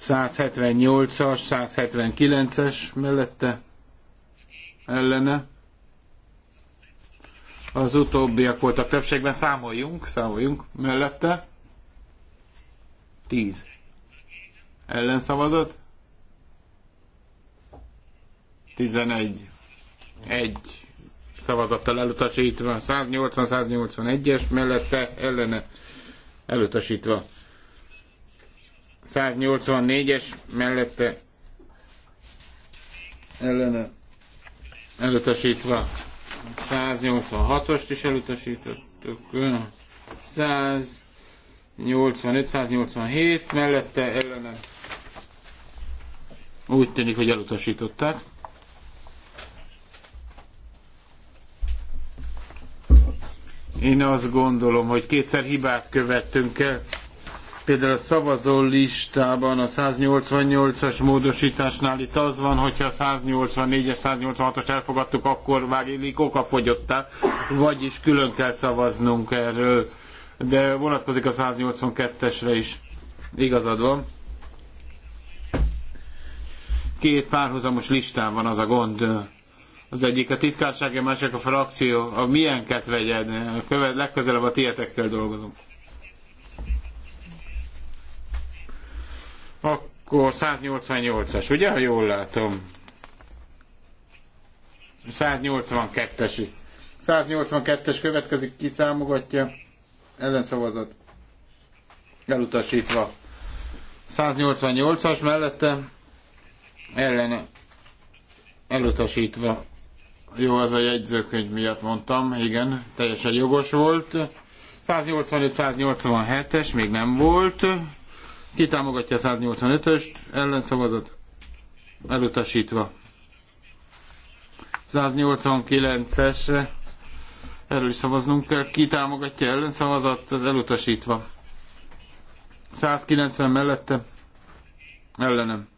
Speaker 1: 178-as, 179-es mellette, ellene. Az utóbbiak voltak többségben, számoljunk, számoljunk mellette. 10 ellenszavazat. 11 egy szavazattal elutasítva, 180-181-es mellette ellene elutasítva. 184-es mellette ellene elutasítva. 186-ost is elutasítottuk. 185-187 mellette ellene úgy tűnik, hogy elutasították. Én azt gondolom, hogy kétszer hibát követtünk el. Például a szavazó listában a 188-as módosításnál itt az van, hogyha a 184-es, 186 os elfogadtuk, akkor vágélik fogyottá, vagyis külön kell szavaznunk erről. De vonatkozik a 182-esre is. Igazad van két párhuzamos listán van az a gond. Az egyik a titkárság, a másik a frakció. A milyenket vegyed? A követ, legközelebb a tietekkel dolgozom. Akkor 188-as, ugye, ha jól látom? 182-es. 182-es következik, ki számogatja? Ellenszavazat. Elutasítva. 188-as mellette ellene elutasítva. Jó, az a jegyzőkönyv miatt mondtam, igen, teljesen jogos volt. 185-187-es még nem volt. Ki támogatja 185-öst? Ellenszavazat elutasítva. 189-es erről is szavaznunk kell. Ki támogatja ellenszavazat elutasítva. 190 mellette ellenem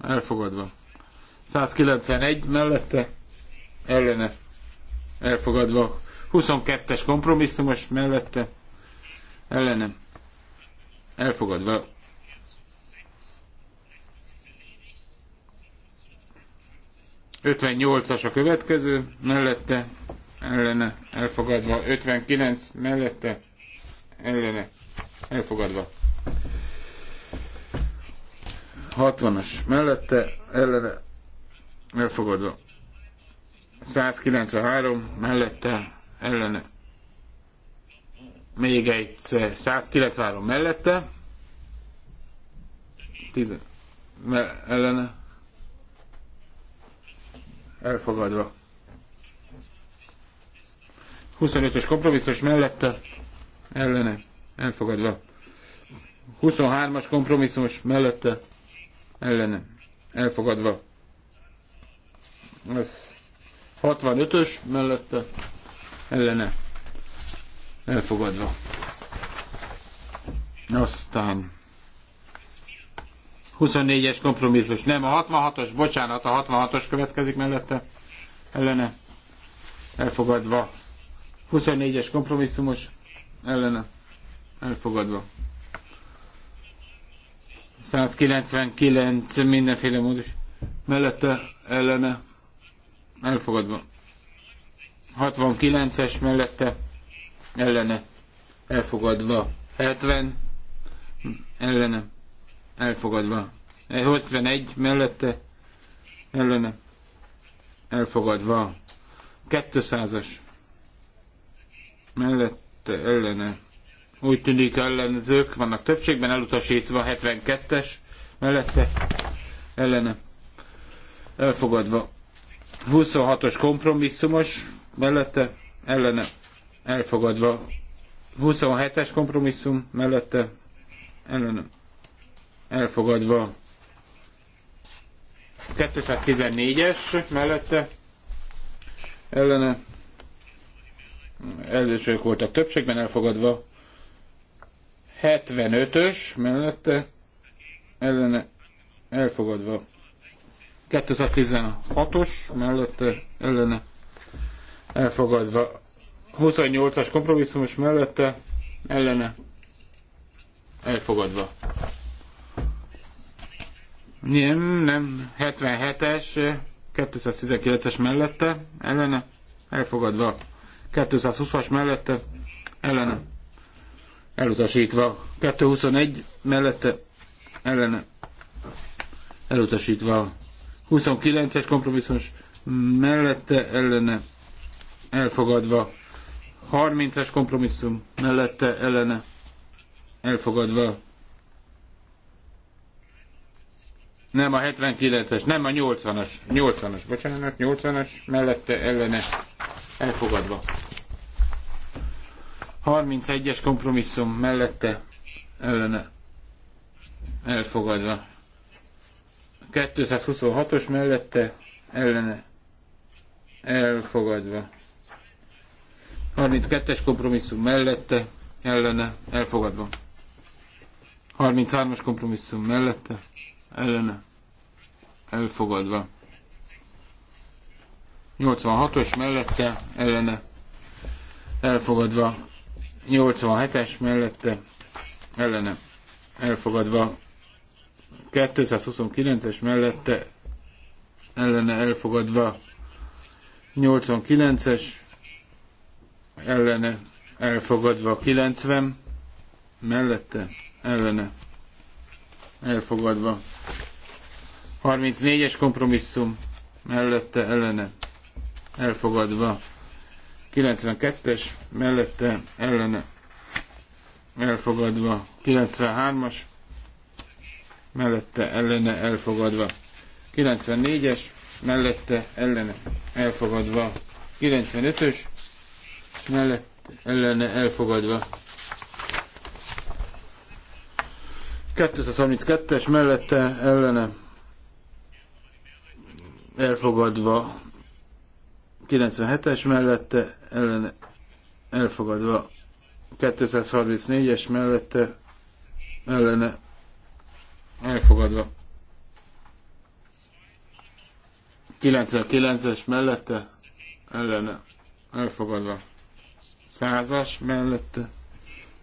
Speaker 1: Elfogadva. 191 mellette ellene. Elfogadva. 22-es kompromisszumos mellette ellene. Elfogadva. Ötvennyolcas a következő, mellette, ellene, elfogadva. 59 mellette, ellene, elfogadva. 60-as mellette ellene elfogadva. 193 mellette ellene. Még egyszer 193 mellette. 10 me- ellene. Elfogadva. 25-ös kompromisszus mellette ellene. Elfogadva. 23-as kompromisszumos mellette ellene elfogadva. Ez 65-ös mellette ellene elfogadva. Aztán 24-es kompromisszus. Nem, a 66-os, bocsánat, a 66-os következik mellette. Ellene. Elfogadva. 24-es kompromisszumos. Ellene. Elfogadva. 199 mindenféle módos mellette ellene elfogadva. 69-es mellette ellene elfogadva. 70 ellene elfogadva. 51 mellette ellene elfogadva. 200-as mellette ellene úgy tűnik ellenzők vannak többségben, elutasítva 72-es mellette ellene elfogadva. 26-os kompromisszumos mellette ellene elfogadva. 27-es kompromisszum mellette ellene elfogadva. 214-es mellette ellene elősök voltak többségben elfogadva. 75-ös mellette ellene elfogadva. 216-os mellette ellene elfogadva. 28-as kompromisszumos mellette ellene elfogadva. Nem, nem, 77-es, 219-es mellette, ellene, elfogadva. 220-as mellette, ellene, elutasítva 221 mellette ellene elutasítva 29-es kompromisszumos mellette ellene elfogadva 30-es kompromisszum mellette ellene elfogadva nem a 79-es, nem a 80-as, 80-as, bocsánat, 80-as mellette ellene elfogadva. 31-es kompromisszum mellette ellene elfogadva. 226-os mellette ellene elfogadva. 32-es kompromisszum mellette ellene elfogadva. 33-as kompromisszum mellette ellene elfogadva. 86-os mellette ellene elfogadva. 87-es mellette ellene elfogadva, 229-es mellette ellene elfogadva, 89-es ellene elfogadva, 90 mellette ellene elfogadva, 34-es kompromisszum mellette ellene elfogadva, 92-es mellette ellene elfogadva, 93-as mellette ellene elfogadva, 94-es mellette ellene elfogadva, 95-ös mellette ellene elfogadva. 232-es mellette ellene elfogadva 97-es mellette ellen elfogadva 234-es mellette ellene elfogadva 99-es mellette ellene elfogadva 100-as mellette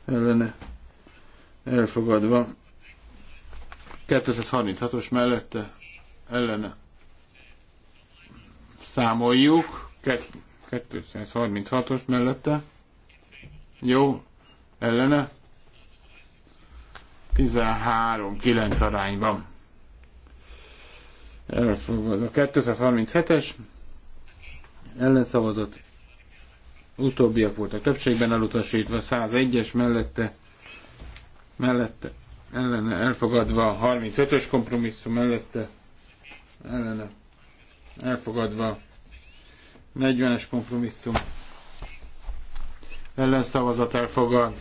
Speaker 1: ellene elfogadva 236-os mellette ellene számoljuk 236-os mellette. Jó, ellene. 13-9 arányban. Elfogad a 237-es. Ellenszavazott. Utóbbiak voltak többségben elutasítva. 101-es mellette. Mellette. Ellene elfogadva. 35-ös kompromisszum mellette. Ellene elfogadva 40-es kompromisszum. Ellenszavazat elfogad.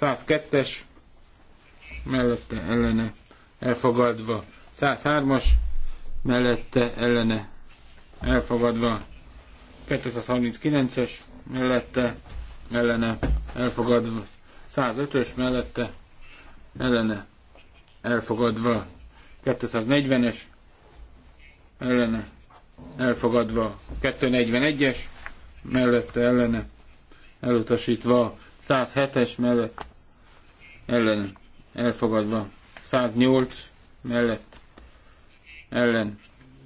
Speaker 1: 102-es mellette ellene elfogadva. 103-as mellette ellene elfogadva. 239-es mellette ellene elfogadva. 105-ös mellette ellene elfogadva. 240-es ellene elfogadva 241-es, mellette ellene, elutasítva 107-es mellett, ellene, elfogadva 108 mellett, ellen,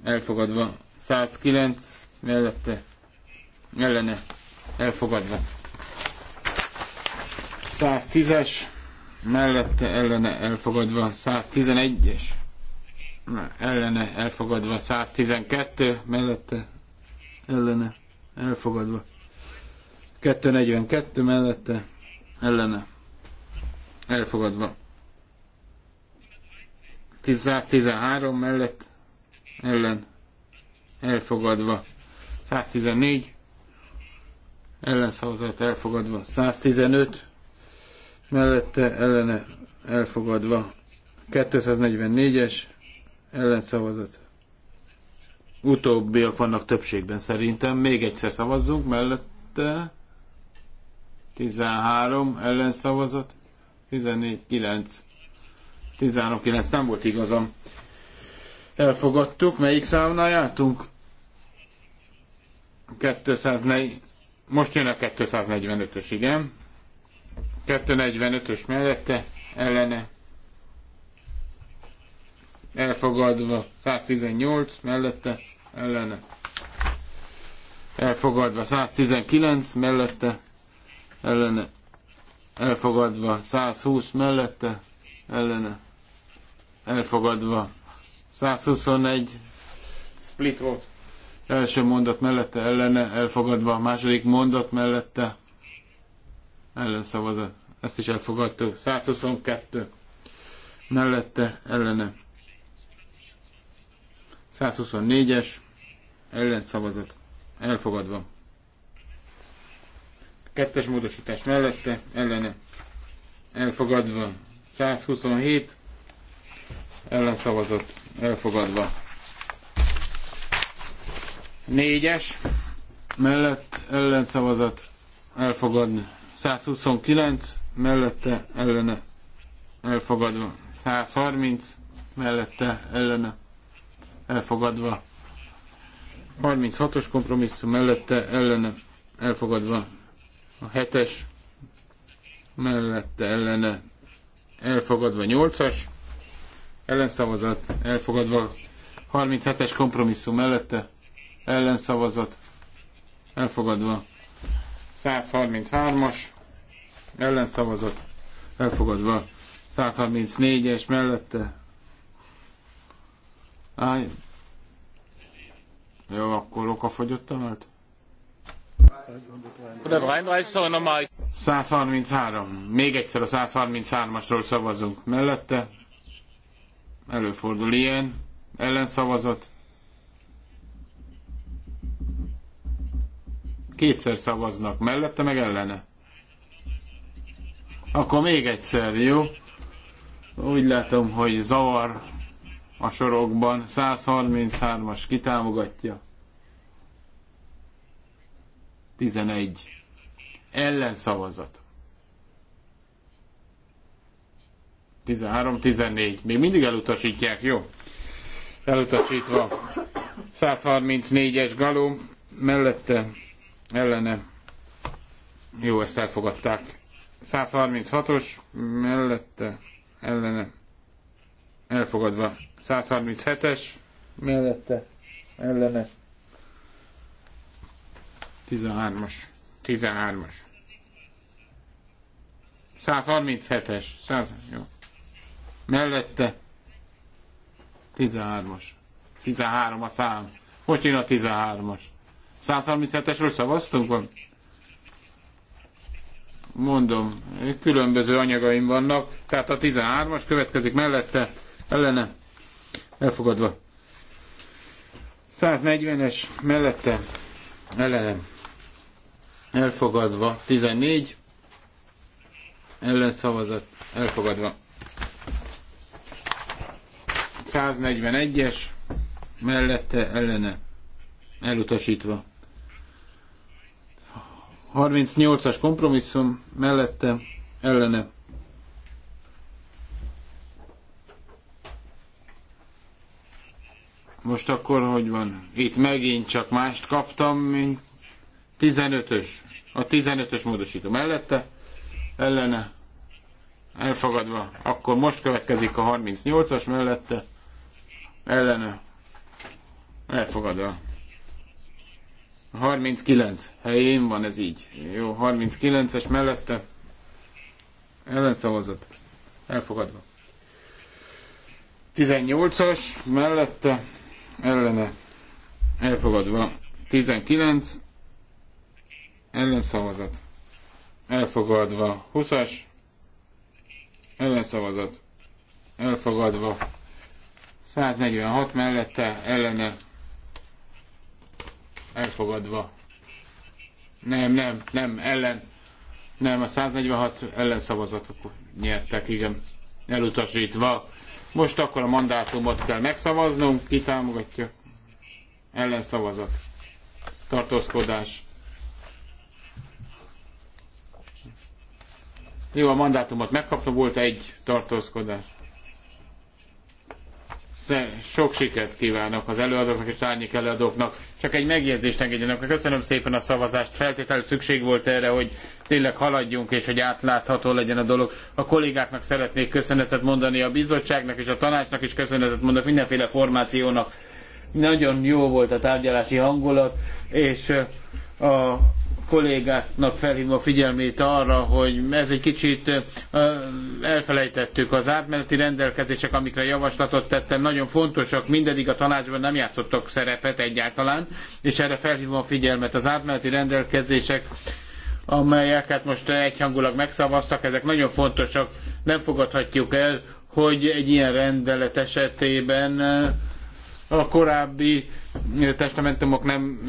Speaker 1: elfogadva 109 mellette, ellene, elfogadva 110-es, mellette ellene elfogadva 111-es ellene elfogadva, 112 mellette ellene elfogadva, 242 mellette ellene elfogadva, 113 mellett ellen elfogadva, 114 ellenszavazat elfogadva, 115 mellette ellene elfogadva, 244-es ellenszavazat. Utóbbiak vannak többségben szerintem. Még egyszer szavazzunk mellette. 13 ellenszavazat. 14, 9. 13, 9. Nem volt igazam. Elfogadtuk. Melyik számnál jártunk? 240. Most jön a 245-ös, igen. 245-ös mellette ellene elfogadva 118 mellette ellene elfogadva 119 mellette ellene elfogadva 120 mellette ellene elfogadva 121 split volt első mondat mellette ellene elfogadva második mondat mellette ellenszavazat ezt is elfogadtuk 122 mellette ellene 124-es ellenszavazat elfogadva. Kettes módosítás mellette ellene elfogadva. 127 ellenszavazat elfogadva. Négyes mellett ellenszavazat elfogadni. 129 mellette ellene elfogadva. 130 mellette ellene elfogadva. 36-os kompromisszum mellette ellene elfogadva. A 7-es mellette ellene elfogadva. 8-as ellenszavazat elfogadva. 37-es kompromisszum mellette ellenszavazat elfogadva. 133-as ellenszavazat elfogadva. 134-es mellette Áj. Jó, akkor a vált? 133. Még egyszer a 133-asról szavazunk. Mellette előfordul ilyen ellenszavazat. Kétszer szavaznak, mellette meg ellene. Akkor még egyszer, jó? Úgy látom, hogy zavar a sorokban. 133-as kitámogatja. 11. Ellenszavazat. 13, 14. Még mindig elutasítják, jó? Elutasítva. 134-es galó mellette, ellene. Jó, ezt elfogadták. 136-os mellette, ellene elfogadva. 137-es mellette ellene 13-as 13-as 137-es 100, jó. mellette 13-as 13 a szám most jön a 13-as 137-esről szavaztunk? Van? Mondom, különböző anyagaim vannak, tehát a 13-as következik mellette ellene elfogadva. 140-es mellette ellene elfogadva. 14 ellenszavazat elfogadva. 141-es mellette ellene elutasítva. 38-as kompromisszum mellette ellene Most akkor hogy van? Itt megint csak mást kaptam, mint 15-ös. A 15-ös módosító mellette, ellene, elfogadva. Akkor most következik a 38-as mellette, ellene, elfogadva. 39 helyén van ez így. Jó, 39-es mellette, ellenszavazat, elfogadva. 18-as mellette, ellene elfogadva 19 ellenszavazat elfogadva 20-as ellenszavazat elfogadva 146 mellette ellene elfogadva nem, nem, nem, ellen nem, a 146 ellenszavazatok nyertek, igen elutasítva most akkor a mandátumot kell megszavaznunk, ki támogatja ellenszavazat, tartózkodás. Jó, a mandátumot megkapta, volt egy tartózkodás sok sikert kívánok az előadóknak és árnyék előadóknak. Csak egy megjegyzést engedjenek meg. Köszönöm szépen a szavazást. Feltétlenül szükség volt erre, hogy tényleg haladjunk és hogy átlátható legyen a dolog. A kollégáknak szeretnék köszönetet mondani, a bizottságnak és a tanácsnak is köszönetet mondok, mindenféle formációnak. Nagyon jó volt a tárgyalási hangulat, és a kollégáknak felhívom a figyelmét arra, hogy ez egy kicsit elfelejtettük az átmeneti rendelkezések, amikre javaslatot tettem, nagyon fontosak, mindedig a tanácsban nem játszottak szerepet egyáltalán, és erre felhívom a figyelmet. Az átmeneti rendelkezések amelyeket hát most egyhangulag megszavaztak, ezek nagyon fontosak, nem fogadhatjuk el, hogy egy ilyen rendelet esetében a korábbi eh, testamentumok nem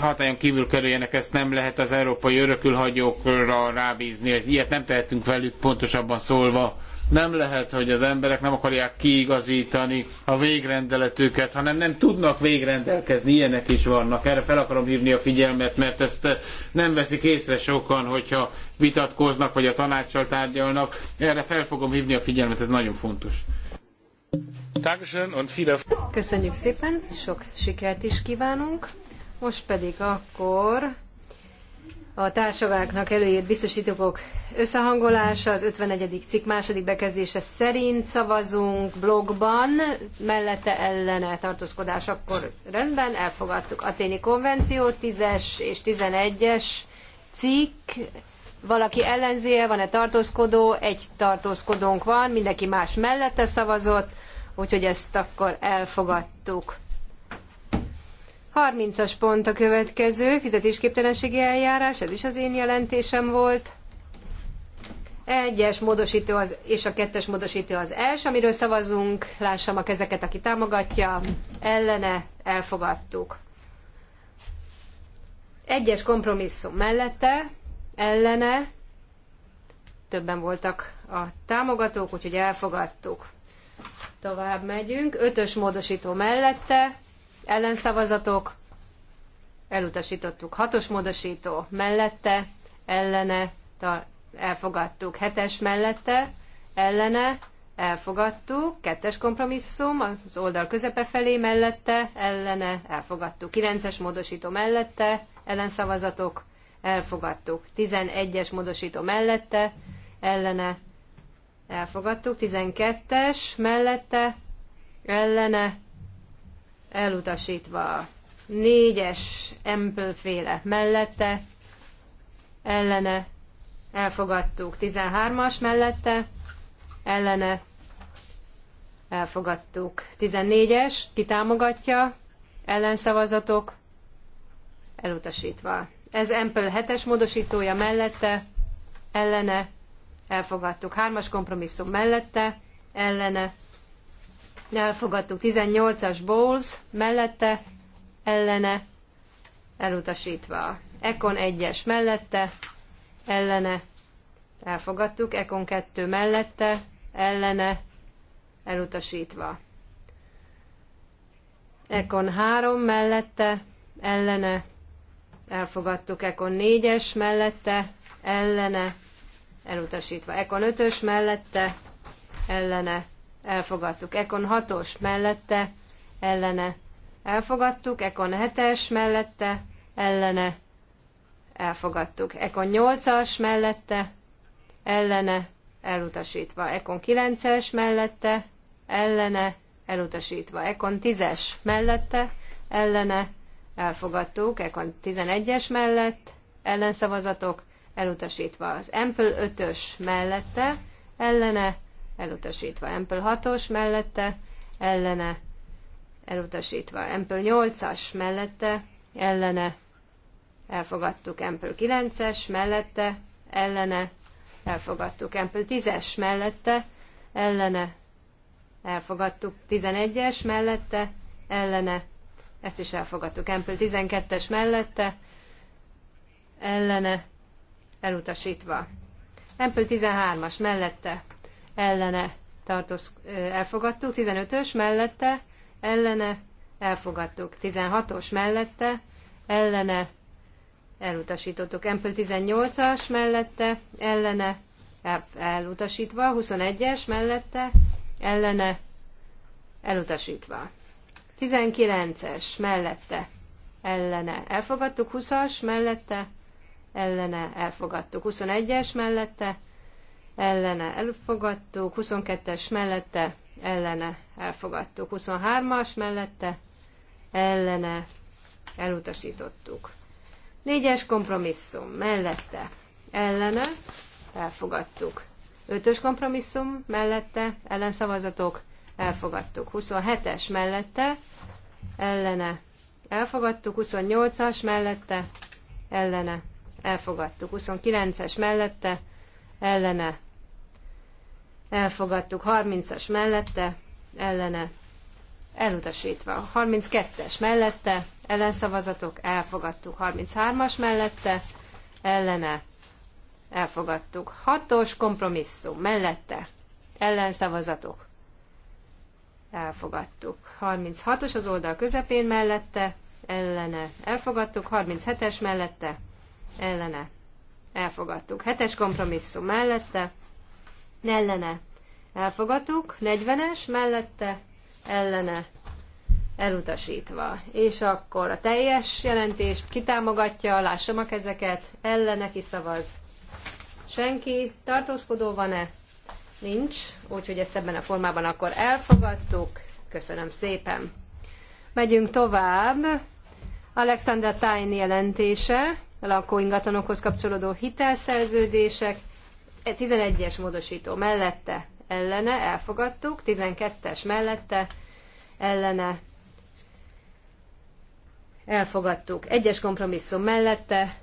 Speaker 1: hatályon kívül kerüljenek, ezt nem lehet az európai örökülhagyókra rábízni, ilyet nem tehetünk velük pontosabban szólva. Nem lehet, hogy az emberek nem akarják kiigazítani a végrendeletüket, hanem nem tudnak végrendelkezni, ilyenek is vannak. Erre fel akarom hívni a figyelmet, mert ezt eh, nem veszik észre sokan, hogyha vitatkoznak, vagy a tanácssal tárgyalnak. Erre fel fogom hívni a figyelmet, ez nagyon fontos.
Speaker 3: Köszönjük szépen, sok sikert is kívánunk. Most pedig akkor a társadalmaknak előírt biztosítókok összehangolása, az 51. cikk második bekezdése szerint szavazunk blogban, mellette ellene tartózkodás, akkor rendben, elfogadtuk. Aténi konvenció, 10-es és 11-es cikk, valaki ellenzéje, van-e tartózkodó, egy tartózkodónk van, mindenki más mellette szavazott, úgyhogy ezt akkor elfogadtuk. 30-as pont a következő, fizetésképtelenségi eljárás, ez is az én jelentésem volt. Egyes módosító az, és a kettes módosító az els, amiről szavazunk. Lássam a kezeket, aki támogatja. Ellene elfogadtuk. Egyes kompromisszum mellette, ellene, többen voltak a támogatók, úgyhogy elfogadtuk. Tovább megyünk. Ötös módosító mellette, ellenszavazatok, elutasítottuk. Hatos módosító mellette, ellene, elfogadtuk. Hetes mellette, ellene, elfogadtuk. Kettes kompromisszum, az oldal közepe felé mellette, ellene, elfogadtuk. Kilences módosító mellette, ellenszavazatok, elfogadtuk. Tizenegyes módosító mellette, ellene, Elfogadtuk. 12-es mellette ellene elutasítva. 4-es Ample-féle mellette ellene elfogadtuk. 13-as mellette ellene elfogadtuk. 14-es kitámogatja ellenszavazatok elutasítva. Ez Ample 7-es módosítója mellette ellene elfogadtuk. Hármas kompromisszum mellette, ellene, elfogadtuk. 18-as Bowles mellette, ellene, elutasítva. Ekon 1-es mellette, ellene, elfogadtuk. Ekon 2 mellette, ellene, elutasítva. Ekon 3 mellette, ellene, elfogadtuk. Ekon 4-es mellette, ellene, elutasítva. Ekon 5-ös mellette, ellene, elfogadtuk. Ekon 6-os mellette, ellene, elfogadtuk. Ekon 7-es mellette, ellene, elfogadtuk. Ekon 8-as mellette, ellene, elutasítva. Ekon 9-es mellette, ellene, elutasítva. Ekon 10-es mellette, ellene, elfogadtuk. Ekon 11-es mellett, ellenszavazatok, elutasítva. Az Ample 5-ös mellette, ellene, elutasítva. Ample 6-os mellette, ellene, elutasítva. Ample 8-as mellette, ellene, elfogadtuk. Ample 9-es mellette, ellene, elfogadtuk. Ample 10-es mellette, ellene, elfogadtuk. 11-es mellette, ellene, ezt is elfogadtuk. Ample 12-es mellette, ellene, elutasítva. Empel 13-as mellette ellene tartoz, elfogadtuk, 15-ös mellette ellene elfogadtuk, 16-os mellette ellene elutasítottuk, Empel 18-as mellette ellene elutasítva, 21-es mellette ellene elutasítva. 19-es mellette ellene elfogadtuk, 20-as mellette ellene elfogadtuk. 21-es mellette ellene elfogadtuk, 22-es mellette ellene elfogadtuk, 23-as mellette ellene elutasítottuk. 4-es kompromisszum mellette ellene elfogadtuk. 5-ös kompromisszum mellette ellenszavazatok elfogadtuk. 27-es mellette ellene elfogadtuk, 28-as mellette ellene elfogadtuk. 29-es mellette, ellene, elfogadtuk. 30-as mellette, ellene, elutasítva. 32-es mellette, ellenszavazatok, elfogadtuk. 33-as mellette, ellene, elfogadtuk. 6-os kompromisszum mellette, ellenszavazatok, elfogadtuk. 36-os az oldal közepén mellette, ellene elfogadtuk, 37-es mellette ellene elfogadtuk. Hetes kompromisszum mellette, ellene elfogadtuk, 40-es mellette, ellene elutasítva. És akkor a teljes jelentést kitámogatja, lássam a kezeket, ellene kiszavaz. Senki tartózkodó van-e? Nincs, úgyhogy ezt ebben a formában akkor elfogadtuk. Köszönöm szépen. Megyünk tovább. Alexander Tyne jelentése lakóingatlanokhoz kapcsolódó hitelszerződések. 11-es e, módosító mellette ellene elfogadtuk, 12-es mellette ellene elfogadtuk, egyes kompromisszum mellette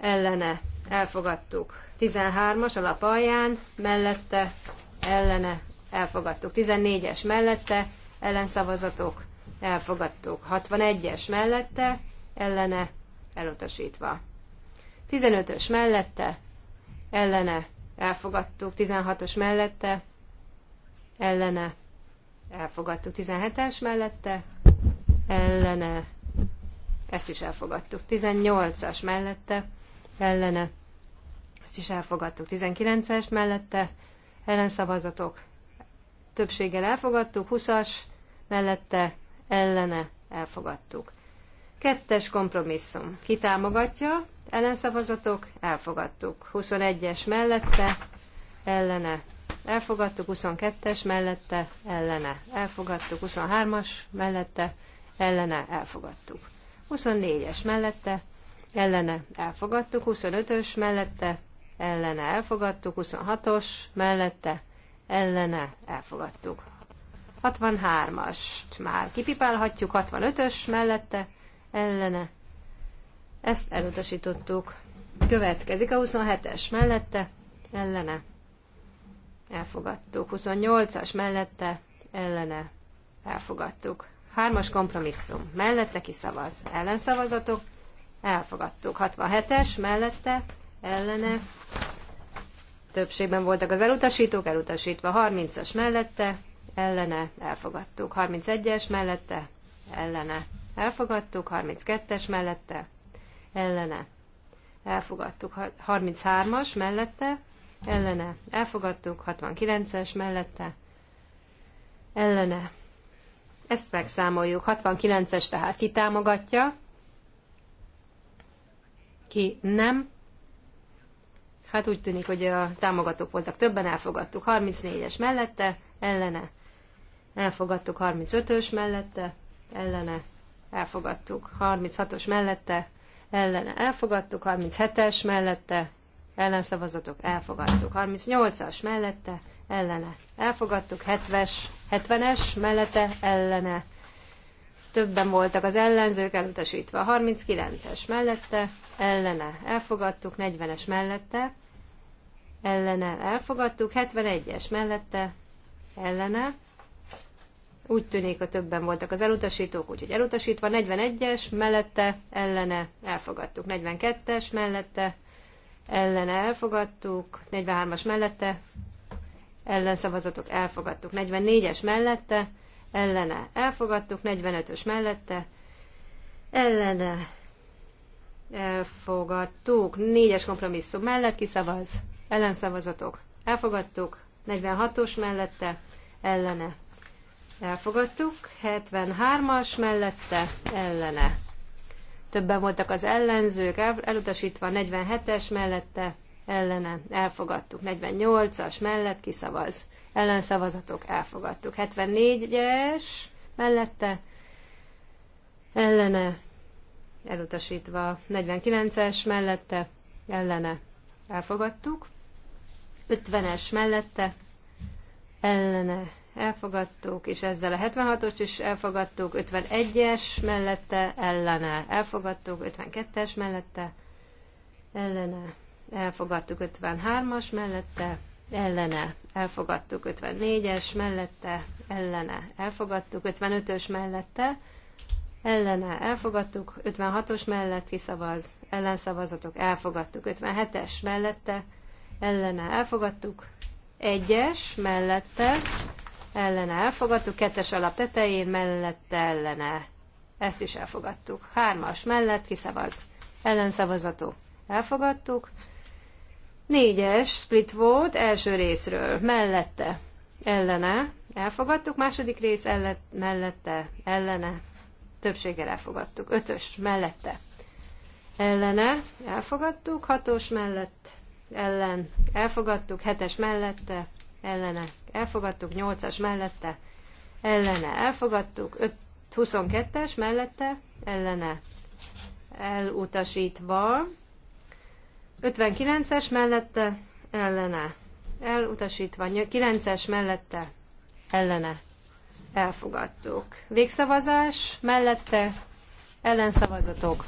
Speaker 3: ellene elfogadtuk, 13-as alján mellette ellene elfogadtuk, 14-es mellette ellenszavazatok elfogadtuk, 61-es mellette ellene elutasítva. 15-ös mellette, ellene, elfogadtuk. 16-os mellette, ellene, elfogadtuk. 17-es mellette, ellene, ezt is elfogadtuk. 18-as mellette, ellene, ezt is elfogadtuk. 19-es mellette, ellenszavazatok, többséggel elfogadtuk. 20-as mellette, ellene, elfogadtuk. Kettes kompromisszum. Ki támogatja? Ellenszavazatok? Elfogadtuk. 21-es mellette, ellene. Elfogadtuk. 22-es mellette, ellene. Elfogadtuk. 23-as mellette, ellene. Elfogadtuk. 24-es mellette, ellene. Elfogadtuk. 25-ös mellette, ellene. Elfogadtuk. 26-os mellette, ellene. Elfogadtuk. 63-ast már kipipálhatjuk, 65-ös mellette, ellene. Ezt elutasítottuk. Következik a 27-es mellette, ellene. Elfogadtuk. 28-as mellette, ellene. Elfogadtuk. Hármas kompromisszum. Mellette kiszavaz. Ellenszavazatok. Elfogadtuk. 67-es mellette, ellene. Többségben voltak az elutasítók, elutasítva. 30-as mellette, ellene. Elfogadtuk. 31-es mellette, ellene elfogadtuk, 32-es mellette, ellene, elfogadtuk, 33-as mellette, ellene, elfogadtuk, 69-es mellette, ellene. Ezt megszámoljuk, 69-es tehát ki támogatja, ki nem, Hát úgy tűnik, hogy a támogatók voltak többen, elfogadtuk 34-es mellette, ellene, elfogadtuk 35-ös mellette, ellene, elfogadtuk. 36-os mellette, ellene elfogadtuk. 37-es mellette, ellenszavazatok, elfogadtuk. 38-as mellette, ellene, elfogadtuk. 70-es, 70-es mellette, ellene, többen voltak az ellenzők, elutasítva. 39-es mellette, ellene, elfogadtuk. 40-es mellette, ellene, elfogadtuk. 71-es mellette, ellene, úgy tűnik, a többen voltak az elutasítók, úgyhogy elutasítva 41-es, mellette, ellene, elfogadtuk. 42-es, mellette, ellene, elfogadtuk. 43-as mellette, ellen szavazatok elfogadtuk. 44-es mellette, ellene, elfogadtuk. 45-ös mellette, ellene, elfogadtuk. 4-es kompromisszum mellett kiszavaz, ellenszavazatok, elfogadtuk. 46-os mellette, ellene, Elfogadtuk. 73-as mellette ellene. Többen voltak az ellenzők, elutasítva 47-es mellette ellene. Elfogadtuk. 48-as mellett kiszavaz. Ellenszavazatok elfogadtuk. 74-es mellette ellene. Elutasítva 49-es mellette ellene. Elfogadtuk. 50-es mellette ellene elfogadtuk, és ezzel a 76-os is elfogadtuk, 51-es mellette ellene elfogadtuk, 52-es mellette ellene elfogadtuk, 53-as mellette ellene elfogadtuk, 54-es mellette ellene elfogadtuk, 55-ös mellette ellene elfogadtuk, 56-os mellett kiszavaz, ellenszavazatok elfogadtuk, 57-es mellette ellene elfogadtuk, 1-es mellette ellene elfogadtuk, kettes alap tetején mellette ellene. Ezt is elfogadtuk. Hármas mellett kiszavaz. Ellenszavazatok. Elfogadtuk. Négyes split volt első részről. Mellette. Ellene. Elfogadtuk. Második rész ellet, mellette. Ellene. Többséggel elfogadtuk. Ötös mellette. Ellene. Elfogadtuk. Hatos mellett. Ellen. Elfogadtuk. Hetes mellette ellene elfogadtuk, 8-as mellette ellene elfogadtuk, 22-es mellette ellene elutasítva, 59-es mellette ellene elutasítva, 9-es mellette ellene elfogadtuk. Végszavazás mellette ellenszavazatok,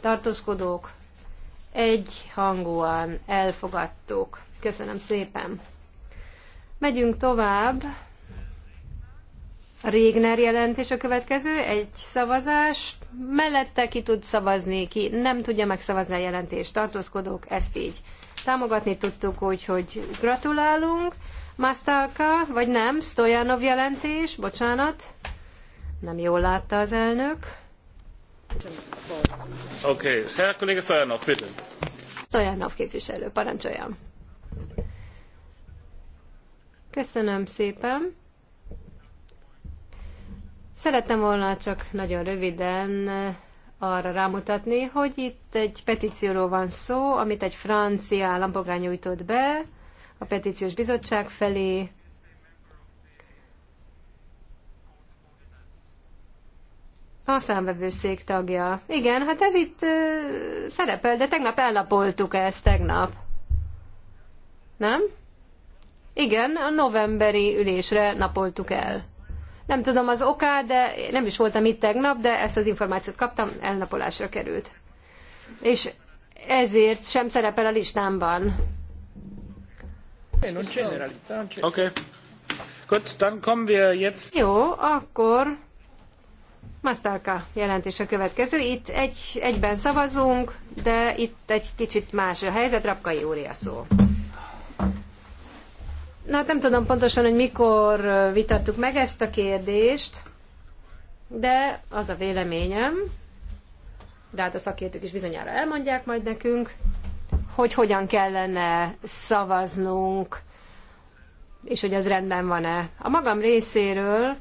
Speaker 3: tartózkodók, egy hangúan elfogadtuk. Köszönöm szépen! Megyünk tovább. Régner jelentés a következő, egy szavazás, mellette ki tud szavazni, ki nem tudja megszavazni a jelentést, tartózkodók, ezt így támogatni tudtuk, hogy gratulálunk. Masztalka, vagy nem, Stojanov jelentés, bocsánat, nem jól látta az elnök.
Speaker 1: Oké, okay. Stojanov,
Speaker 3: Stojanov képviselő, parancsoljam. Köszönöm szépen. Szerettem volna csak nagyon röviden eh, arra rámutatni, hogy itt egy petícióról van szó, amit egy francia állampolgár nyújtott be a petíciós bizottság felé. A számvevőszék tagja. Igen, hát ez itt eh, szerepel, de tegnap ellapoltuk ezt, tegnap. Nem? Igen, a novemberi ülésre napoltuk el. Nem tudom az okát, de nem is voltam itt tegnap, de ezt az információt kaptam, elnapolásra került. És ezért sem szerepel a listámban.
Speaker 1: Okay. Gut, dann kommen wir jetzt.
Speaker 3: Jó, akkor Mastalka jelentés a következő. Itt egy, egyben szavazunk, de itt egy kicsit más a helyzet. Rapkai úr a szó. Na, hát nem tudom pontosan, hogy mikor vitattuk meg ezt a kérdést, de az a véleményem, de hát a szakértők is bizonyára elmondják majd nekünk, hogy hogyan kellene szavaznunk, és hogy az rendben van-e. A magam részéről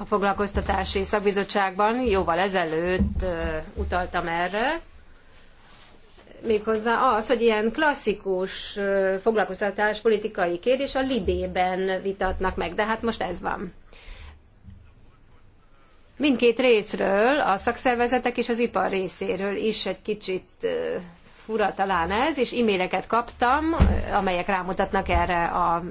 Speaker 3: a foglalkoztatási szakbizottságban jóval ezelőtt utaltam erre, méghozzá az, hogy ilyen klasszikus foglalkoztatás politikai kérdés a Libében vitatnak meg, de hát most ez van. Mindkét részről, a szakszervezetek és az ipar részéről is egy kicsit fura talán ez, és e-maileket kaptam, amelyek rámutatnak erre a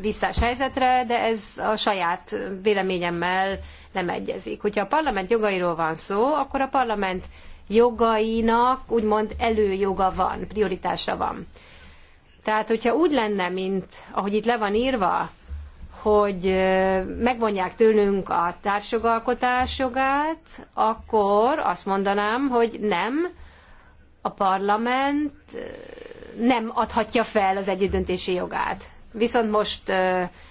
Speaker 3: visszás helyzetre, de ez a saját véleményemmel nem egyezik. Hogyha a parlament jogairól van szó, akkor a parlament jogainak úgymond előjoga van, prioritása van. Tehát, hogyha úgy lenne, mint ahogy itt le van írva, hogy megvonják tőlünk a társjogalkotás jogát, akkor azt mondanám, hogy nem, a parlament nem adhatja fel az együttdöntési jogát. Viszont most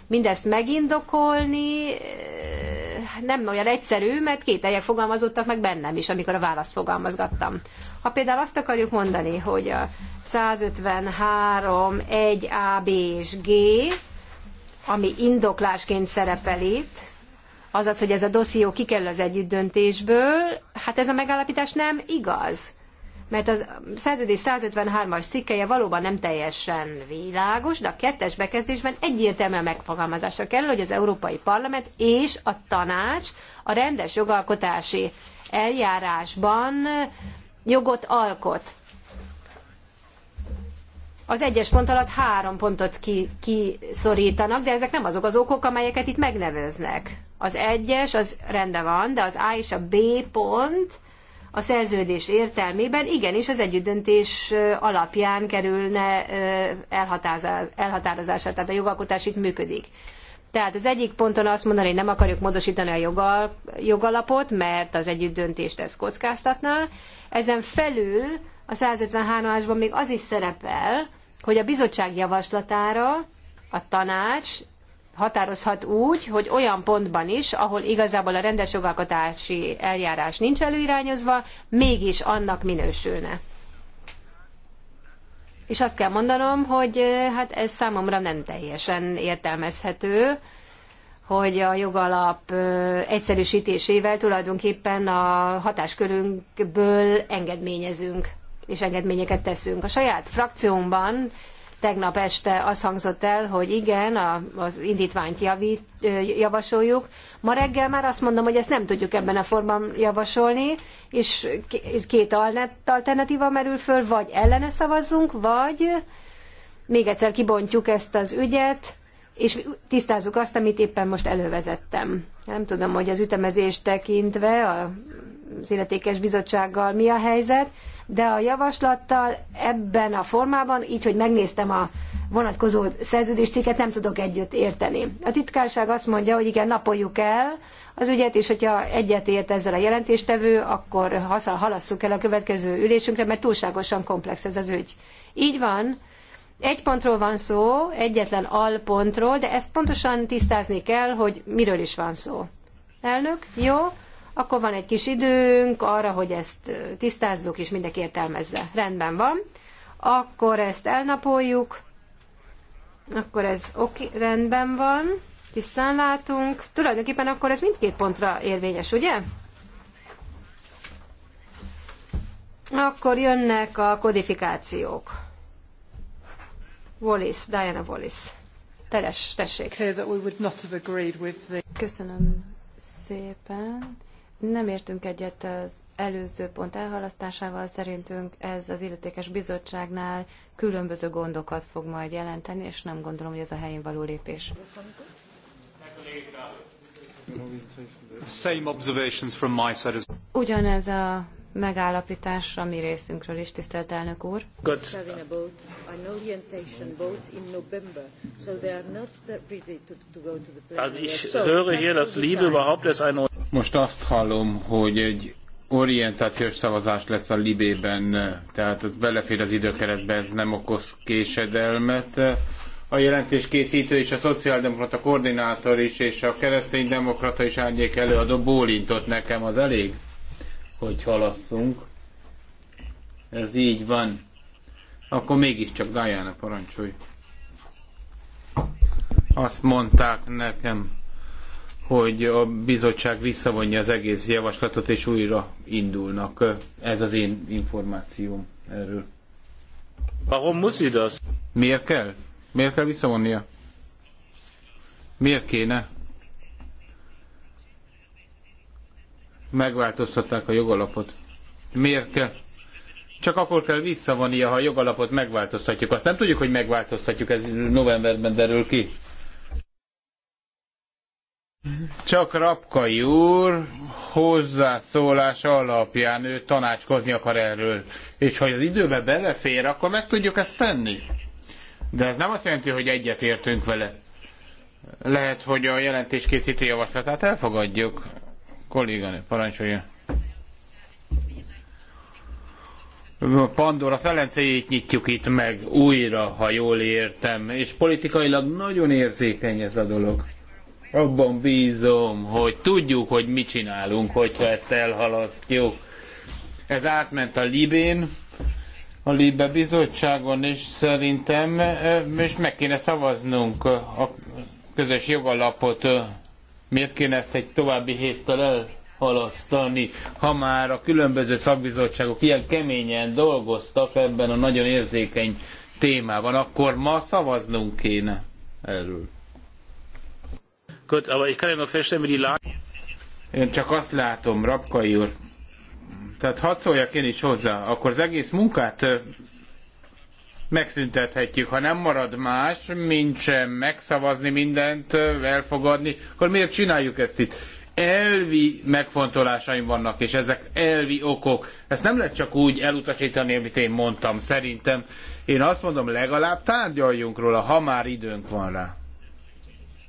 Speaker 3: mindezt megindokolni nem olyan egyszerű, mert kételjek fogalmazottak meg bennem is, amikor a választ fogalmazgattam. Ha például azt akarjuk mondani, hogy a 153 1 A, B és G, ami indoklásként szerepel itt, azaz, hogy ez a dosszió kikerül az együttdöntésből, hát ez a megállapítás nem igaz mert az szerződés 153-as szikkeje valóban nem teljesen világos, de a kettes bekezdésben egyértelműen megfogalmazásra kerül, hogy az Európai Parlament és a tanács a rendes jogalkotási eljárásban jogot alkot. Az egyes pont alatt három pontot ki, de ezek nem azok az okok, amelyeket itt megneveznek. Az egyes, az rendben van, de az A és a B pont, a szerződés értelmében igenis az együttdöntés alapján kerülne elhatározásra, tehát a jogalkotás itt működik. Tehát az egyik ponton azt mondani, hogy nem akarjuk módosítani a jogal, jogalapot, mert az együttdöntést ez kockáztatná. Ezen felül a 153-asban még az is szerepel, hogy a bizottság javaslatára a tanács határozhat úgy, hogy olyan pontban is, ahol igazából a rendes jogalkotási eljárás nincs előirányozva, mégis annak minősülne. És azt kell mondanom, hogy hát ez számomra nem teljesen értelmezhető, hogy a jogalap egyszerűsítésével tulajdonképpen a hatáskörünkből engedményezünk és engedményeket teszünk. A saját frakciómban tegnap este az hangzott el, hogy igen, a, az indítványt javít, javasoljuk. Ma reggel már azt mondom, hogy ezt nem tudjuk ebben a formában javasolni, és két alternatíva merül föl, vagy ellene szavazzunk, vagy még egyszer kibontjuk ezt az ügyet, és tisztázzuk azt, amit éppen most elővezettem. Nem tudom, hogy az ütemezést tekintve, a az illetékes bizottsággal mi a helyzet, de a javaslattal ebben a formában, így, hogy megnéztem a vonatkozó szerződéscikket, nem tudok együtt érteni. A titkárság azt mondja, hogy igen, napoljuk el az ügyet, és hogyha egyet ért ezzel a jelentéstevő, akkor halasszuk el a következő ülésünkre, mert túlságosan komplex ez az ügy. Így van, egy pontról van szó, egyetlen alpontról, de ezt pontosan tisztázni kell, hogy miről is van szó. Elnök, jó, akkor van egy kis időnk arra, hogy ezt tisztázzuk, és mindenki értelmezze. Rendben van. Akkor ezt elnapoljuk, akkor ez oké, rendben van, tisztán látunk. Tulajdonképpen akkor ez mindkét pontra érvényes, ugye? Akkor jönnek a kodifikációk. Wallis, Diana Wallis. Teres, tessék. Köszönöm szépen.
Speaker 2: Nem értünk egyet az előző pont elhalasztásával, szerintünk ez az illetékes bizottságnál különböző gondokat fog majd jelenteni, és nem gondolom, hogy ez a helyén való lépés.
Speaker 4: Same observations from my side as...
Speaker 2: Ugyanez a megállapításra mi részünkről is, tisztelt elnök úr.
Speaker 1: Most azt hallom, hogy egy orientációs szavazás lesz a Libében, tehát ez belefér az időkeretbe, ez nem okoz késedelmet. A jelentés készítő és a szociáldemokrata koordinátor is, és a kereszténydemokrata is árnyék előadó bólintott nekem, az elég? hogy halasszunk. Ez így van. Akkor mégiscsak a parancsolj. Azt mondták nekem, hogy a bizottság visszavonja az egész javaslatot, és újra indulnak. Ez az én információm erről. Warum muss sie das? Miért kell? Miért kell visszavonnia? Miért kéne? megváltoztatták a jogalapot. Miért kell? Csak akkor kell visszavonnia, ha a jogalapot megváltoztatjuk. Azt nem tudjuk, hogy megváltoztatjuk, ez novemberben derül ki. Csak Rapkai úr hozzászólás alapján ő tanácskozni akar erről. És hogy az időbe belefér, akkor meg tudjuk ezt tenni. De ez nem azt jelenti, hogy egyetértünk vele. Lehet, hogy a jelentés készítő javaslatát elfogadjuk kolléganő, parancsolja. Pandora szelencéjét nyitjuk itt meg újra, ha jól értem, és politikailag nagyon érzékeny ez a dolog. Abban bízom, hogy tudjuk, hogy mit csinálunk, hogyha ezt elhalasztjuk. Ez átment a Libén, a Libe bizottságon, és szerintem eh, és meg kéne szavaznunk a közös jogalapot eh, miért kéne ezt egy további héttel elhalasztani, ha már a különböző szakbizottságok ilyen keményen dolgoztak ebben a nagyon érzékeny témában, akkor ma szavaznunk kéne erről. Én csak azt látom, Rapkai úr, tehát hadd szóljak én is hozzá, akkor az egész munkát megszüntethetjük. Ha nem marad más, mint sem megszavazni mindent, elfogadni, akkor miért csináljuk ezt itt? Elvi megfontolásaim vannak, és ezek elvi okok. Ezt nem lehet csak úgy elutasítani, amit én mondtam, szerintem. Én azt mondom, legalább tárgyaljunk róla, ha már időnk van rá.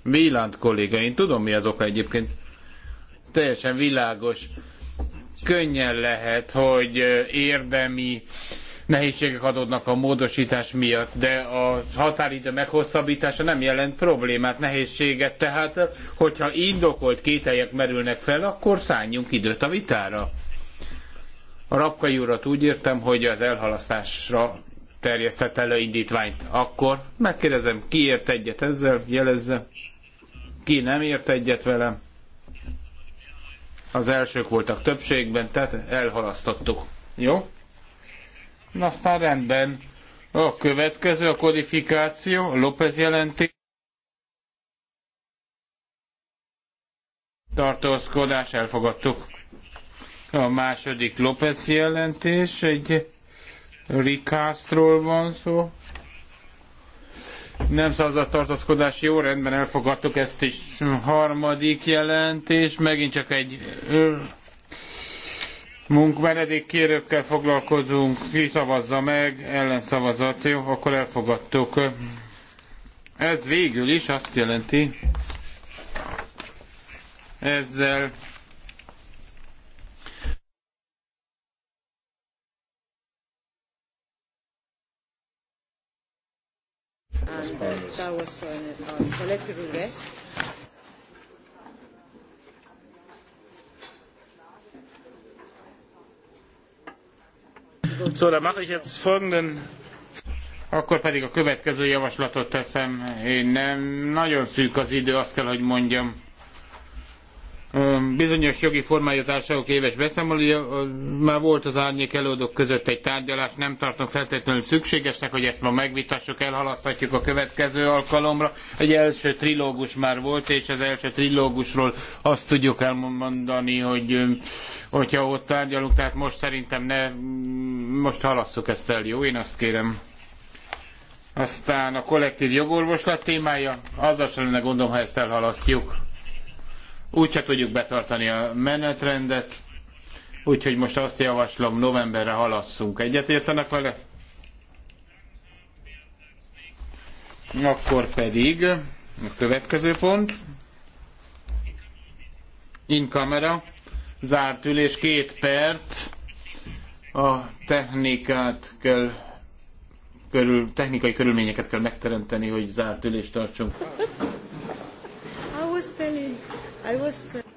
Speaker 1: Villant kolléga, én tudom mi az oka egyébként. Teljesen világos. Könnyen lehet, hogy érdemi nehézségek adódnak a módosítás miatt, de a határidő meghosszabbítása nem jelent problémát, nehézséget, tehát hogyha indokolt kételyek merülnek fel, akkor szálljunk időt a vitára. A Rapkai urat úgy írtam, hogy az elhalasztásra terjesztett elő indítványt. Akkor megkérdezem, ki ért egyet ezzel, jelezze, ki nem ért egyet velem. Az elsők voltak többségben, tehát elhalasztottuk. Jó? Na, aztán rendben. A következő a kodifikáció, López jelentés. Tartózkodás, elfogadtuk. A második López jelentés, egy Rikászról van szó. Nem szavazat tartózkodás, jó rendben elfogadtuk ezt is. Harmadik jelentés, megint csak egy munkmenedékkérőkkel foglalkozunk, ki szavazza meg, ellenszavazat, jó, akkor elfogadtuk. Ez végül is azt jelenti, ezzel
Speaker 3: That was for uh, collective
Speaker 1: So, mache ich jetzt folgenden akkor pedig a következő javaslatot teszem. Én nem, nagyon szűk az idő, azt kell, hogy mondjam bizonyos jogi formájú éves beszámolója. Már volt az árnyék előadók között egy tárgyalás, nem tartom feltétlenül szükségesnek, hogy ezt ma megvitassuk, elhalaszthatjuk a következő alkalomra. Egy első trilógus már volt, és az első trilógusról azt tudjuk elmondani, hogy hogyha ott tárgyalunk, tehát most szerintem ne, most halasszuk ezt el, jó? Én azt kérem. Aztán a kollektív jogorvoslat témája, azzal sem lenne gondom, ha ezt elhalasztjuk úgyse tudjuk betartani a menetrendet, úgyhogy most azt javaslom, novemberre halasszunk. Egyetértenek vele? Akkor pedig a következő pont. In camera, zárt ülés, két perc. A technikát kell körül, technikai körülményeket kell megteremteni, hogy zárt ülést tartsunk.
Speaker 3: I was telling I was uh,